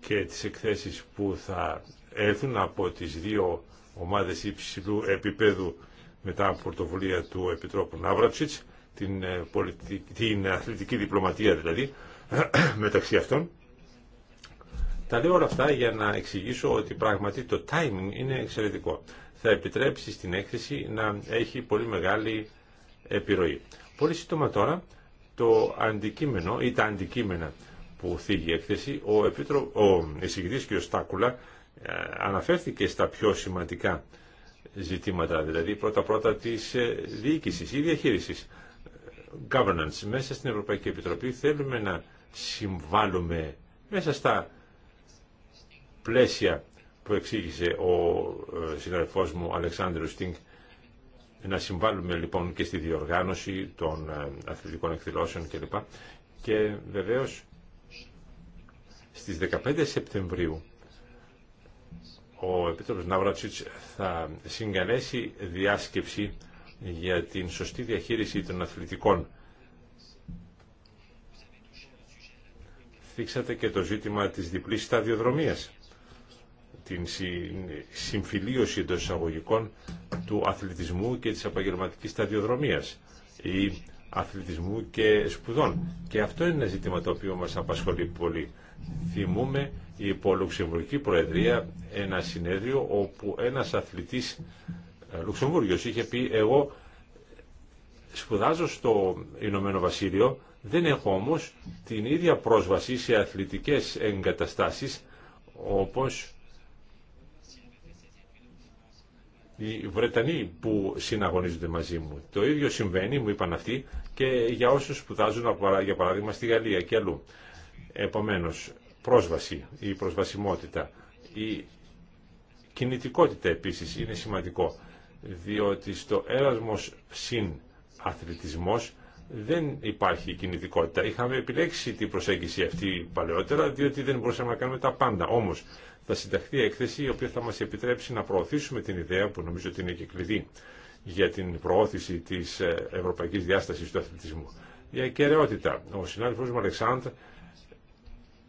και τις εκθέσεις που θα έρθουν από τις δύο ομάδες υψηλού επίπεδου μετά από πρωτοβουλία του Επιτρόπου Ναύρατσιτς, την, ε, την αθλητική διπλωματία δηλαδή, μεταξύ αυτών. Τα λέω όλα αυτά για να εξηγήσω ότι πράγματι το timing είναι εξαιρετικό θα επιτρέψει στην έκθεση να έχει πολύ μεγάλη επιρροή. Πολύ σύντομα τώρα το αντικείμενο ή τα αντικείμενα που θίγει η έκθεση, ο, Επίτρο, ο εισηγητής κ. Στάκουλα ε, αναφέρθηκε στα πιο σημαντικά ζητήματα, δηλαδή πρώτα-πρώτα της ε, διοίκησης ή διαχείρισης. Governance. Μέσα στην Ευρωπαϊκή Επιτροπή θέλουμε να συμβάλλουμε μέσα στα πλαίσια που εξήγησε ο ε, συναδελφός μου Αλεξάνδρου Στίνγκ να συμβάλλουμε λοιπόν και στη διοργάνωση των ε, αθλητικών εκδηλώσεων κλπ. Και βεβαίως στις 15 Σεπτεμβρίου ο Επίτροπος Ναύρατσιτς θα συγκαλέσει διάσκεψη για την σωστή διαχείριση των αθλητικών. Θίξατε και το ζήτημα της διπλής σταδιοδρομίας την συμφιλίωση των εισαγωγικών του αθλητισμού και της επαγγελματική σταδιοδρομίας ή αθλητισμού και σπουδών. Και αυτό είναι ένα ζήτημα το οποίο μας απασχολεί πολύ. Θυμούμε η υπολουξεμβουργική προεδρία ένα συνέδριο όπου ένας αθλητής ε, Λουξεμβούργιος είχε πει εγώ σπουδάζω στο Ηνωμένο Βασίλειο δεν έχω όμως την ίδια πρόσβαση σε αθλητικές εγκαταστάσεις όπως οι Βρετανοί που συναγωνίζονται μαζί μου. Το ίδιο συμβαίνει, μου είπαν αυτοί, και για όσου σπουδάζουν, για παράδειγμα, στη Γαλλία και αλλού. Επομένω, πρόσβαση, η προσβασιμότητα, η κινητικότητα επίση είναι σημαντικό, διότι στο έρασμό συν αθλητισμό δεν υπάρχει κινητικότητα. Είχαμε επιλέξει την προσέγγιση αυτή παλαιότερα, διότι δεν μπορούσαμε να κάνουμε τα πάντα. Όμω θα συνταχθεί έκθεση η οποία θα μας επιτρέψει να προωθήσουμε την ιδέα που νομίζω ότι είναι και κλειδί για την προώθηση της ε, ευρωπαϊκής διάστασης του αθλητισμού. Για κεραιότητα, Ο συνάδελφος μου Αλεξάνδρ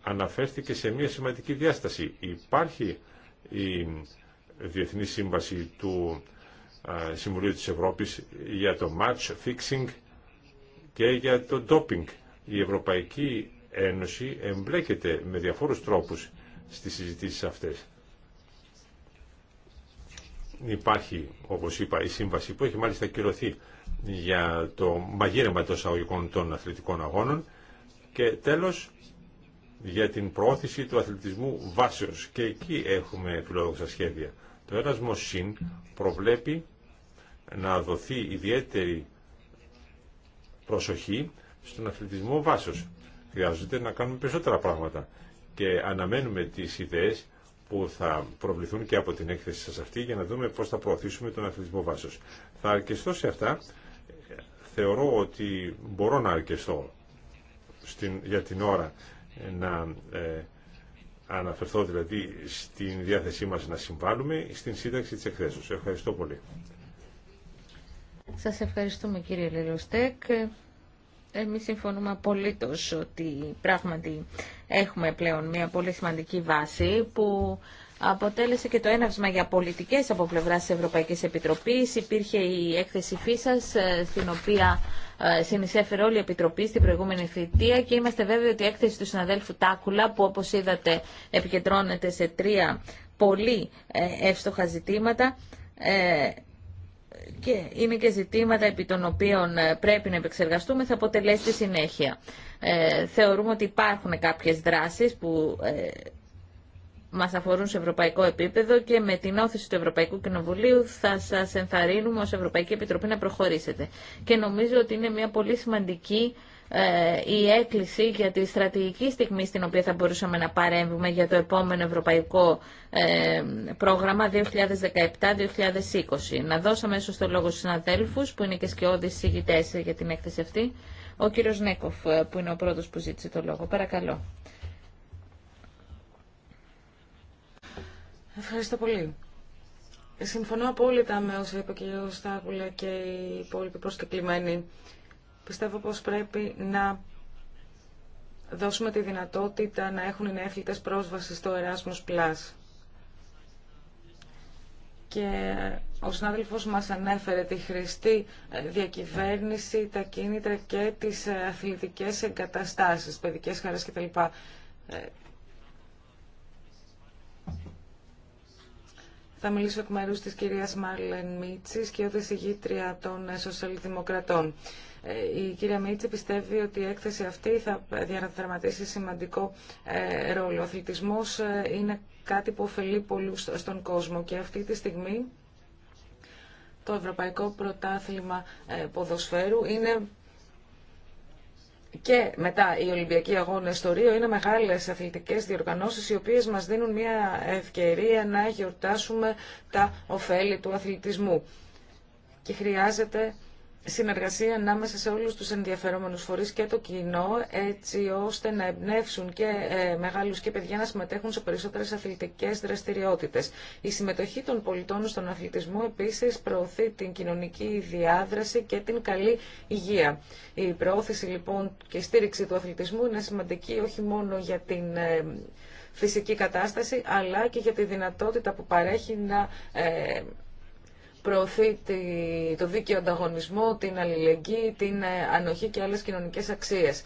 αναφέρθηκε σε μια σημαντική διάσταση. Υπάρχει η Διεθνή Σύμβαση του ε, Συμβουλίου της Ευρώπης για το match fixing και για το doping. Η Ευρωπαϊκή Ένωση εμπλέκεται με διαφόρους τρόπους στις συζητήσεις αυτές. Υπάρχει, όπως είπα, η σύμβαση που έχει μάλιστα κυρωθεί για το μαγείρεμα των αγωγικών των αθλητικών αγώνων και τέλος για την προώθηση του αθλητισμού βάσεως και εκεί έχουμε φιλόδοξα σχέδια. Το έρασμο ΣΥΝ προβλέπει να δοθεί ιδιαίτερη προσοχή στον αθλητισμό βάσεως. Χρειάζεται να κάνουμε περισσότερα πράγματα και αναμένουμε τις ιδέες που θα προβληθούν και από την έκθεση σας αυτή για να δούμε πώς θα προωθήσουμε τον αθλητισμό βάσος. Θα αρκεστώ σε αυτά. Θεωρώ ότι μπορώ να αρκεστώ στην, για την ώρα να ε, αναφερθώ δηλαδή στην διάθεσή μας να συμβάλλουμε στην σύνταξη της εκθέσεως. Ευχαριστώ πολύ. Σας ευχαριστούμε κύριε Λελοστέκ. Εμείς συμφωνούμε απολύτως ότι πράγματι έχουμε πλέον μια πολύ σημαντική βάση που αποτέλεσε και το έναυσμα για πολιτικές από πλευράς της Ευρωπαϊκής Επιτροπής. Υπήρχε η έκθεση ΦΥΣΑΣ ε, στην οποία ε, συνεισέφερε όλη η Επιτροπή στην προηγούμενη θητεία και είμαστε βέβαιοι ότι η έκθεση του συναδέλφου Τάκουλα που όπως είδατε επικεντρώνεται σε τρία πολύ ε, εύστοχα ζητήματα και είναι και ζητήματα επί των οποίων ε, πρέπει να επεξεργαστούμε, θα αποτελέσει τη συνέχεια. Ε, θεωρούμε ότι υπάρχουν κάποιες δράσεις που ε, μας αφορούν σε ευρωπαϊκό επίπεδο και με την όθηση του Ευρωπαϊκού Κοινοβουλίου θα σας ενθαρρύνουμε ως Ευρωπαϊκή Επιτροπή να προχωρήσετε. Και νομίζω ότι είναι μια πολύ σημαντική ε, η έκκληση για τη στρατηγική στιγμή στην οποία θα μπορούσαμε να παρέμβουμε για το επόμενο ευρωπαϊκό ε, πρόγραμμα 2017-2020. Να δώσω αμέσως το λόγο στους συναδέλφους που είναι και σκιώδεις συγητές για την έκθεση αυτή. Ο κύριος Νέκοφ ε, που είναι ο πρώτος που ζήτησε το λόγο. Παρακαλώ. Ευχαριστώ πολύ. Συμφωνώ απόλυτα με όσα είπε και ο Στάβουλα και οι υπόλοιποι προσκεκλημένοι Πιστεύω πως πρέπει να δώσουμε τη δυνατότητα να έχουν οι πρόσβασης πρόσβαση στο Erasmus Plus. Και ο συνάδελφος μας ανέφερε τη χρηστή ε, διακυβέρνηση, τα κίνητρα και τις ε, αθλητικές εγκαταστάσεις, παιδικές χαρές κτλ. Ε, θα μιλήσω εκ μέρου της κυρίας Μάρλεν Μίτση και ηγήτρια των Σοσιαλδημοκρατών. Ε, η κυρία Μίτση πιστεύει ότι η έκθεση αυτή θα διαδραματίσει σημαντικό ε, ρόλο. Ο αθλητισμός ε, είναι κάτι που ωφελεί πολλού στον κόσμο και αυτή τη στιγμή το Ευρωπαϊκό Πρωτάθλημα Ποδοσφαίρου είναι και μετά οι Ολυμπιακοί Αγώνες στο Ρίο είναι μεγάλες αθλητικές διοργανώσεις οι οποίες μας δίνουν μια ευκαιρία να γιορτάσουμε τα ωφέλη του αθλητισμού. Και χρειάζεται συνεργασία ανάμεσα σε όλους τους ενδιαφερόμενους φορείς και το κοινό, έτσι ώστε να εμπνεύσουν και ε, μεγάλους και παιδιά να συμμετέχουν σε περισσότερες αθλητικές δραστηριότητες. Η συμμετοχή των πολιτών στον αθλητισμό επίσης προωθεί την κοινωνική διάδραση και την καλή υγεία. Η προώθηση λοιπόν και η στήριξη του αθλητισμού είναι σημαντική όχι μόνο για την ε, φυσική κατάσταση, αλλά και για τη δυνατότητα που παρέχει να ε, προωθεί το δίκαιο ανταγωνισμό, την αλληλεγγύη, την ε, ανοχή και άλλες κοινωνικές αξίες.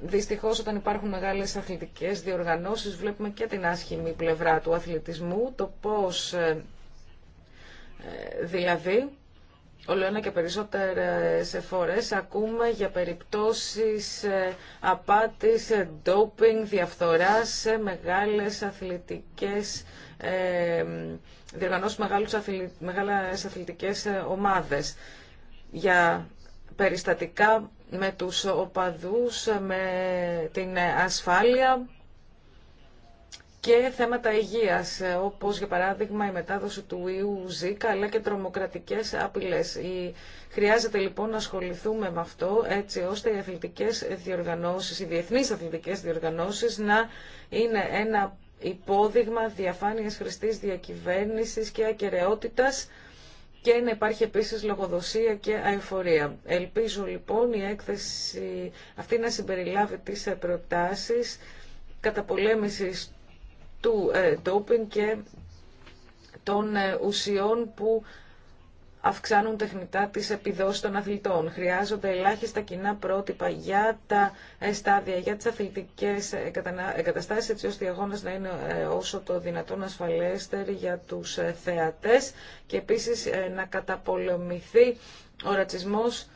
Δυστυχώς όταν υπάρχουν μεγάλες αθλητικές διοργανώσεις βλέπουμε και την άσχημη πλευρά του αθλητισμού, το πώς ε, ε, δηλαδή ένα και περισσότερες φορές ακούμε για περιπτώσεις απάτης, ντόπινγκ, διαφθοράς σε μεγάλες αθλητικές ε, διοργανώσει μεγάλες αθλητικές ε, ομάδες για περιστατικά με τους οπαδούς, ε, με την ασφάλεια και θέματα υγείας, όπως για παράδειγμα η μετάδοση του ιού Ζήκα, αλλά και τρομοκρατικές απειλές. Χρειάζεται λοιπόν να ασχοληθούμε με αυτό, έτσι ώστε οι αθλητικές διοργανώσεις, οι διεθνείς αθλητικές διοργανώσεις να είναι ένα υπόδειγμα διαφάνειας χρηστής διακυβέρνησης και ακεραιότητας και να υπάρχει επίσης λογοδοσία και αεφορία. Ελπίζω λοιπόν η έκθεση αυτή να συμπεριλάβει τις προτάσεις καταπολέμησης του ντόπιν ε, και των ε, ουσιών που αυξάνουν τεχνητά τις επιδόσεις των αθλητών. Χρειάζονται ελάχιστα κοινά πρότυπα για τα στάδια, για τις αθλητικές εγκαταστάσεις, έτσι ώστε οι αγώνες να είναι ε, όσο το δυνατόν ασφαλέστεροι για τους ε, θεατές και επίσης ε, να καταπολεμηθεί ο ρατσισμός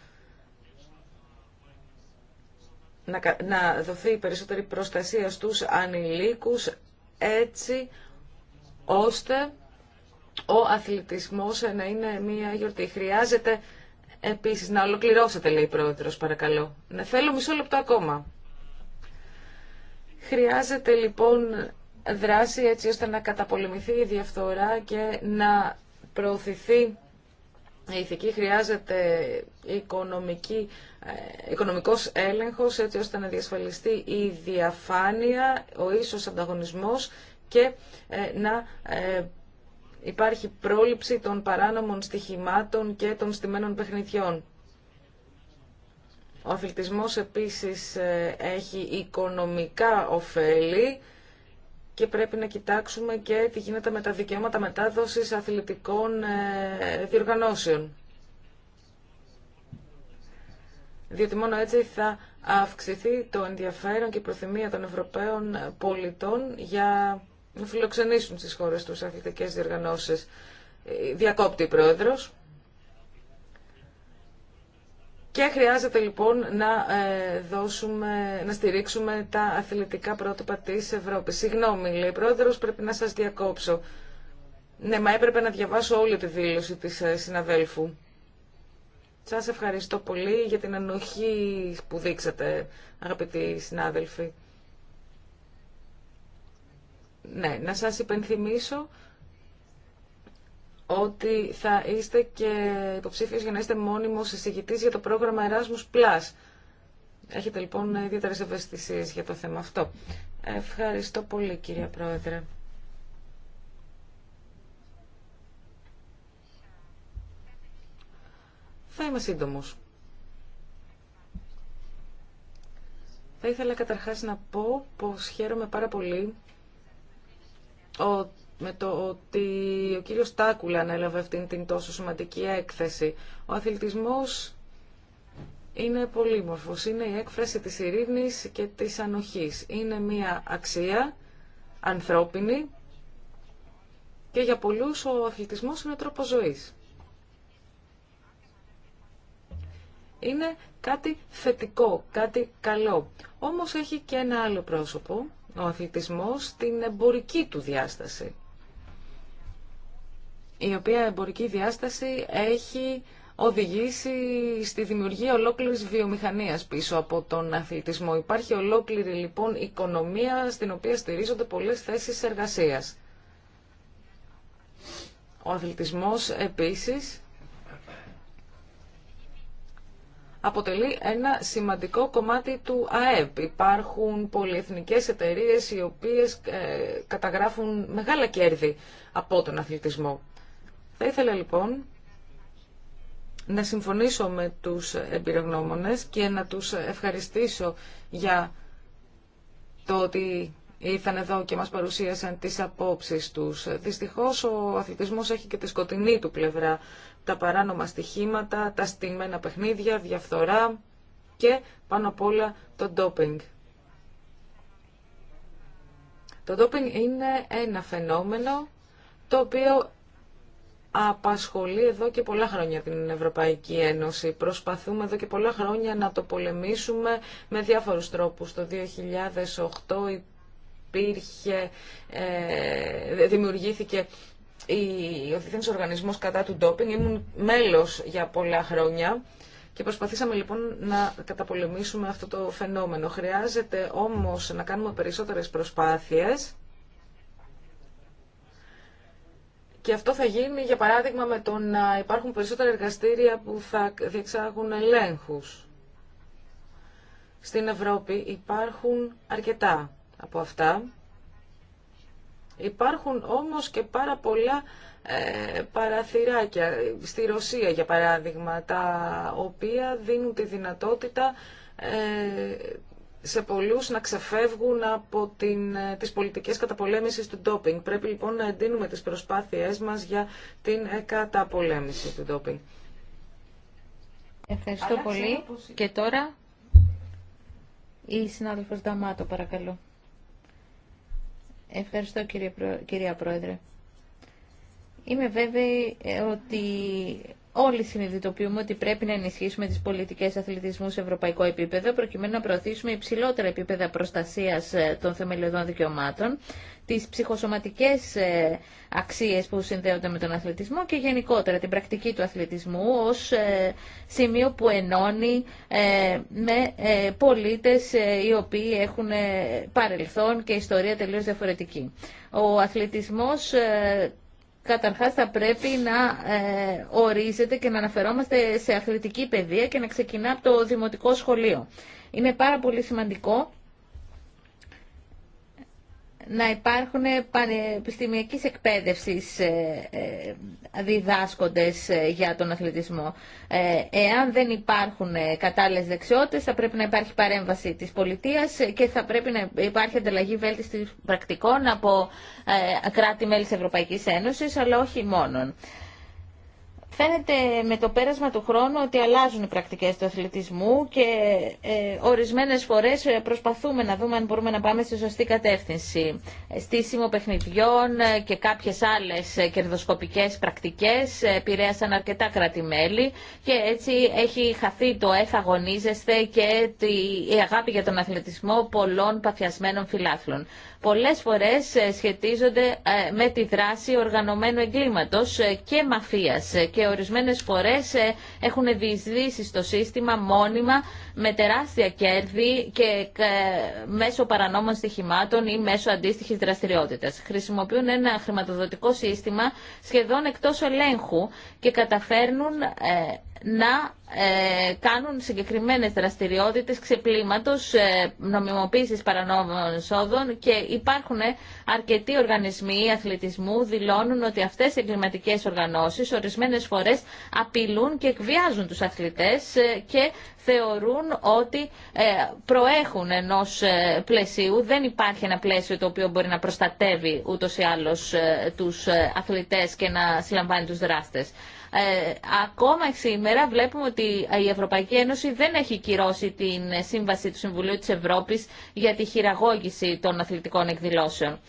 να δοθεί περισσότερη προστασία στους ανηλίκους έτσι ώστε ο αθλητισμός να είναι μια γιορτή. Χρειάζεται επίσης να ολοκληρώσετε, λέει η πρόεδρος, παρακαλώ. να θέλω μισό λεπτό ακόμα. Χρειάζεται λοιπόν δράση έτσι ώστε να καταπολεμηθεί η διαφθορά και να προωθηθεί η ηθική. Χρειάζεται οικονομική, ε, οικονομικός έλεγχος έτσι ώστε να διασφαλιστεί η διαφάνεια, ο ίσος ανταγωνισμός και ε, να ε, υπάρχει πρόληψη των παράνομων στοιχημάτων και των στημένων παιχνιδιών. Ο αθλητισμός επίσης ε, έχει οικονομικά ωφέλη και πρέπει να κοιτάξουμε και τι γίνεται με τα δικαιώματα μετάδοσης αθλητικών ε, διοργανώσεων. Διότι μόνο έτσι θα αυξηθεί το ενδιαφέρον και η προθυμία των Ευρωπαίων πολιτών για να φιλοξενήσουν στις χώρες τους αθλητικές διοργανώσεις. Διακόπτει η Πρόεδρος. Και χρειάζεται λοιπόν να, ε, δώσουμε, να στηρίξουμε τα αθλητικά πρότυπα της Ευρώπης. Συγγνώμη, λέει η Πρόεδρος, πρέπει να σας διακόψω. Ναι, μα έπρεπε να διαβάσω όλη τη δήλωση της ε, συναδέλφου. Σας ευχαριστώ πολύ για την ανοχή που δείξατε, αγαπητοί συνάδελφοι. Ναι, να σας υπενθυμίσω ότι θα είστε και υποψήφιος για να είστε μόνιμος εισηγητής για το πρόγραμμα Erasmus+. Έχετε λοιπόν ιδιαίτερε ευαισθησίε για το θέμα αυτό. Ευχαριστώ πολύ κυρία Πρόεδρε. Θα είμαι σύντομος. Θα ήθελα καταρχάς να πω πως χαίρομαι πάρα πολύ ο, με το ότι ο κύριος Τάκουλα ανέλαβε αυτήν την τόσο σημαντική έκθεση. Ο αθλητισμός είναι πολύμορφος. Είναι η έκφραση της ειρήνης και της ανοχής. Είναι μια αξία ανθρώπινη και για πολλούς ο αθλητισμός είναι τρόπο ζωής. Είναι κάτι θετικό, κάτι καλό. Όμως έχει και ένα άλλο πρόσωπο ο αθλητισμός στην εμπορική του διάσταση. Η οποία εμπορική διάσταση έχει οδηγήσει στη δημιουργία ολόκληρης βιομηχανίας πίσω από τον αθλητισμό. Υπάρχει ολόκληρη λοιπόν οικονομία στην οποία στηρίζονται πολλές θέσεις εργασίας. Ο αθλητισμός επίσης αποτελεί ένα σημαντικό κομμάτι του ΑΕΠ. Υπάρχουν πολυεθνικές εταιρείες οι οποίες ε, καταγράφουν μεγάλα κέρδη από τον αθλητισμό. Θα ήθελα λοιπόν να συμφωνήσω με τους εμπειρογνώμονες και να τους ευχαριστήσω για το ότι ήρθαν εδώ και μας παρουσίασαν τις απόψεις τους. Δυστυχώς ο αθλητισμός έχει και τη σκοτεινή του πλευρά. Τα παράνομα στοιχήματα, τα στιμένα παιχνίδια, διαφθορά και πάνω απ' όλα το ντόπινγκ. Το ντόπινγκ είναι ένα φαινόμενο το οποίο απασχολεί εδώ και πολλά χρόνια την Ευρωπαϊκή Ένωση. Προσπαθούμε εδώ και πολλά χρόνια να το πολεμήσουμε με διάφορους τρόπους. Το 2008 υπήρχε, ε, δημιουργήθηκε ο διεθνής οργανισμός κατά του ντόπινγκ. Ήμουν μέλος για πολλά χρόνια και προσπαθήσαμε λοιπόν να καταπολεμήσουμε αυτό το φαινόμενο. Χρειάζεται όμως να κάνουμε περισσότερες προσπάθειες και αυτό θα γίνει για παράδειγμα με το να υπάρχουν περισσότερα εργαστήρια που θα διεξάγουν ελέγχους. Στην Ευρώπη υπάρχουν αρκετά από αυτά. Υπάρχουν όμως και πάρα πολλά ε, παραθυράκια στη Ρωσία, για παράδειγμα, τα οποία δίνουν τη δυνατότητα ε, σε πολλούς να ξεφεύγουν από την, ε, τις πολιτικές καταπολέμησης του ντόπινγκ. Πρέπει λοιπόν να εντείνουμε τις προσπάθειές μας για την ε, καταπολέμηση του ντόπινγκ. Ευχαριστώ πολύ. Και τώρα η συνάδελφος Νταμάτο παρακαλώ. Ευχαριστώ κύριε κυρία Πρόεδρε. Είμαι βέβαιη ε, ότι όλοι συνειδητοποιούμε ότι πρέπει να ενισχύσουμε τις πολιτικές αθλητισμού σε ευρωπαϊκό επίπεδο προκειμένου να προωθήσουμε υψηλότερα επίπεδα προστασίας ε, των θεμελιωδών δικαιωμάτων τις ψυχοσωματικές ε, αξίες που συνδέονται με τον αθλητισμό και γενικότερα την πρακτική του αθλητισμού ως ε, σημείο που ενώνει ε, με πολίτες οι οποίοι έχουν παρελθόν και ιστορία τελείως διαφορετική. Ο αθλητισμός καταρχάς θα πρέπει να ορίζεται και να αναφερόμαστε σε αθλητική παιδεία και να ξεκινά από το δημοτικό σχολείο. Είναι πάρα πολύ σημαντικό να υπάρχουν πανεπιστημιακή εκπαίδευσης ε, ε, διδάσκοντες ε, για τον αθλητισμό. Εάν δεν υπάρχουν κατάλληλες δεξιότητες θα πρέπει να υπάρχει παρέμβαση της πολιτείας και θα πρέπει να υπάρχει ανταλλαγή βέλτιστης πρακτικών από κράτη-μέλη της Ευρωπαϊκής Ένωσης αλλά όχι μόνον φαίνεται με το πέρασμα του χρόνου ότι αλλάζουν οι πρακτικές του αθλητισμού και ε, ορισμένες φορές ε, προσπαθούμε να δούμε αν μπορούμε να πάμε στη σωστή κατεύθυνση. Ε, στήσιμο παιχνιδιών και κάποιες άλλες κερδοσκοπικές πρακτικές επηρέασαν αρκετά κράτη-μέλη και έτσι έχει χαθεί το «εφαγωνίζεστε» και η αγάπη για τον αθλητισμό πολλών παθιασμένων φιλάθλων πολλές φορές ε, σχετίζονται ε, με τη δράση οργανωμένου εγκλήματος ε, και μαφίας και ορισμένες φορές έχουν διεισδύσει στο σύστημα μόνιμα με τεράστια κέρδη και μέσω παρανόμων στοιχημάτων ή μέσω αντίστοιχης δραστηριότητας. Χρησιμοποιούν ένα χρηματοδοτικό σύστημα σχεδόν εκτός ελέγχου και καταφέρνουν να ε, κάνουν συγκεκριμένες δραστηριότητες ξεπλήματος, ε, νομιμοποίησης παρανόμων εισόδων και υπάρχουν αρκετοί οργανισμοί αθλητισμού δηλώνουν ότι αυτές οι εγκληματικές οργανώσεις ορισμένες φορές απειλούν και εκβιάζουν τους αθλητές ε, και θεωρούν ότι προέχουν ενός πλαισίου. Δεν υπάρχει ένα πλαίσιο το οποίο μπορεί να προστατεύει ούτως ή άλλως τους αθλητές και να συλλαμβάνει τους δράστες. Ε, ακόμα σήμερα βλέπουμε ότι η Ευρωπαϊκή Ένωση δεν έχει κυρώσει την σύμβαση του Συμβουλίου της Ευρώπης για τη χειραγώγηση των αθλητικών εκδηλώσεων.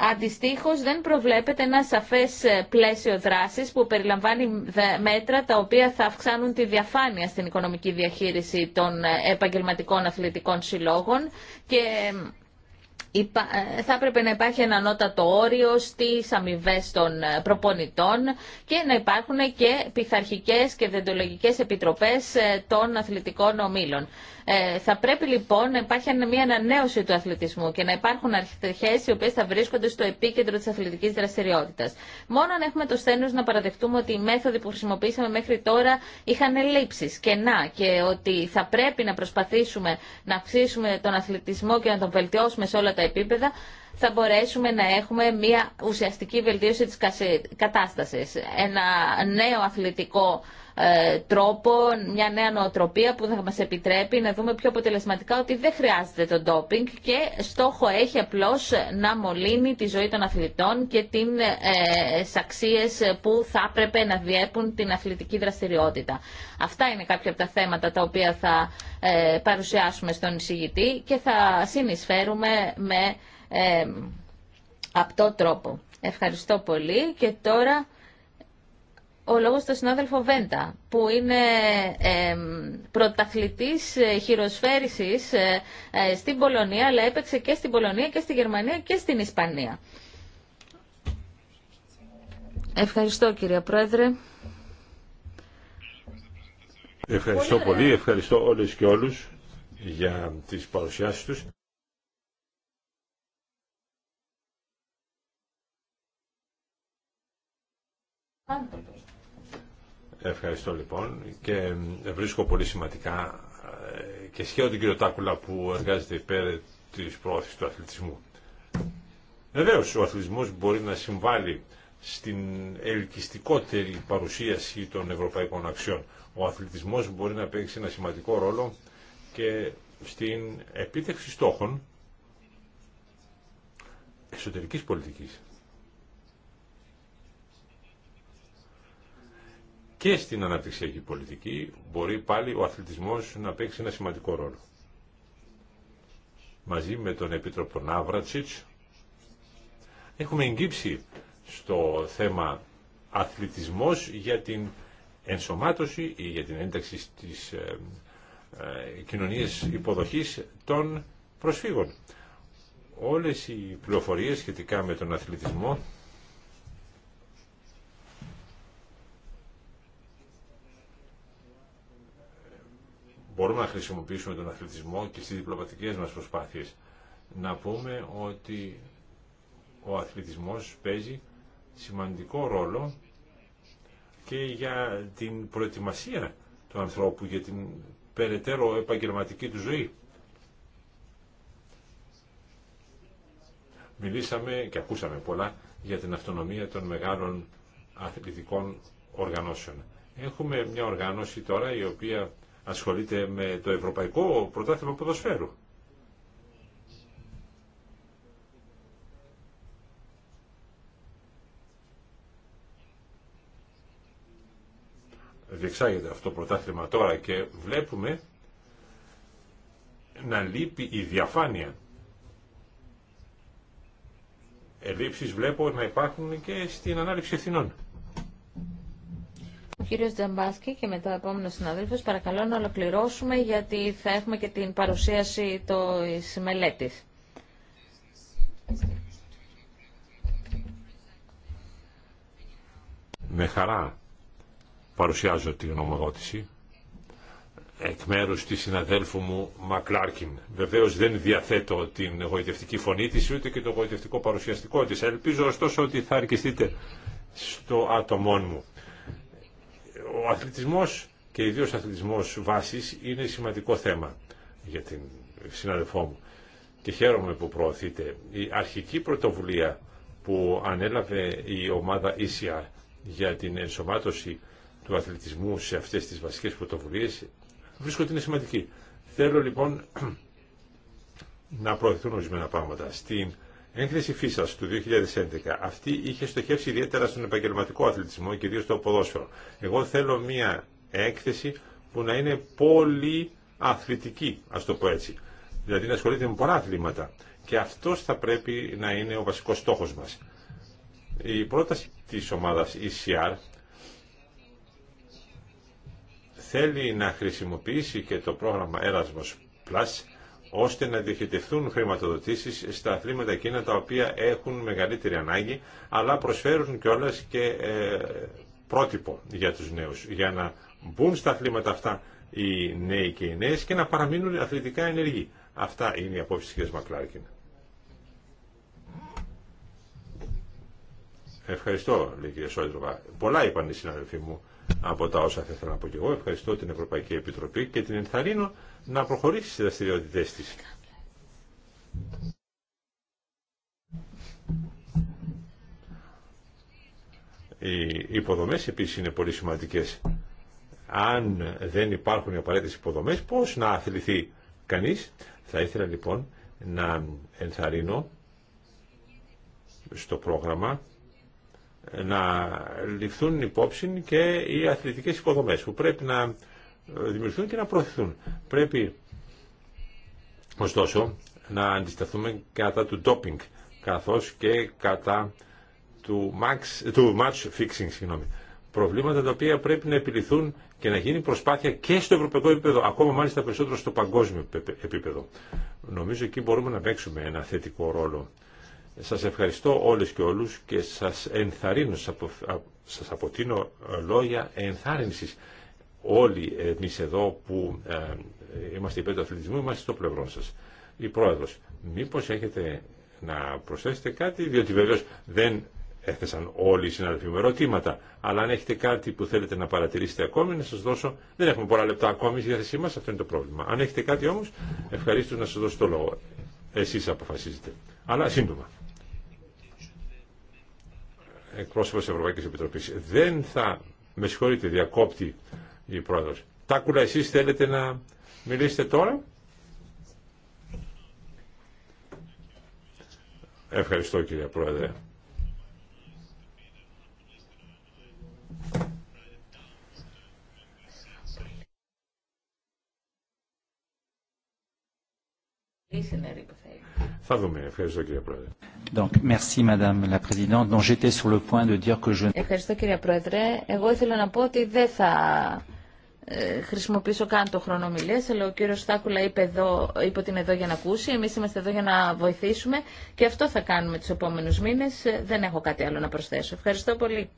Αντιστοίχω, δεν προβλέπεται ένα σαφέ πλαίσιο δράση που περιλαμβάνει μέτρα τα οποία θα αυξάνουν τη διαφάνεια στην οικονομική διαχείριση των επαγγελματικών αθλητικών συλλόγων και ε, θα έπρεπε να υπάρχει ένα ανώτατο όριο στις αμοιβέ των ε, προπονητών και να υπάρχουν και πειθαρχικές και δεντολογικές επιτροπές ε, των αθλητικών ομίλων. Ε, θα πρέπει λοιπόν να υπάρχει μια ανανέωση του αθλητισμού και να υπάρχουν αρχέ οι οποίε θα βρίσκονται στο επίκεντρο τη αθλητική δραστηριότητα. Μόνο αν έχουμε το σθένο να παραδεχτούμε ότι οι μέθοδοι που χρησιμοποιήσαμε μέχρι τώρα είχαν και κενά και ότι θα πρέπει να προσπαθήσουμε να αυξήσουμε τον αθλητισμό και να τον βελτιώσουμε σε όλα τα επίπεδα, θα μπορέσουμε να έχουμε μια ουσιαστική βελτίωση της κατάστασης. Ένα νέο αθλητικό ε, τρόπο, μια νέα νοοτροπία που θα μας επιτρέπει να δούμε πιο αποτελεσματικά ότι δεν χρειάζεται το ντόπινγκ και στόχο έχει απλώς να μολύνει τη ζωή των αθλητών και τις ε, αξίες που θα έπρεπε να διέπουν την αθλητική δραστηριότητα. Αυτά είναι κάποια από τα θέματα τα οποία θα ε, παρουσιάσουμε στον εισηγητή και θα συνεισφέρουμε με απτό τρόπο. Ευχαριστώ πολύ και τώρα ο λόγος του συνάδελφο Βέντα, που είναι ε, πρωταθλητής ε, ε, στην Πολωνία, αλλά έπαιξε και στην Πολωνία και στη Γερμανία και στην Ισπανία. Ευχαριστώ κύριε Πρόεδρε. Ευχαριστώ πολύ, ευχαριστώ όλες και όλους για τις παρουσιάσεις τους. Ευχαριστώ λοιπόν και ε, βρίσκω πολύ σημαντικά ε, και σχέδιο τον κύριο Τάκουλα που εργάζεται υπέρ της πρόθεση του αθλητισμού. Βεβαίω, ο αθλητισμό μπορεί να συμβάλλει στην ελκυστικότερη παρουσίαση των ευρωπαϊκών αξιών. Ο αθλητισμός μπορεί να παίξει ένα σημαντικό ρόλο και στην επίτευξη στόχων εσωτερικής πολιτικής. και στην αναπτυξιακή πολιτική μπορεί πάλι ο αθλητισμός να παίξει ένα σημαντικό ρόλο. Μαζί με τον Επίτροπο Ναύρατσιτς έχουμε εγκύψει στο θέμα αθλητισμός για την ενσωμάτωση ή για την ένταξη στις ε, ε υποδοχής των προσφύγων. Όλες οι πληροφορίες σχετικά με τον αθλητισμό μπορούμε να χρησιμοποιήσουμε τον αθλητισμό και στις διπλωματικές μας προσπάθειες. Να πούμε ότι ο αθλητισμός παίζει σημαντικό ρόλο και για την προετοιμασία του ανθρώπου, για την περαιτέρω επαγγελματική του ζωή. Μιλήσαμε και ακούσαμε πολλά για την αυτονομία των μεγάλων αθλητικών οργανώσεων. Έχουμε μια οργάνωση τώρα η οποία ασχολείται με το Ευρωπαϊκό Πρωτάθλημα Ποδοσφαίρου. Διεξάγεται αυτό το πρωτάθλημα τώρα και βλέπουμε να λείπει η διαφάνεια. Ελλείψεις βλέπω να υπάρχουν και στην ανάληψη ευθυνών κύριος Τζαμπάσκη και μετά ο επόμενος συναδέλφος. Παρακαλώ να ολοκληρώσουμε γιατί θα έχουμε και την παρουσίαση της μελέτης. Με χαρά παρουσιάζω την γνωμοδότηση εκ μέρους της συναδέλφου μου Μακλάρκιν. Βεβαίως δεν διαθέτω την εγωιτευτική φωνή της ούτε και το εγωιτευτικό παρουσιαστικό της. Ελπίζω ωστόσο ότι θα αρκιστείτε στο άτομό μου. Ο αθλητισμός και ιδίως ο αθλητισμός βάσης είναι σημαντικό θέμα για την συναδελφό μου και χαίρομαι που προωθείτε. Η αρχική πρωτοβουλία που ανέλαβε η ομάδα ECR για την ενσωμάτωση του αθλητισμού σε αυτές τις βασικές πρωτοβουλίες βρίσκω ότι είναι σημαντική. Θέλω λοιπόν να προωθηθούν ορισμένα πράγματα. Στην Έκθεση φύσα του 2011. Αυτή είχε στοχεύσει ιδιαίτερα στον επαγγελματικό αθλητισμό, και ιδίω στο ποδόσφαιρο. Εγώ θέλω μια έκθεση που να είναι πολύ αθλητική, α το πω έτσι. Δηλαδή να ασχολείται με πολλά αθλήματα. Και αυτό θα πρέπει να είναι ο βασικό στόχο μα. Η πρόταση τη ομάδα ECR θέλει να χρησιμοποιήσει και το πρόγραμμα Erasmus Plus ώστε να διοχετευτούν χρηματοδοτήσει στα αθλήματα εκείνα τα οποία έχουν μεγαλύτερη ανάγκη, αλλά προσφέρουν κιόλα και ε, πρότυπο για τους νέου για να μπουν στα αθλήματα αυτά οι νέοι και οι νέε και να παραμείνουν αθλητικά ενεργοί. Αυτά είναι οι απόψεις τη κ. Μακλάρκιν. Ευχαριστώ, λέει η κ. Σόντροβα. Πολλά είπαν οι συναδελφοί μου από τα όσα θα ήθελα να πω και εγώ. Ευχαριστώ την Ευρωπαϊκή Επιτροπή και την ενθαρρύνω να προχωρήσει στις δραστηριότητε. της. Οι υποδομές επίση είναι πολύ σημαντικέ. Αν δεν υπάρχουν οι απαραίτητε υποδομές, πώς να αθληθεί κανείς. Θα ήθελα λοιπόν να ενθαρρύνω στο πρόγραμμα να ληφθούν υπόψη και οι αθλητικές υποδομές που πρέπει να δημιουργηθούν και να προωθηθούν. Πρέπει ωστόσο να αντισταθούμε κατά του ντόπινγκ καθώς και κατά του, max, του match fixing συγγνώμη. προβλήματα τα οποία πρέπει να επιληθούν και να γίνει προσπάθεια και στο ευρωπαϊκό επίπεδο ακόμα μάλιστα περισσότερο στο παγκόσμιο επίπεδο. Νομίζω εκεί μπορούμε να παίξουμε ένα θετικό ρόλο. Σας ευχαριστώ όλες και όλους και σας ενθαρρύνω, σας αποτείνω λόγια ενθάρρυνσης όλοι εμείς εδώ που ε, είμαστε υπέρ του αθλητισμού είμαστε στο πλευρό σας. Η Πρόεδρος, μήπως έχετε να προσθέσετε κάτι, διότι βεβαίως δεν έθεσαν όλοι οι συνάδελφοι με ερωτήματα, αλλά αν έχετε κάτι που θέλετε να παρατηρήσετε ακόμη, να σας δώσω, δεν έχουμε πολλά λεπτά ακόμη στη διάθεσή μας, αυτό είναι το πρόβλημα. Αν έχετε κάτι όμως, ευχαρίστω να σας δώσω το λόγο. Εσείς αποφασίζετε. Αλλά σύντομα. Εκπρόσωπος Ευρωπαϊκής Επιτροπής. Δεν θα, με συγχωρείτε, διακόπτη η πρόεδρος. Τάκουλα, εσείς θέλετε να μιλήσετε τώρα. Ευχαριστώ κύριε Πρόεδρε. Θα δούμε. Ευχαριστώ κύριε Πρόεδρε. Donc, merci, Madame la Présidente. Donc, j'étais sur le point de dire que je... Ευχαριστώ κύριε Πρόεδρε. Εγώ ήθελα να πω ότι δεν θα ε, χρησιμοποιήσω καν το χρόνο μιλίας, αλλά ο κύριος Στάκουλα είπε, εδώ, είπε ότι είναι εδώ για να ακούσει, εμείς είμαστε εδώ για να βοηθήσουμε και αυτό θα κάνουμε τους επόμενους μήνες. Ε, δεν έχω κάτι άλλο να προσθέσω. Ευχαριστώ πολύ.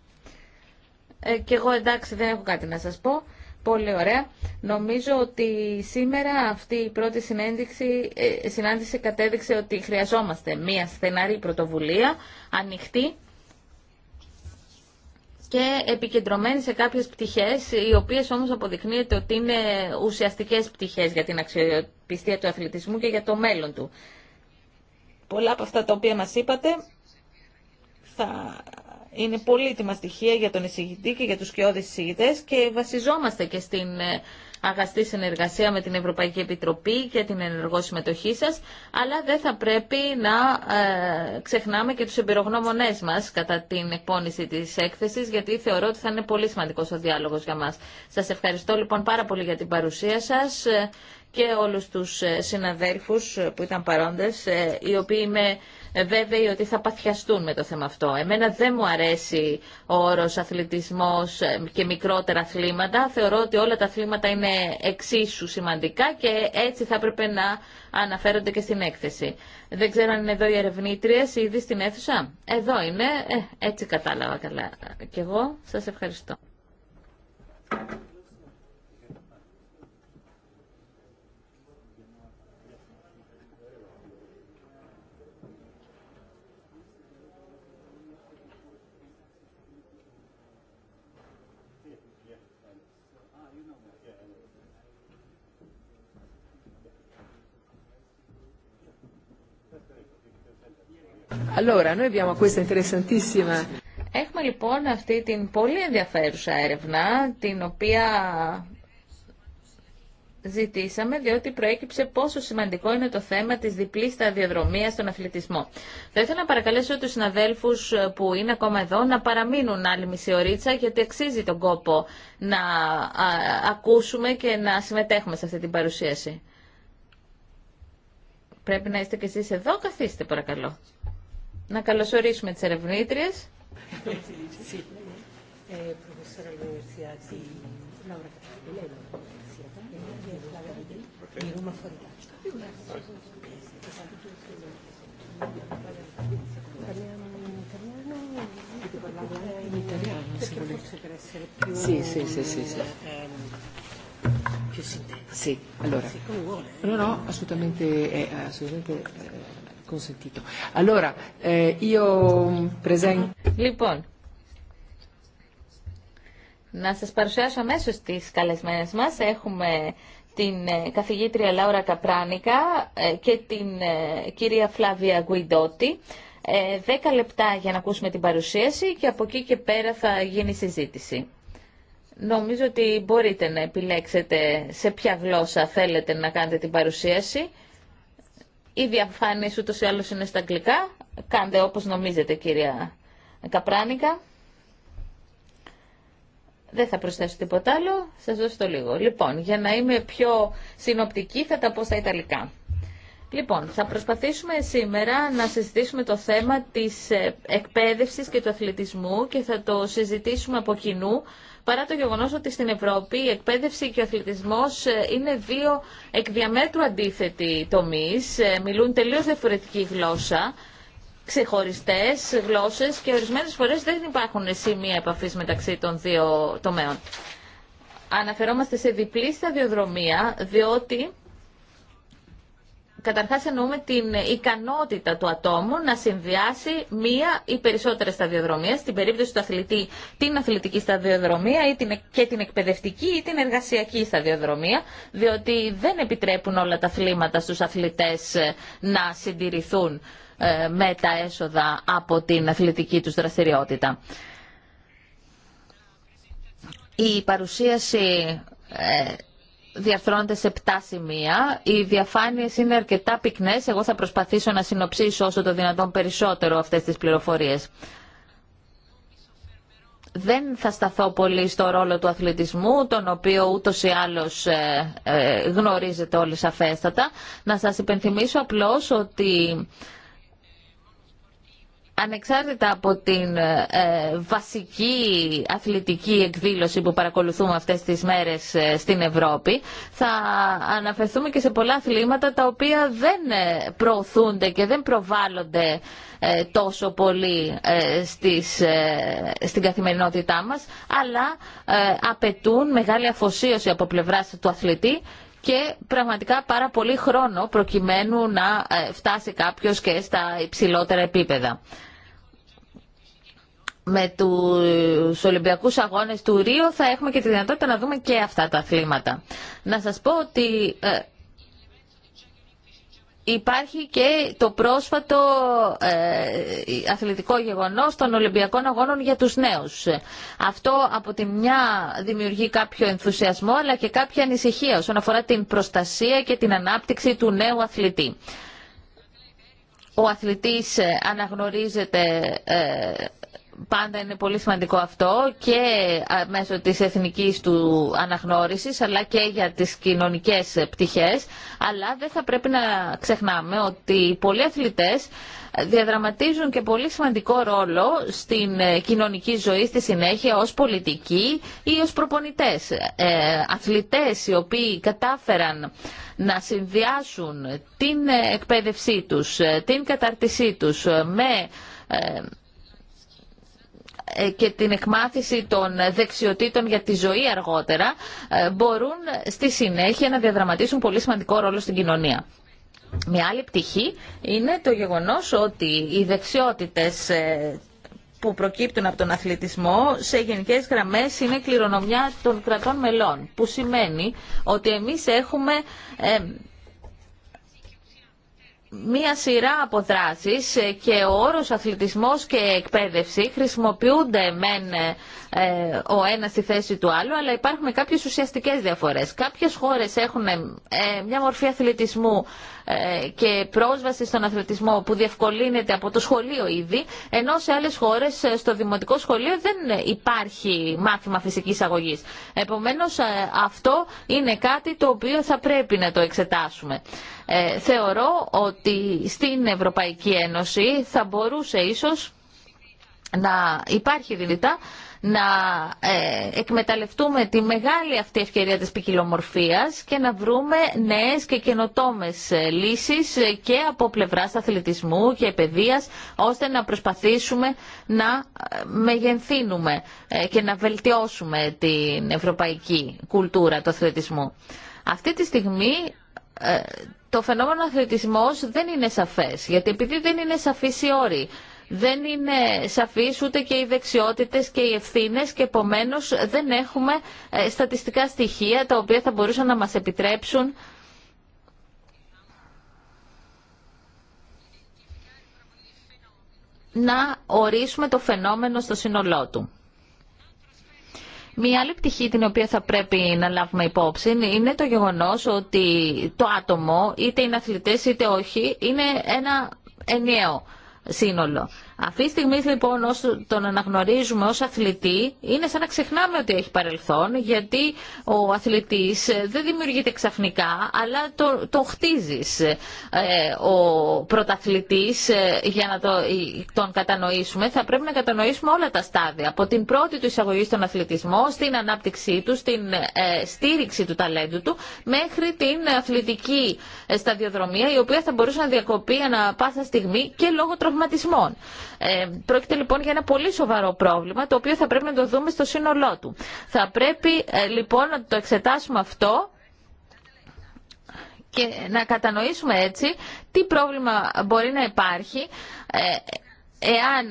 Ε, και εγώ εντάξει δεν έχω κάτι να σας πω. Πολύ ωραία. Νομίζω ότι σήμερα αυτή η πρώτη συνέντευξη, συνάντηση κατέδειξε ότι χρειαζόμαστε μια στεναρή πρωτοβουλία, ανοιχτή, και επικεντρωμένη σε κάποιες πτυχές, οι οποίες όμως αποδεικνύεται ότι είναι ουσιαστικές πτυχές για την αξιοπιστία του αθλητισμού και για το μέλλον του. Πολλά από αυτά τα οποία μας είπατε θα είναι πολύτιμα στοιχεία για τον εισηγητή και για τους σκιώδεις εισηγητές και βασιζόμαστε και στην ε, αγαστή συνεργασία με την Ευρωπαϊκή Επιτροπή και την ενεργό συμμετοχή σας, αλλά δεν θα πρέπει να ε, ξεχνάμε και τους εμπειρογνώμονές μας κατά την εκπόνηση της έκθεσης, γιατί θεωρώ ότι θα είναι πολύ σημαντικός ο διάλογος για μας. Σας ευχαριστώ λοιπόν πάρα πολύ για την παρουσία σας ε, και όλους τους ε, συναδέλφους που ήταν παρόντες, οι οποίοι με ε, βέβαιοι ότι θα παθιαστούν με το θέμα αυτό. Εμένα δεν μου αρέσει ο όρος αθλητισμός ε, και μικρότερα αθλήματα. Θεωρώ ότι όλα τα αθλήματα είναι εξίσου σημαντικά και έτσι θα έπρεπε να αναφέρονται και στην έκθεση. Δεν ξέρω αν είναι εδώ οι ερευνήτριε ήδη στην αίθουσα. Εδώ είναι. Ε, έτσι κατάλαβα καλά. Και εγώ σας ευχαριστώ. Έχουμε λοιπόν αυτή την πολύ ενδιαφέρουσα έρευνα, την οποία ζητήσαμε, διότι προέκυψε πόσο σημαντικό είναι το θέμα της διπλής σταδιοδρομίας στον αθλητισμό. Θα ήθελα να παρακαλέσω τους συναδέλφους που είναι ακόμα εδώ να παραμείνουν άλλη μισή ωρίτσα, γιατί αξίζει τον κόπο να ακούσουμε και να συμμετέχουμε σε αυτή την παρουσίαση. Πρέπει να είστε και εσείς εδώ, καθίστε παρακαλώ. Να καλωσορίσουμε τις ερευνήτριες. Sì, sì, sì, sì, sì. Sì, allora. No, no, assolutamente, assolutamente Eh, λοιπόν, να σας παρουσιάσω αμέσως τις καλεσμένες μας. Έχουμε την ε, καθηγήτρια Λάουρα Καπράνικα ε, και την ε, κυρία Φλάβια Γκουιντότη. Δέκα λεπτά για να ακούσουμε την παρουσίαση και από εκεί και πέρα θα γίνει συζήτηση. Νομίζω ότι μπορείτε να επιλέξετε σε ποια γλώσσα θέλετε να κάνετε την παρουσίαση. Η διαφάνεια ούτως ή άλλως είναι στα αγγλικά. Κάντε όπως νομίζετε κυρία Καπράνικα. Δεν θα προσθέσω τίποτα άλλο, σας δώσω το λίγο. Λοιπόν, για να είμαι πιο συνοπτική θα τα πω στα Ιταλικά. Λοιπόν, θα προσπαθήσουμε σήμερα να συζητήσουμε το θέμα της ε, εκπαίδευσης και του αθλητισμού και θα το συζητήσουμε από κοινού παρά το γεγονό ότι στην Ευρώπη η εκπαίδευση και ο αθλητισμός ε, είναι δύο εκ διαμέτρου αντίθετοι τομείς, ε, μιλούν τελείως διαφορετική γλώσσα, Ξεχωριστέ γλώσσες και ορισμένες φορές δεν υπάρχουν σημεία επαφής μεταξύ των δύο τομέων. Αναφερόμαστε σε διπλή σταδιοδρομία, διότι Καταρχά εννοούμε την ικανότητα του ατόμου να συνδυάσει μία ή περισσότερε σταδιοδρομίε, στην περίπτωση του αθλητή την αθλητική σταδιοδρομία ή την, και την εκπαιδευτική ή την εργασιακή σταδιοδρομία, διότι δεν επιτρέπουν όλα τα αθλήματα στους αθλητές ε, να συντηρηθούν ε, με τα έσοδα από την αθλητική τους δραστηριότητα. Η παρουσίαση ε, διαρθρώνεται σε 7 σημεία. Οι διαφάνειες είναι αρκετά πυκνέ. Εγώ θα προσπαθήσω να συνοψίσω όσο το δυνατόν περισσότερο αυτές τις πληροφορίες. Δεν θα σταθώ πολύ στο ρόλο του αθλητισμού, τον οποίο ούτως ή άλλως ε, ε, γνωρίζετε όλοι σαφέστατα. Να σας υπενθυμίσω απλώς ότι ανεξάρτητα από την ε, βασική αθλητική εκδήλωση που παρακολουθούμε αυτές τις μέρες ε, στην Ευρώπη, θα αναφερθούμε και σε πολλά αθλήματα τα οποία δεν ε, προωθούνται και δεν προβάλλονται τόσο πολύ στις, στην καθημερινότητά μας, αλλά απαιτούν μεγάλη αφοσίωση από πλευράς του αθλητή και πραγματικά πάρα πολύ χρόνο προκειμένου να ε, φτάσει κάποιος και στα υψηλότερα επίπεδα. Με τους Ολυμπιακούς Αγώνες του Ρίο θα έχουμε και τη δυνατότητα να δούμε και αυτά τα αθλήματα. Να σας πω ότι ε, Υπάρχει και το πρόσφατο ε, αθλητικό γεγονός των Ολυμπιακών Αγώνων για τους νέους. Αυτό από τη μια δημιουργεί κάποιο ενθουσιασμό αλλά και κάποια ανησυχία όσον αφορά την προστασία και την ανάπτυξη του νέου αθλητή. Ο αθλητής ε, αναγνωρίζεται ε, πάντα είναι πολύ σημαντικό αυτό και μέσω της εθνικής του αναγνώρισης αλλά και για τις κοινωνικές πτυχές αλλά δεν θα πρέπει να ξεχνάμε ότι πολλοί αθλητές ε, διαδραματίζουν και πολύ σημαντικό ρόλο στην ε, κοινωνική ζωή στη συνέχεια ως πολιτικοί ή ως προπονητές. Ε, αθλητές οι οποίοι κατάφεραν να συνδυάσουν την ε, εκπαίδευσή τους, την καταρτισή τους με ε, και την εκμάθηση των δεξιοτήτων για τη ζωή αργότερα ε, μπορούν στη συνέχεια να διαδραματίσουν πολύ σημαντικό ρόλο στην κοινωνία. Μια άλλη πτυχή είναι το γεγονός ότι οι δεξιότητες ε, που προκύπτουν από τον αθλητισμό σε γενικές γραμμές είναι κληρονομιά των κρατών μελών, που σημαίνει ότι εμείς έχουμε μία σειρά από ε, και ο όρος αθλητισμός και εκπαίδευση χρησιμοποιούνται μεν ε, ο ένας στη θέση του άλλου, αλλά υπάρχουν κάποιες ουσιαστικές διαφορές. Κάποιες χώρες έχουν ε, μια μορφή αθλητισμού ε, και πρόσβαση στον αθλητισμό που διευκολύνεται από το σχολείο ήδη, ενώ σε άλλες χώρες ε, στο δημοτικό σχολείο δεν υπάρχει μάθημα φυσικής αγωγής. Επομένως ε, αυτό είναι κάτι το οποίο θα πρέπει να το εξετάσουμε. θεωρώ ότι στην Ευρωπαϊκή Ένωση θα μπορούσε ίσως να υπάρχει δυνατά να ε, εκμεταλλευτούμε τη μεγάλη αυτή ευκαιρία της ποικιλομορφία και να βρούμε νέες και καινοτόμες ε, λύσεις ε, και από πλευράς αθλητισμού και παιδείας ώστε να προσπαθήσουμε να μεγενθύνουμε και να βελτιώσουμε την ευρωπαϊκή κουλτούρα του αθλητισμού. Αυτή τη στιγμή το φαινόμενο αθλητισμός δεν είναι σαφές, γιατί επειδή δεν είναι σαφής οι όροι δεν είναι σαφείς ούτε και οι δεξιότητες και οι ευθύνες και επομένως δεν έχουμε ε, στατιστικά στοιχεία τα οποία θα μπορούσαν να μας επιτρέψουν να ορίσουμε το φαινόμενο στο σύνολό του. Μία άλλη πτυχή την οποία θα πρέπει να λάβουμε υπόψη είναι το γεγονός ότι το άτομο, είτε είναι αθλητές είτε όχι, είναι ένα ενιαίο σύνολο. Αυτή τη στιγμή λοιπόν όσο τον αναγνωρίζουμε ως αθλητή είναι σαν να ξεχνάμε ότι έχει παρελθόν γιατί ο αθλητής δεν δημιουργείται ξαφνικά αλλά το, το χτίζεις. Ε, ο πρωταθλητής ε, για να τον κατανοήσουμε θα πρέπει να κατανοήσουμε όλα τα στάδια από την πρώτη του εισαγωγή στον αθλητισμό στην ανάπτυξή του, στην ε, στήριξη του ταλέντου του μέχρι την αθλητική σταδιοδρομία η οποία θα μπορούσε να διακοπεί ανα πάσα στιγμή και λόγω τραυματισμών. Ε, πρόκειται λοιπόν για ένα πολύ σοβαρό πρόβλημα το οποίο θα πρέπει να το δούμε στο σύνολό του. Θα πρέπει ε, λοιπόν να το εξετάσουμε αυτό και να κατανοήσουμε έτσι τι πρόβλημα μπορεί να υπάρχει ε, εάν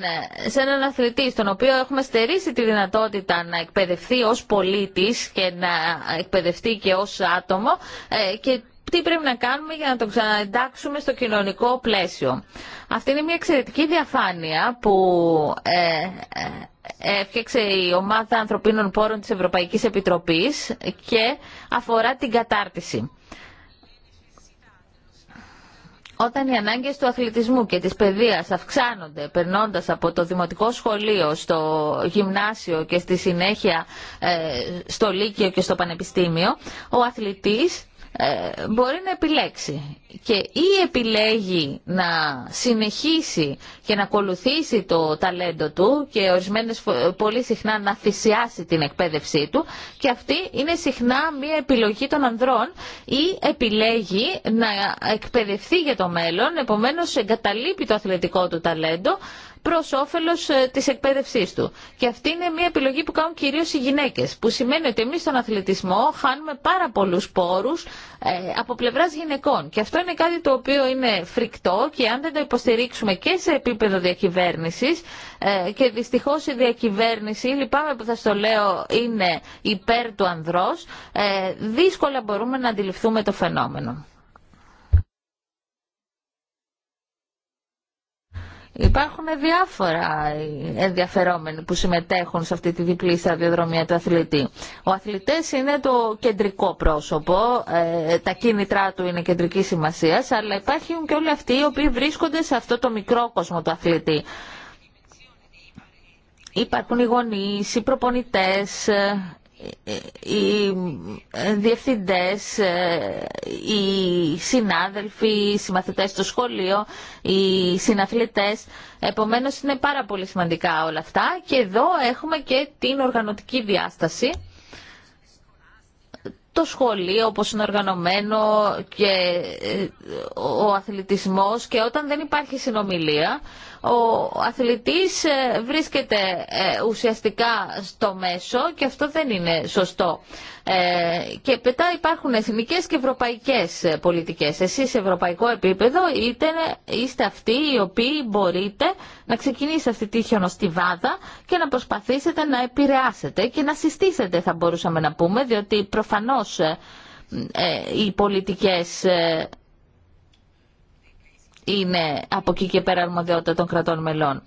σε έναν αθλητή στον οποίο έχουμε στερήσει τη δυνατότητα να εκπαιδευτεί ως πολίτης και να εκπαιδευτεί και ως άτομο τι πρέπει να κάνουμε για να το ξαναεντάξουμε στο κοινωνικό πλαίσιο. Αυτή είναι μια εξαιρετική διαφάνεια που ε, ε, έφτιαξε η Ομάδα Ανθρωπίνων Πόρων της Ευρωπαϊκής Επιτροπής και αφορά την κατάρτιση. Όταν οι ανάγκες του αθλητισμού και της παιδείας αυξάνονται περνώντας από το δημοτικό σχολείο στο γυμνάσιο και στη συνέχεια ε, στο λύκειο και στο πανεπιστήμιο, ο αθλητής ε, μπορεί να επιλέξει και ή επιλέγει να συνεχίσει και να ακολουθήσει το ταλέντο του και ορισμένες πολύ συχνά να θυσιάσει την εκπαίδευσή του και αυτή είναι συχνά μια επιλογή των ανδρών ή επιλέγει να εκπαιδευτεί για το μέλλον επομένως εγκαταλείπει το αθλητικό του ταλέντο προ όφελο ε, τη εκπαίδευσή του. Και αυτή είναι μια επιλογή που κάνουν κυρίω οι γυναίκε, που σημαίνει ότι εμεί στον αθλητισμό χάνουμε πάρα πολλού πόρου ε, από πλευρά γυναικών. Και αυτό είναι κάτι το οποίο είναι φρικτό και αν δεν το υποστηρίξουμε και σε επίπεδο διακυβέρνηση, ε, και δυστυχώ η διακυβέρνηση, λυπάμαι που θα στο λέω, είναι υπέρ του ανδρός, δύσκολα μπορούμε να αντιληφθούμε το φαινόμενο. Υπάρχουν διάφορα ενδιαφερόμενοι που συμμετέχουν σε αυτή τη διπλή σταδιοδρομία του αθλητή. Ο αθλητής είναι το κεντρικό πρόσωπο, ε, τα κίνητρά του είναι κεντρική σημασία, αλλά υπάρχουν και όλοι αυτοί οι οποίοι βρίσκονται σε αυτό το μικρό κόσμο του αθλητή. Υπάρχουν οι γονείς, οι προπονητές, ε, οι διευθυντές, οι συνάδελφοι, οι συμμαθητές στο σχολείο, οι συναθλητές. Επομένως είναι πάρα πολύ σημαντικά όλα αυτά και εδώ έχουμε και την οργανωτική διάσταση. Το σχολείο όπως είναι οργανωμένο και ε, ο αθλητισμός και όταν δεν υπάρχει συνομιλία ο αθλητής ε, βρίσκεται ε, ουσιαστικά στο μέσο και αυτό δεν είναι σωστό. Ε, και μετά υπάρχουν εθνικές και ευρωπαϊκές πολιτικές. Εσείς σε ευρωπαϊκό επίπεδο είτε, είστε αυτοί οι οποίοι μπορείτε να ξεκινήσετε αυτή τη χιονοστιβάδα και να προσπαθήσετε να επηρεάσετε και να συστήσετε θα μπορούσαμε να πούμε διότι προφανώς οι πολιτικές είναι από εκεί και πέρα αρμοδιότητα των κρατών μελών.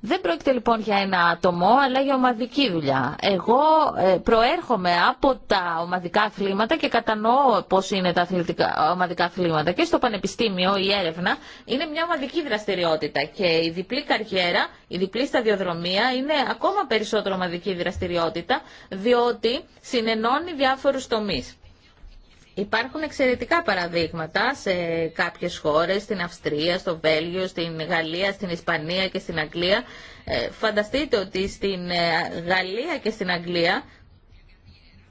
Δεν πρόκειται λοιπόν για ένα άτομο, αλλά για ομαδική δουλειά. Εγώ ε, προέρχομαι από τα ομαδικά αθλήματα και κατανοώ πώ είναι τα αθλητικά, ομαδικά αθλήματα. Και στο πανεπιστήμιο η έρευνα είναι μια ομαδική δραστηριότητα και η διπλή καριέρα, η διπλή σταδιοδρομία είναι ακόμα περισσότερο ομαδική δραστηριότητα, διότι συνενώνει διάφορου τομεί. Υπάρχουν εξαιρετικά παραδείγματα σε κάποιες χώρες, στην Αυστρία, στο Βέλγιο, στην Γαλλία, στην Ισπανία και στην Αγγλία. Ε, φανταστείτε ότι στην ε, Γαλλία και στην Αγγλία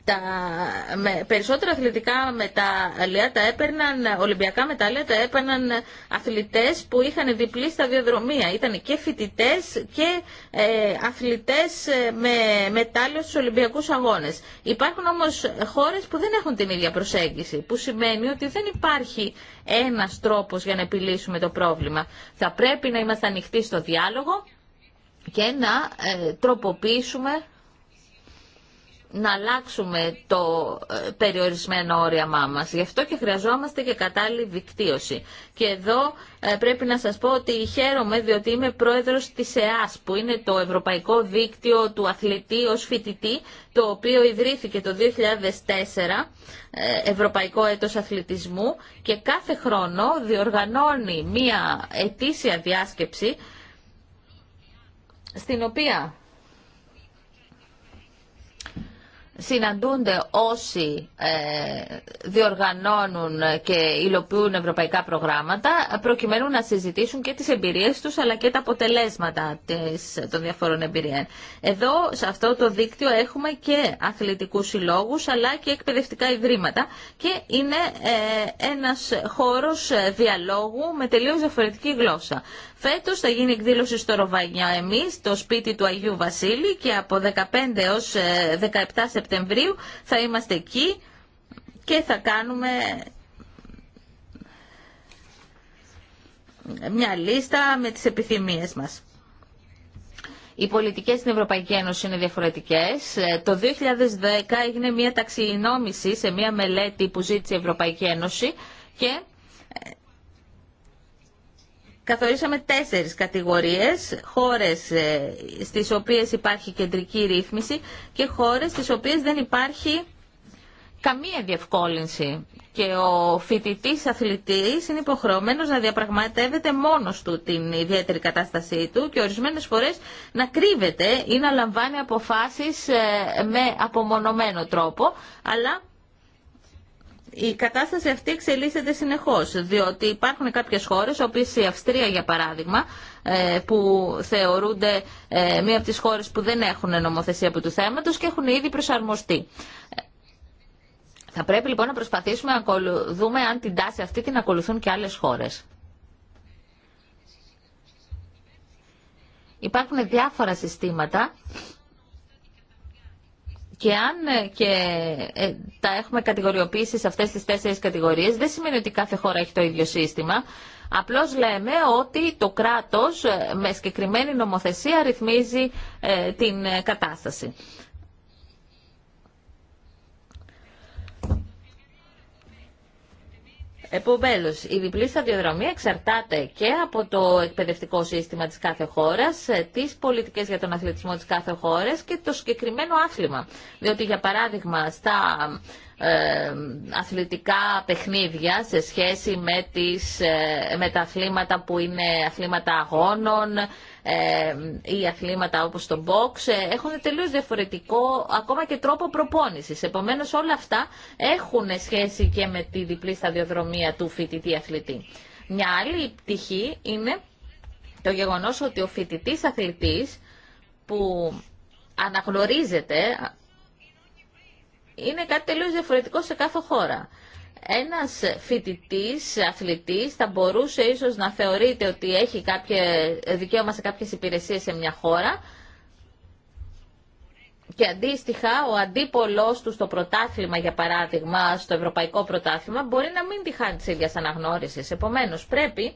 τα περισσότερα αθλητικά μετάλλια τα έπαιρναν, ολυμπιακά μετάλλια τα έπαιρναν αθλητές που είχαν διπλή σταδιοδρομία. Ήταν και φοιτητέ και ε, αθλητές ε, με μετάλλιο στους Ολυμπιακούς Αγώνες. Υπάρχουν όμως χώρες που δεν έχουν την ίδια προσέγγιση, που σημαίνει ότι δεν υπάρχει ένας τρόπος για να επιλύσουμε το πρόβλημα. Θα πρέπει να είμαστε ανοιχτοί στο διάλογο και να ε, τροποποιήσουμε να αλλάξουμε το ε, περιορισμένο όριαμά μας. Γι' αυτό και χρειαζόμαστε και κατάλληλη δικτύωση. Και εδώ ε, πρέπει να σας πω ότι χαίρομαι διότι είμαι πρόεδρος της ΕΑΣ που είναι το Ευρωπαϊκό Δίκτυο του Αθλητή ως Φοιτητή το οποίο ιδρύθηκε το 2004 ε, Ευρωπαϊκό Έτος Αθλητισμού και κάθε χρόνο διοργανώνει μία ετήσια διάσκεψη στην οποία συναντούνται όσοι ε, διοργανώνουν και υλοποιούν ευρωπαϊκά προγράμματα προκειμένου να συζητήσουν και τις εμπειρίες τους αλλά και τα αποτελέσματα των διαφορών εμπειριών. Εδώ σε αυτό το δίκτυο έχουμε και αθλητικούς συλλόγους αλλά και εκπαιδευτικά ιδρύματα και είναι ε, ένας χώρος ε, διαλόγου με τελείως διαφορετική γλώσσα. Φέτο θα γίνει εκδήλωση στο Ροβανιά εμείς, στο σπίτι του Αγίου Βασίλη και από 15 έως 17 ε, Σεπτεμβρίου θα είμαστε εκεί και θα κάνουμε μια λίστα με τις επιθυμίες μας. Οι πολιτικές στην Ευρωπαϊκή Ένωση είναι διαφορετικές. Ε, το 2010 έγινε μια ταξινόμηση σε μια μελέτη που ζήτησε η Ευρωπαϊκή Ένωση και Καθορίσαμε τέσσερις κατηγορίες, χώρες ε, στις οποίες υπάρχει κεντρική ρύθμιση και χώρες στις οποίες δεν υπάρχει καμία διευκόλυνση και ο φοιτητή αθλητή είναι υποχρεωμένος να διαπραγματεύεται μόνο του την ιδιαίτερη κατάστασή του και ορισμένε φορέ να κρύβεται ή να λαμβάνει αποφάσει ε, με απομονωμένο τρόπο, αλλά η κατάσταση αυτή εξελίσσεται συνεχώς, διότι υπάρχουν κάποιες χώρες, όπως η Αυστρία για παράδειγμα, ε, που θεωρούνται ε, μία από τις χώρες που δεν έχουν νομοθεσία από του θέματος και έχουν ήδη προσαρμοστεί. Θα πρέπει λοιπόν να προσπαθήσουμε να δούμε αν την τάση αυτή την ακολουθούν και άλλες χώρες. Υπάρχουν διάφορα συστήματα και αν ε, και ε, τα έχουμε κατηγοριοποιήσει σε αυτές τις τέσσερις κατηγορίες, δεν σημαίνει ότι κάθε χώρα έχει το ίδιο σύστημα. Απλώς λέμε ότι το κράτος ε, με συγκεκριμένη νομοθεσία ρυθμίζει την κατάσταση. Επομένω, η διπλή σταδιοδρομία εξαρτάται και από το εκπαιδευτικό σύστημα τη κάθε χώρα, ε, τι πολιτικέ για τον αθλητισμό τη κάθε χώρα και το συγκεκριμένο άθλημα. Διότι, για παράδειγμα, στα ε, αθλητικά παιχνίδια σε σχέση με, τις, ε, με τα αθλήματα που είναι αθλήματα αγώνων, ή αθλήματα όπως το box ε, έχουν τελείως διαφορετικό ακόμα και τρόπο προπόνησης. Επομένως όλα αυτά έχουν σχέση και με τη διπλή σταδιοδρομία του φοιτητή αθλητή. Μια άλλη πτυχή είναι το γεγονός ότι ο φοιτητή αθλητής που αναγνωρίζεται είναι κάτι τελείως διαφορετικό σε κάθε χώρα ένας φοιτητής, αθλητής θα μπορούσε ίσως να θεωρείται ότι έχει κάποια, δικαίωμα σε κάποιες υπηρεσίες σε μια χώρα και αντίστοιχα ο αντίπολός του στο πρωτάθλημα για παράδειγμα, στο ευρωπαϊκό πρωτάθλημα μπορεί να μην τη χάνει της ίδιας αναγνώρισης. Επομένως πρέπει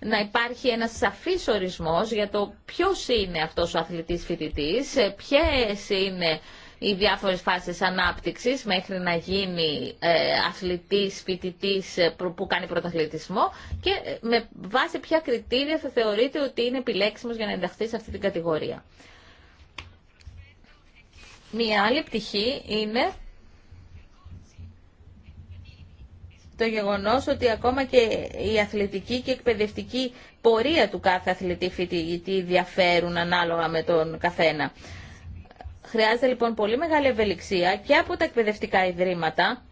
να υπάρχει ένας σαφής ορισμός για το ποιος είναι αυτός ο αθλητής φοιτητής, ε, ποιες είναι οι διάφορες φάσεις ανάπτυξης μέχρι να γίνει ε, αθλητής, φοιτητής ε, που κάνει πρωταθλητισμό και ε, με βάση ποια κριτήρια θα θεωρείτε ότι είναι επιλέξιμος για να ενταχθεί σε αυτή την κατηγορία. Μία άλλη πτυχή είναι το γεγονός ότι ακόμα και η αθλητική και εκπαιδευτική πορεία του κάθε αθλητή φοιτητή διαφέρουν ανάλογα με τον καθένα. Χρειάζεται λοιπόν πολύ μεγάλη ευελιξία και από τα εκπαιδευτικά ιδρύματα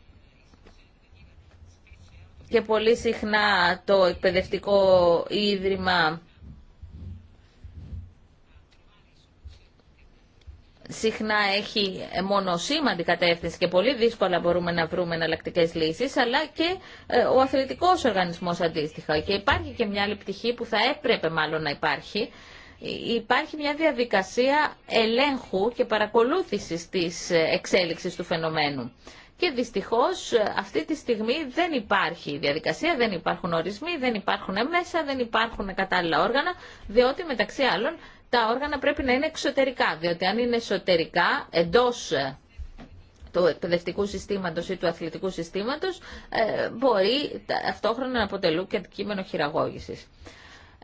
και πολύ συχνά το εκπαιδευτικό ίδρυμα συχνά έχει μόνο σήμαντη κατεύθυνση και πολύ δύσκολα μπορούμε να βρούμε εναλλακτικέ λύσει, αλλά και ε, ο αθλητικός οργανισμός αντίστοιχα. Και υπάρχει και μια άλλη πτυχή που θα έπρεπε μάλλον να υπάρχει, υπάρχει μια διαδικασία ελέγχου και παρακολούθησης της εξέλιξης του φαινομένου. Και δυστυχώς αυτή τη στιγμή δεν υπάρχει διαδικασία, δεν υπάρχουν ορισμοί, δεν υπάρχουν μέσα, δεν υπάρχουν κατάλληλα όργανα, διότι μεταξύ άλλων τα όργανα πρέπει να είναι εξωτερικά, διότι αν είναι εσωτερικά, εντός του εκπαιδευτικού συστήματος ή του αθλητικού συστήματος, ε, μπορεί ταυτόχρονα να αποτελούν και αντικείμενο χειραγώγησης.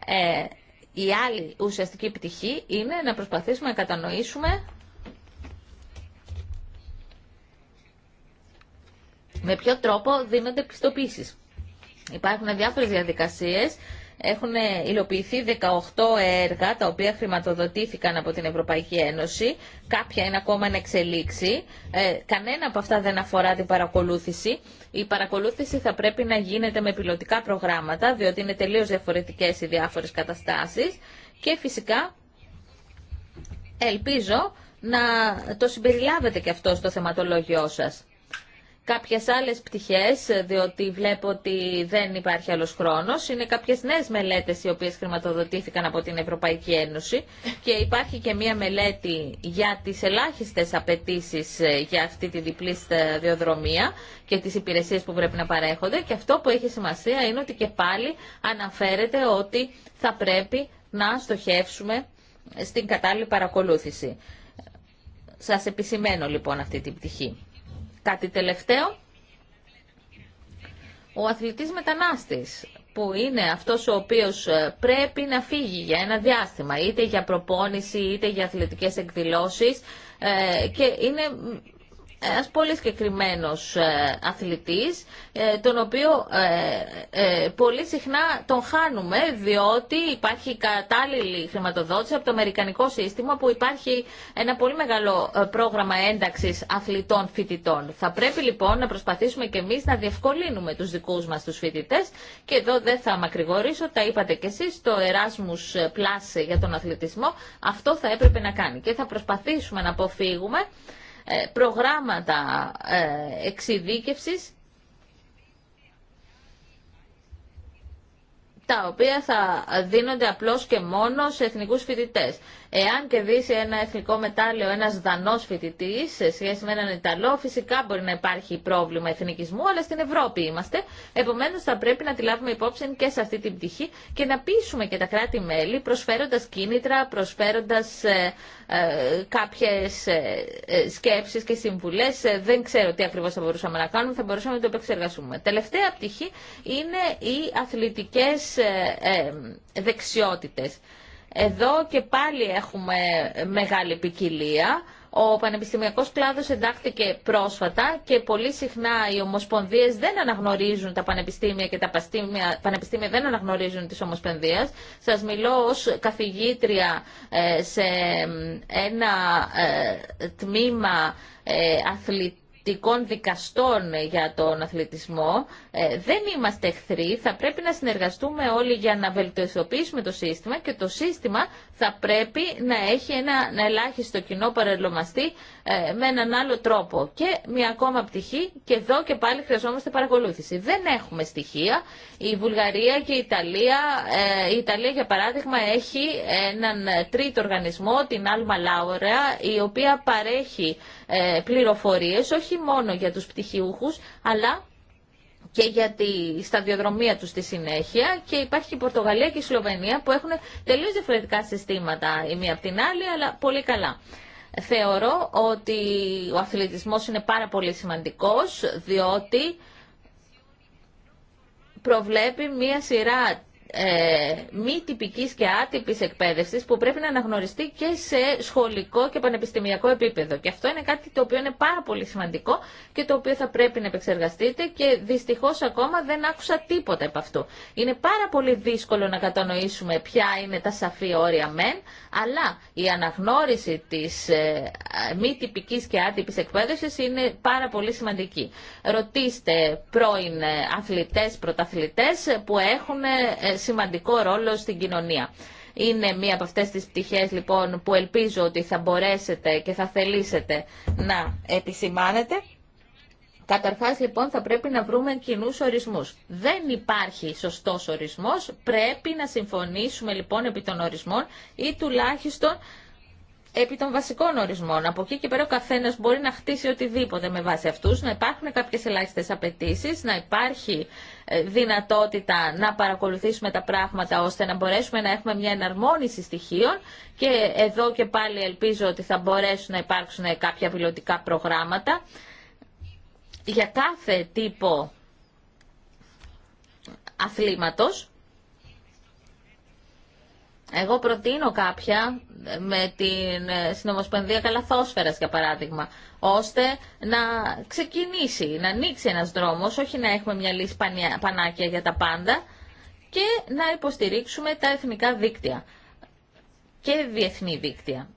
Ε, η άλλη ουσιαστική πτυχή είναι να προσπαθήσουμε να κατανοήσουμε με ποιο τρόπο δίνονται πιστοποίησεις. Υπάρχουν διάφορες διαδικασίες έχουν υλοποιηθεί 18 έργα τα οποία χρηματοδοτήθηκαν από την Ευρωπαϊκή Ένωση. Κάποια είναι ακόμα εν εξελίξη. Ε, κανένα από αυτά δεν αφορά την παρακολούθηση. Η παρακολούθηση θα πρέπει να γίνεται με πιλωτικά προγράμματα, διότι είναι τελείω διαφορετικέ οι διάφορες καταστάσεις. Και φυσικά ελπίζω να το συμπεριλάβετε και αυτό στο θεματολόγιο σας κάποιες άλλες πτυχές, διότι βλέπω ότι δεν υπάρχει άλλος χρόνος. Είναι κάποιες νέες μελέτες οι οποίες χρηματοδοτήθηκαν από την Ευρωπαϊκή Ένωση και υπάρχει και μία μελέτη για τις ελάχιστες απαιτήσει ε, για αυτή τη διπλή διοδρομία και τις υπηρεσίες που πρέπει να παρέχονται και αυτό που έχει σημασία είναι ότι και πάλι αναφέρεται ότι θα πρέπει να στοχεύσουμε στην κατάλληλη παρακολούθηση. Σας επισημαίνω λοιπόν αυτή την πτυχή κάτι τελευταίο. Ο αθλητής μετανάστης που είναι αυτός ο οποίος ε, πρέπει να φύγει για ένα διάστημα, είτε για προπόνηση, είτε για αθλητικές εκδηλώσεις ε, και είναι ένα πολύ συγκεκριμένος ε, αθλητής, ε, τον οποίο ε, πολύ συχνά τον χάνουμε, διότι υπάρχει κατάλληλη χρηματοδότηση από το Αμερικανικό σύστημα που υπάρχει ένα πολύ μεγάλο πρόγραμμα ένταξης αθλητών φοιτητών. Θα πρέπει λοιπόν να προσπαθήσουμε και εμείς να διευκολύνουμε τους δικούς μας τους φοιτητέ και εδώ δεν θα μακρηγορήσω, τα είπατε κι εσεί το Erasmus Plus για τον αθλητισμό, αυτό θα έπρεπε να κάνει και θα προσπαθήσουμε να αποφύγουμε ε, προγράμματα ε, εξειδίκευσης τα οποία θα δίνονται απλώς και μόνο σε εθνικούς φοιτητές. Εάν κερδίσει ένα εθνικό μετάλλιο ένα δανό φοιτητή σε σχέση με έναν Ιταλό, φυσικά μπορεί να υπάρχει πρόβλημα εθνικισμού, αλλά στην Ευρώπη είμαστε. Επομένω θα πρέπει να τη λάβουμε υπόψη και σε αυτή την πτυχή και να πείσουμε και τα κράτη-μέλη προσφέροντα κίνητρα, προσφέροντα ε, ε, κάποιες ε, ε, σκέψεις και συμβουλές. Ε, δεν ξέρω τι ακριβώ θα μπορούσαμε να κάνουμε, θα μπορούσαμε να το επεξεργαστούμε. Τελευταία πτυχή είναι οι αθλητικές δεξιότητε. Εδώ και πάλι έχουμε μεγάλη ποικιλία. Ο πανεπιστημιακός κλάδος εντάχθηκε πρόσφατα και πολύ συχνά οι ομοσπονδίες δεν αναγνωρίζουν τα πανεπιστήμια και τα πανεπιστήμια δεν αναγνωρίζουν τις ομοσπονδίες. Σας μιλώ ως καθηγήτρια ε, σε ένα ε, τμήμα ε, αθλητή αθλητικών δικαστών για τον αθλητισμό. Ε, δεν είμαστε εχθροί, θα πρέπει να συνεργαστούμε όλοι για να βελτιωθοποιήσουμε το σύστημα και το σύστημα θα πρέπει να έχει ένα, ένα ελάχιστο κοινό παρελωμαστή ε, με έναν άλλο τρόπο. Και μια ακόμα πτυχή, και εδώ και πάλι χρειαζόμαστε παρακολούθηση. Δεν έχουμε στοιχεία. Η Βουλγαρία και η Ιταλία, ε, η Ιταλία για παράδειγμα έχει έναν τρίτο οργανισμό, την Alma Laura, η οποία παρέχει ε, πληροφορίες όχι μόνο για τους πτυχιούχους, αλλά και για τη σταδιοδρομία τους στη συνέχεια και υπάρχει και η Πορτογαλία και η Σλοβενία που έχουν τελείως διαφορετικά συστήματα η μία από την άλλη αλλά πολύ καλά. Θεωρώ ότι ο αθλητισμός είναι πάρα πολύ σημαντικός, διότι προβλέπει μία σειρά ε, μη τυπική και άτυπη εκπαίδευση που πρέπει να αναγνωριστεί και σε σχολικό και πανεπιστημιακό επίπεδο. Και αυτό είναι κάτι το οποίο είναι πάρα πολύ σημαντικό και το οποίο θα πρέπει να επεξεργαστείτε και δυστυχώς ακόμα δεν άκουσα τίποτα από αυτό. Είναι πάρα πολύ δύσκολο να κατανοήσουμε ποια είναι τα σαφή όρια μεν, αλλά η αναγνώριση της ε, μη τυπική και άτυπη εκπαίδευση είναι πάρα πολύ σημαντική. Ρωτήστε πρώην ε, αθλητέ, πρωταθλητέ που έχουν σημαντικό ρόλο στην κοινωνία. Είναι μία από αυτές τις πτυχές λοιπόν που ελπίζω ότι θα μπορέσετε και θα θελήσετε να επισημάνετε. Καταρχάς λοιπόν θα πρέπει να βρούμε κοινού ορισμούς. Δεν υπάρχει σωστός ορισμός, πρέπει να συμφωνήσουμε λοιπόν επί των ορισμών ή τουλάχιστον επί των βασικών ορισμών. Από εκεί και πέρα ο καθένα μπορεί να χτίσει οτιδήποτε με βάση αυτούς. να υπάρχουν κάποιες ελάχιστες απαιτήσει, να υπάρχει ε, δυνατότητα να παρακολουθήσουμε τα πράγματα ώστε να μπορέσουμε να έχουμε μια εναρμόνιση στοιχείων και εδώ και πάλι ελπίζω ότι θα μπορέσουν να υπάρξουν κάποια πιλωτικά προγράμματα για κάθε τύπο αθλήματος εγώ προτείνω κάποια με την ε, Συνομοσπονδία Καλαθόσφαιρας, για παράδειγμα, ώστε να ξεκινήσει, να ανοίξει ένας δρόμος, όχι να έχουμε μια λύση πανάκια για τα πάντα και να υποστηρίξουμε τα εθνικά δίκτυα και διεθνή δίκτυα.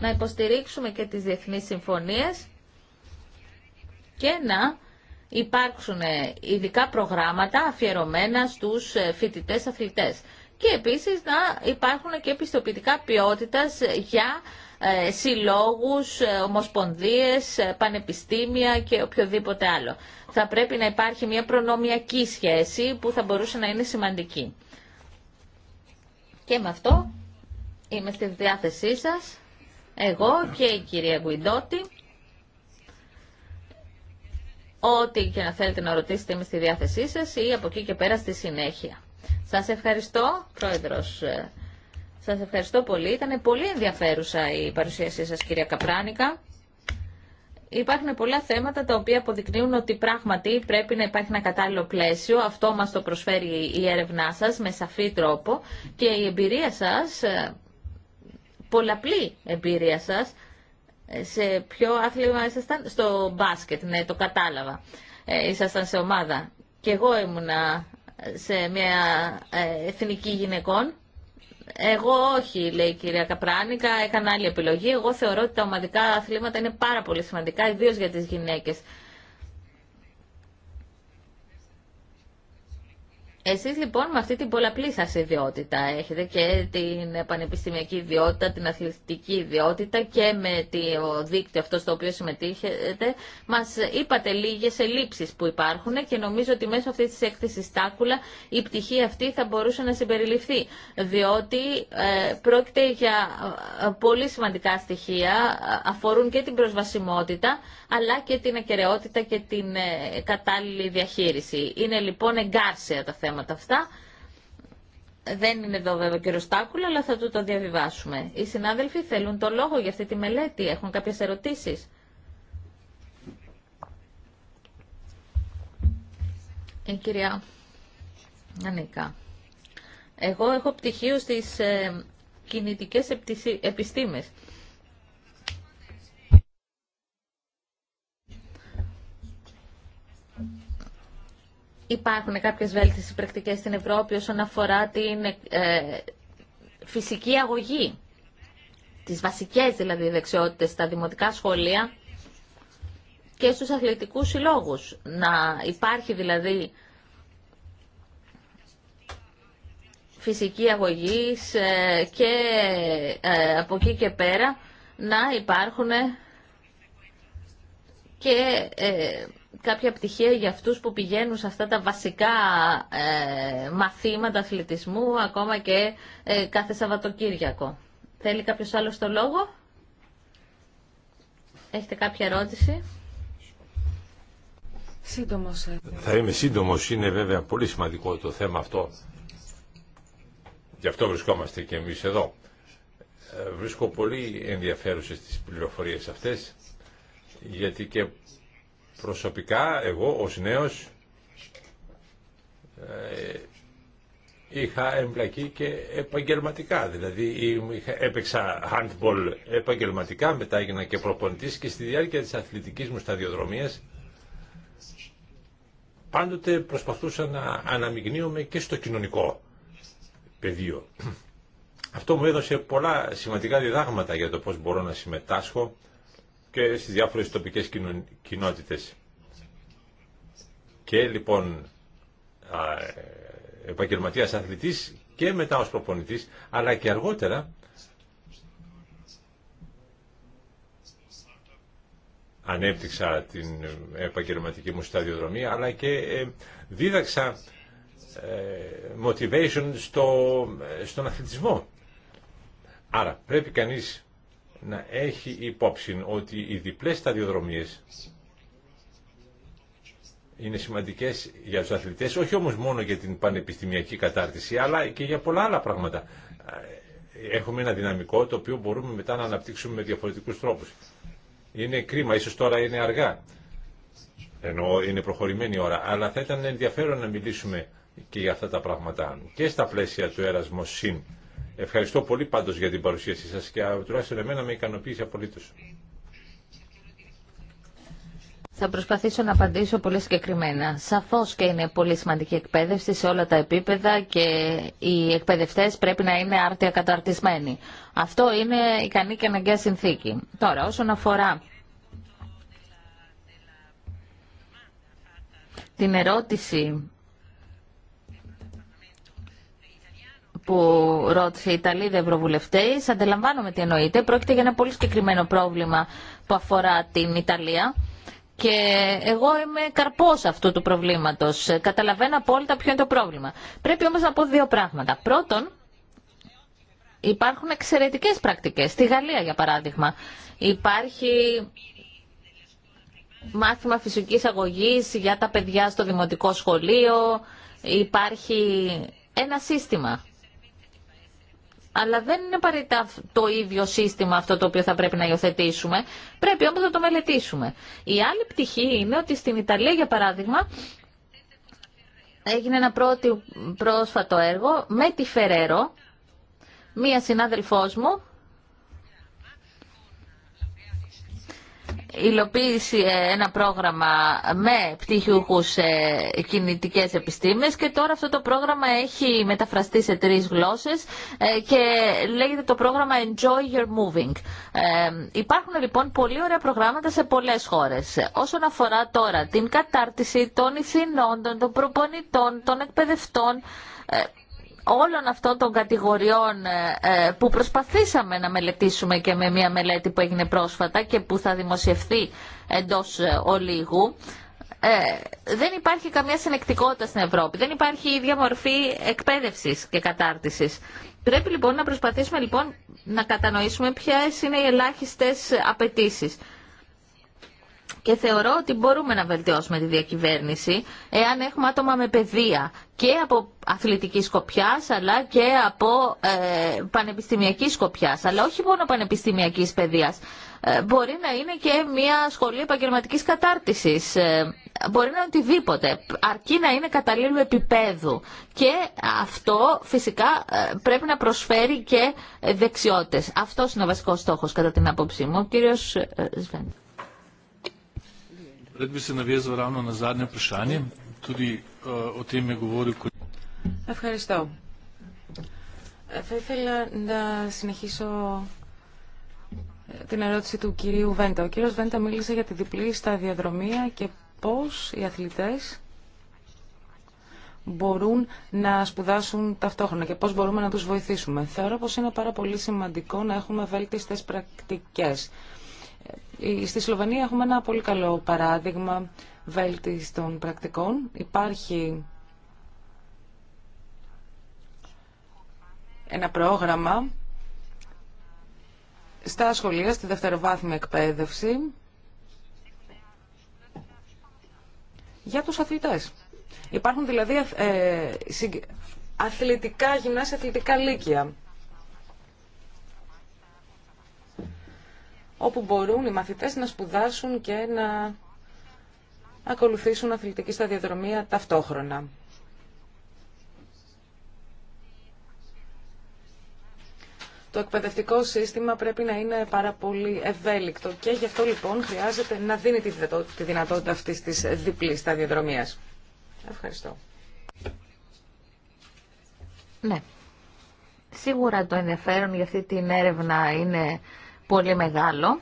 Να υποστηρίξουμε και τις διεθνείς συμφωνίες και να υπάρξουν ε, ειδικά προγράμματα αφιερωμένα στους ε, φοιτητές αθλητές. Και επίσης να υπάρχουν και επιστοποιητικά ποιότητας για ε, συλλόγους, ομοσπονδίες, πανεπιστήμια και οποιοδήποτε άλλο. Θα πρέπει να υπάρχει μια προνομιακή σχέση που θα μπορούσε να είναι σημαντική. Και με αυτό είμαι στη διάθεσή σας, εγώ και η κυρία Γουιντότη ό,τι και να θέλετε να ρωτήσετε είμαι στη διάθεσή σας ή από εκεί και πέρα στη συνέχεια. Σας ευχαριστώ, Πρόεδρος. Ε, σας ευχαριστώ πολύ. Ήταν πολύ ενδιαφέρουσα η παρουσίασή σας, κυρία Καπράνικα. Υπάρχουν πολλά θέματα τα οποία αποδεικνύουν ότι πράγματι πρέπει να υπάρχει ένα κατάλληλο πλαίσιο. Αυτό μας το προσφέρει η έρευνά σας με σαφή τρόπο και η εμπειρία σας, ε, πολλαπλή εμπειρία σας, σε ποιο άθλημα ήσασταν? Στο μπάσκετ, ναι, το κατάλαβα. Ε, ήσασταν σε ομάδα. Και εγώ ήμουνα ε, σε μια ε, εθνική γυναικών. Εγώ όχι, λέει η κυρία Καπράνικα, έκανα άλλη επιλογή. Εγώ θεωρώ ότι τα ομαδικά αθλήματα είναι πάρα πολύ σημαντικά, ιδίω για τι γυναίκε. Εσείς λοιπόν με αυτή την πολλαπλή σας ιδιότητα έχετε και την πανεπιστημιακή ιδιότητα, την αθλητική ιδιότητα και με το δίκτυο αυτό στο οποίο συμμετείχετε μας είπατε λίγες ελλείψεις που υπάρχουν και νομίζω ότι μέσω αυτής της έκθεσης τάκουλα η πτυχή αυτή θα μπορούσε να συμπεριληφθεί διότι ε, πρόκειται για ε, πολύ σημαντικά στοιχεία ε, αφορούν και την προσβασιμότητα αλλά και την ακαιρεότητα και την κατάλληλη διαχείριση. Είναι λοιπόν εγκάρσια τα θέματα θέματα αυτά. Δεν είναι εδώ βέβαια ο κύριο αλλά θα του το διαβιβάσουμε. Οι συνάδελφοι θέλουν το λόγο για αυτή τη μελέτη, έχουν κάποιε ερωτήσει. Ε, κυρία Εγώ έχω πτυχίο στις ε, κινητικές επιστήμες. Υπάρχουν κάποιες βέλτιστες πρακτικές στην Ευρώπη όσον αφορά την ε, φυσική αγωγή, τις βασικές δηλαδή δεξιότητες στα δημοτικά σχολεία και στους αθλητικούς συλλόγους. Να υπάρχει δηλαδή φυσική αγωγή ε, και ε, από εκεί και πέρα να υπάρχουν και κάποια πτυχία για αυτούς που πηγαίνουν σε αυτά τα βασικά ε, μαθήματα αθλητισμού, ακόμα και ε, κάθε Σαββατοκύριακο. Θέλει κάποιος άλλος το λόγο? Έχετε κάποια ερώτηση? Σύντομος. Ε. Θα είμαι σύντομος. Είναι βέβαια πολύ σημαντικό το θέμα αυτό. Γι' αυτό βρισκόμαστε και εμείς εδώ. Βρίσκω πολύ ενδιαφέρουσες τις πληροφορίες αυτές, γιατί και Προσωπικά, εγώ ως νέος ε, είχα εμπλακεί και επαγγελματικά. Δηλαδή έπαιξα handball επαγγελματικά, μετά έγινα και προπονητής και στη διάρκεια της αθλητικής μου σταδιοδρομίας πάντοτε προσπαθούσα να αναμειγνύομαι και στο κοινωνικό πεδίο. Αυτό μου έδωσε πολλά σημαντικά διδάγματα για το πώς μπορώ να συμμετάσχω και στις διάφορες τοπικές κοινότητες. Και λοιπόν ε, επαγγελματίας αθλητής και μετά ως προπονητής, αλλά και αργότερα ανέπτυξα την επαγγελματική μου σταδιοδρομία, αλλά και ε, δίδαξα ε, motivation στον αθλητισμό. Άρα πρέπει κανείς να έχει υπόψη ότι οι διπλές σταδιοδρομίες είναι σημαντικές για τους αθλητές, όχι όμως μόνο για την πανεπιστημιακή κατάρτιση, αλλά και για πολλά άλλα πράγματα. Έχουμε ένα δυναμικό το οποίο μπορούμε μετά να αναπτύξουμε με διαφορετικούς τρόπους. Είναι κρίμα, ίσως τώρα είναι αργά, ενώ είναι προχωρημένη η ώρα, αλλά θα ήταν ενδιαφέρον να μιλήσουμε και για αυτά τα πράγματα και στα πλαίσια του έρασμος συν Ευχαριστώ πολύ πάντως για την παρουσίασή σας και τουλάχιστον εμένα με ικανοποίησε απολύτως. Θα προσπαθήσω να απαντήσω πολύ συγκεκριμένα. Σαφώς και είναι πολύ σημαντική εκπαίδευση σε όλα τα επίπεδα και οι εκπαιδευτές πρέπει να είναι άρτια καταρτισμένοι. Αυτό είναι ικανή και αναγκαία συνθήκη. Τώρα, όσον αφορά την ερώτηση που ρώτησε η Ιταλίδα Ευρωβουλευτέ. Αντιλαμβάνομαι τι εννοείται. Πρόκειται για ένα πολύ συγκεκριμένο πρόβλημα που αφορά την Ιταλία. Και εγώ είμαι καρπό αυτού του προβλήματο. Καταλαβαίνω απόλυτα ποιο είναι το πρόβλημα. Πρέπει όμω να πω δύο πράγματα. Πρώτον, υπάρχουν εξαιρετικέ πρακτικέ. Στη Γαλλία, για παράδειγμα, υπάρχει μάθημα φυσική αγωγή για τα παιδιά στο δημοτικό σχολείο. Υπάρχει ένα σύστημα αλλά δεν είναι απαραίτητα το ίδιο σύστημα αυτό το οποίο θα πρέπει να υιοθετήσουμε. Πρέπει όμως να το μελετήσουμε. Η άλλη πτυχή είναι ότι στην Ιταλία, για παράδειγμα, έγινε ένα πρώτο πρόσφατο έργο με τη Φερέρο, μία συνάδελφός μου, υλοποίηση ένα πρόγραμμα με πτυχιούχους σε κινητικές επιστήμες και τώρα αυτό το πρόγραμμα έχει μεταφραστεί σε τρεις γλώσσες ε, και λέγεται το πρόγραμμα Enjoy Your Moving. Ε, υπάρχουν λοιπόν πολύ ωραία προγράμματα σε πολλές χώρες. Όσον αφορά τώρα την κατάρτιση των ηθινών, των προπονητών, των εκπαιδευτών, ε, όλων αυτών των κατηγοριών ε, ε, που προσπαθήσαμε να μελετήσουμε και με μια μελέτη που έγινε πρόσφατα και που θα δημοσιευθεί εντός ε, ολίγου, ε, δεν υπάρχει καμία συνεκτικότητα στην Ευρώπη. Δεν υπάρχει η ίδια μορφή εκπαίδευσης και κατάρτισης. Πρέπει λοιπόν να προσπαθήσουμε λοιπόν να κατανοήσουμε ποιες είναι οι ελάχιστες απαιτήσει και θεωρώ ότι μπορούμε να βελτιώσουμε τη διακυβέρνηση εάν έχουμε άτομα με παιδεία και από αθλητική σκοπιά αλλά και από ε, πανεπιστημιακή σκοπιά, αλλά όχι μόνο πανεπιστημιακή παιδεία. Ε, μπορεί να είναι και μια σχολή επαγγελματική κατάρτιση. Ε, μπορεί να είναι οτιδήποτε, αρκεί να είναι καταλήλου επίπεδου. Και αυτό φυσικά πρέπει να προσφέρει και δεξιότητε. Αυτό είναι ο βασικό στόχο κατά την άποψή μου bi se navezal ravno na zadnje vprašanje. Tudi eh, o tem je govoril. Ευχαριστώ. Θα ήθελα να συνεχίσω ε, την ερώτηση του κυρίου Βέντα. Ο κύριος Βέντα μίλησε για τη διπλή σταδιαδρομία και πώς οι αθλητές μπορούν να σπουδάσουν ταυτόχρονα και πώς μπορούμε να τους βοηθήσουμε. Θεωρώ πως είναι πάρα πολύ σημαντικό να έχουμε βέλτιστες πρακτικές. Ε, στη Σλοβενία έχουμε ένα πολύ καλό παράδειγμα των πρακτικών. Υπάρχει ένα πρόγραμμα στα σχολεία, στη δευτεροβάθμια εκπαίδευση για τους αθλητές. Υπάρχουν δηλαδή ε, αθλητικά γυμνάσια, αθλητικά λύκεια. όπου μπορούν οι μαθητές να σπουδάσουν και να ακολουθήσουν αθλητική σταδιοδρομία ταυτόχρονα. Το εκπαιδευτικό σύστημα πρέπει να είναι πάρα πολύ ευέλικτο και γι' αυτό λοιπόν χρειάζεται να δίνει τη δυνατότητα αυτής της διπλής σταδιοδρομίας. Ευχαριστώ. Ναι. Σίγουρα το ενδιαφέρον για αυτή την έρευνα είναι πολύ μεγάλο.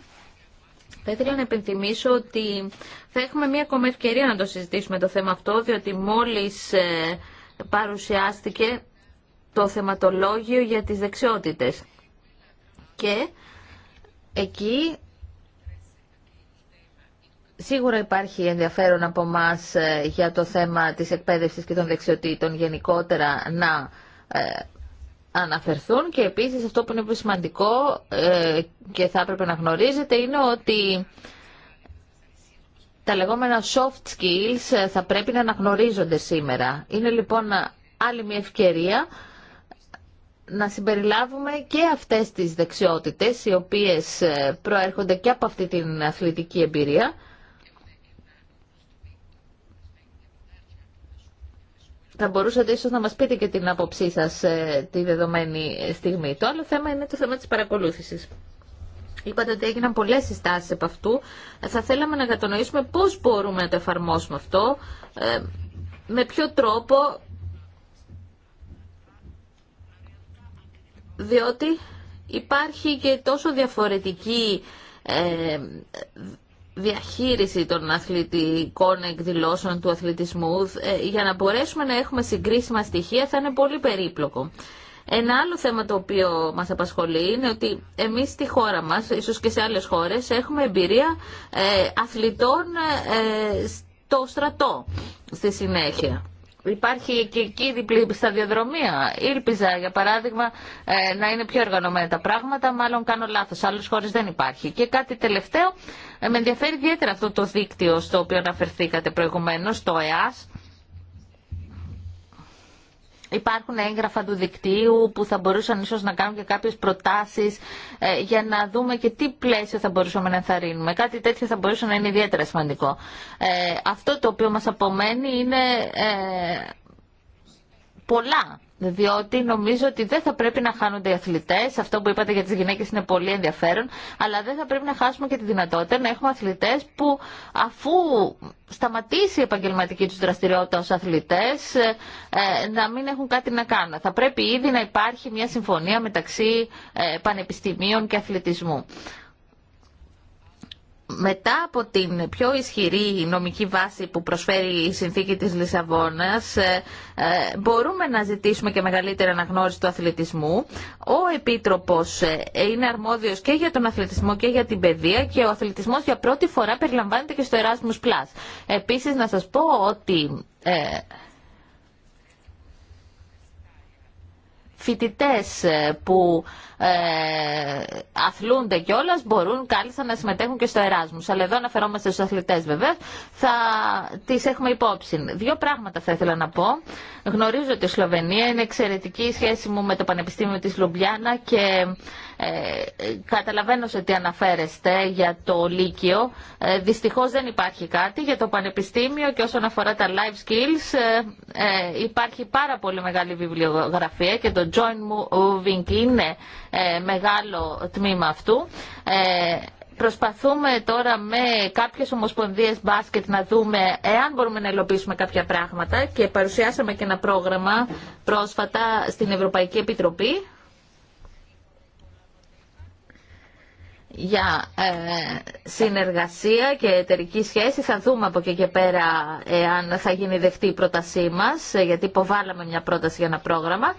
Θα ήθελα να επενθυμίσω ότι θα έχουμε μία ακόμα ευκαιρία να το συζητήσουμε το θέμα αυτό, διότι μόλις ε, παρουσιάστηκε το θεματολόγιο για τις δεξιότητες. Και εκεί Σίγουρα υπάρχει ενδιαφέρον από εμά ε, για το θέμα της εκπαίδευσης και των δεξιοτήτων γενικότερα να ε, αναφερθούν και επίσης αυτό που είναι σημαντικό ε, και θα έπρεπε να γνωρίζετε είναι ότι τα λεγόμενα soft skills ε, θα πρέπει να αναγνωρίζονται σήμερα. Είναι λοιπόν άλλη μια ευκαιρία να συμπεριλάβουμε και αυτές τις δεξιότητες οι οποίες ε, προέρχονται και από αυτή την αθλητική εμπειρία θα μπορούσατε ίσως να μας πείτε και την άποψή σας ε, τη δεδομένη ε, στιγμή. Το άλλο θέμα είναι το θέμα της παρακολούθησης. Είπατε ότι έγιναν πολλές συστάσει από αυτού. Ε, θα θέλαμε να κατανοήσουμε πώς μπορούμε να το εφαρμόσουμε αυτό, με ποιο τρόπο. Διότι υπάρχει και τόσο διαφορετική διαχείριση των αθλητικών εκδηλώσεων του αθλητισμού ε, για να μπορέσουμε να έχουμε συγκρίσιμα στοιχεία θα είναι πολύ περίπλοκο. Ένα άλλο θέμα το οποίο μας απασχολεί είναι ότι εμείς στη χώρα μας, ίσως και σε άλλες χώρες, έχουμε εμπειρία ε, αθλητών ε, στο στρατό στη συνέχεια. Υπάρχει και εκεί διπλή σταδιοδρομία. Ήλπιζα, για παράδειγμα, να είναι πιο οργανωμένα τα πράγματα. Μάλλον κάνω λάθος. Σε άλλε χώρε δεν υπάρχει. Και κάτι τελευταίο, ε, με ενδιαφέρει ιδιαίτερα αυτό το δίκτυο στο οποίο αναφερθήκατε προηγουμένως, το ΕΑΣ. Υπάρχουν έγγραφα του δικτύου που θα μπορούσαν ίσως να κάνουν και κάποιες προτάσεις ε, για να δούμε και τι πλαίσιο θα μπορούσαμε να ενθαρρύνουμε. Κάτι τέτοιο θα μπορούσε να είναι ιδιαίτερα σημαντικό. Ε, αυτό το οποίο μας απομένει είναι πολλά διότι νομίζω ότι δεν θα πρέπει να χάνονται οι αθλητές. Αυτό που είπατε για τις γυναίκες είναι πολύ ενδιαφέρον, αλλά δεν θα πρέπει να χάσουμε και τη δυνατότητα να έχουμε αθλητές που αφού σταματήσει η επαγγελματική τους δραστηριότητα ως αθλητές ε, ε, να μην έχουν κάτι να κάνουν. Θα πρέπει ήδη να υπάρχει μια συμφωνία μεταξύ ε, πανεπιστημίων και αθλητισμού μετά από την πιο ισχυρή νομική βάση που προσφέρει η συνθήκη της Λισαβόνας ε, ε, μπορούμε να ζητήσουμε και μεγαλύτερη αναγνώριση του αθλητισμού. Ο Επίτροπος ε, είναι αρμόδιος και για τον αθλητισμό και για την παιδεία και ο αθλητισμός για πρώτη φορά περιλαμβάνεται και στο Erasmus+. Επίσης να σας πω ότι... Φοιτητέ ε, που ε, αθλούνται κιόλα μπορούν κάλλιστα να συμμετέχουν και στο Εράσμους. Αλλά εδώ αναφερόμαστε στους αθλητές βέβαια. Θα τις έχουμε υπόψη. Δύο πράγματα θα ήθελα να πω. Γνωρίζω ότι η Σλοβενία είναι εξαιρετική η σχέση μου με το Πανεπιστήμιο της Λουμπιάννα και ε, ε, καταλαβαίνω σε τι αναφέρεστε για το Λύκειο. Ε, δυστυχώς δεν υπάρχει κάτι για το Πανεπιστήμιο και όσον αφορά τα life skills υπάρχει πάρα πολύ μεγάλη βιβλιογραφία και το Joint Moving είναι μεγάλο τμήμα αυτού. Προσπαθούμε τώρα με κάποιε ομοσπονδίε μπάσκετ να δούμε εάν μπορούμε να ελοπίσουμε κάποια πράγματα και παρουσιάσαμε και ένα πρόγραμμα πρόσφατα στην Ευρωπαϊκή Επιτροπή για ε, συνεργασία και εταιρική σχέση. Θα δούμε από εκεί και πέρα αν θα γίνει δεχτή η πρότασή μας, ε, γιατί υποβάλαμε μια πρόταση για ένα πρόγραμμα.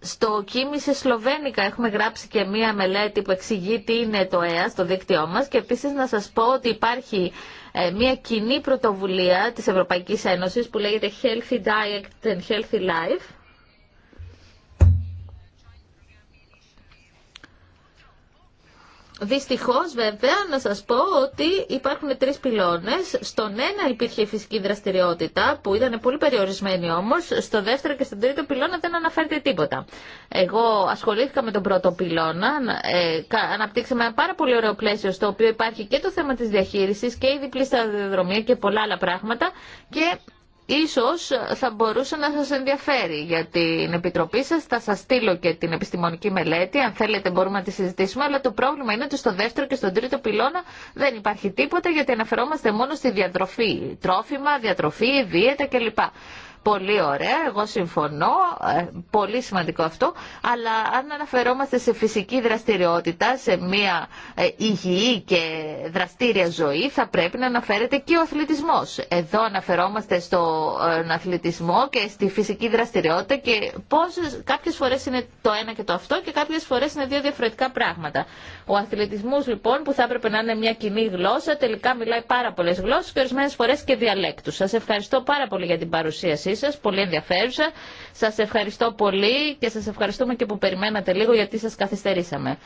Στο Κίμη Σλοβένικα έχουμε γράψει και μία μελέτη που εξηγεί τι είναι το ΕΑ στο δίκτυό μας και επίσης να σας πω ότι υπάρχει ε, μία κοινή πρωτοβουλία της Ευρωπαϊκής Ένωσης που λέγεται Healthy Diet and Healthy Life Δυστυχώ, βέβαια να σας πω ότι υπάρχουν τρεις πυλώνες. Στον ένα υπήρχε η φυσική δραστηριότητα που ήταν πολύ περιορισμένη όμως. Στο δεύτερο και στον τρίτο πυλώνα δεν αναφέρεται τίποτα. Εγώ ασχολήθηκα με τον πρώτο πυλώνα. Ε, αναπτύξαμε ένα πάρα πολύ ωραίο πλαίσιο στο οποίο υπάρχει και το θέμα της διαχείρισης και η διπλή σταδιοδρομία και πολλά άλλα πράγματα. Και Ίσως θα μπορούσε να σας ενδιαφέρει για την Επιτροπή σας, θα σας στείλω και την επιστημονική μελέτη, αν θέλετε μπορούμε να τη συζητήσουμε, αλλά το πρόβλημα είναι ότι στο δεύτερο και στον τρίτο πυλώνα δεν υπάρχει τίποτα γιατί αναφερόμαστε μόνο στη διατροφή, τρόφιμα, διατροφή, δίαιτα κλπ. Πολύ ωραία, εγώ συμφωνώ, ε, πολύ σημαντικό αυτό, αλλά αν αναφερόμαστε σε φυσική δραστηριότητα, σε μια ε, υγιή και δραστήρια ζωή, θα πρέπει να αναφέρεται και ο αθλητισμός. Εδώ αναφερόμαστε στον ε, αθλητισμό και στη φυσική δραστηριότητα και πώς κάποιες φορές είναι το ένα και το αυτό και κάποιες φορές είναι δύο διαφορετικά πράγματα. Ο αθλητισμός λοιπόν που θα έπρεπε να είναι μια κοινή γλώσσα, τελικά μιλάει πάρα πολλές γλώσσες και ορισμένες φορές και διαλέκτους. Σας ευχαριστώ πάρα πολύ για την παρουσίαση σα. πολύ ενδιαφέρουσα. Σας ευχαριστώ πολύ και σα ευχαριστούμε και που περιμένατε λίγο γιατί σα καθυστερήσαμε.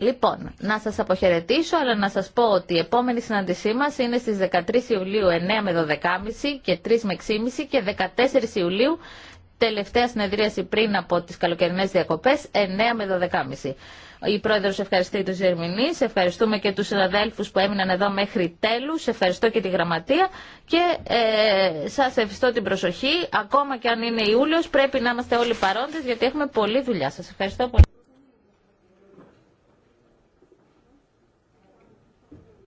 Λοιπόν, να σας αποχαιρετήσω, αλλά να σας πω ότι η επόμενη συνάντησή μας είναι στις 13 Ιουλίου 9 με 12.30 και 3 με 6.30 και 14 Ιουλίου τελευταία συνεδρίαση πριν από τις καλοκαιρινές διακοπές 9 με 12.30. Η πρόεδρο ευχαριστεί τους Ερμηνείς, ευχαριστούμε και τους συναδέλφου που έμειναν εδώ μέχρι τέλους, ευχαριστώ και τη Γραμματεία και ε, σας ευχαριστώ την προσοχή. Ακόμα και αν είναι Ιούλιο, πρέπει να είμαστε όλοι παρόντες γιατί έχουμε πολλή δουλειά. Σα ευχαριστώ πολύ.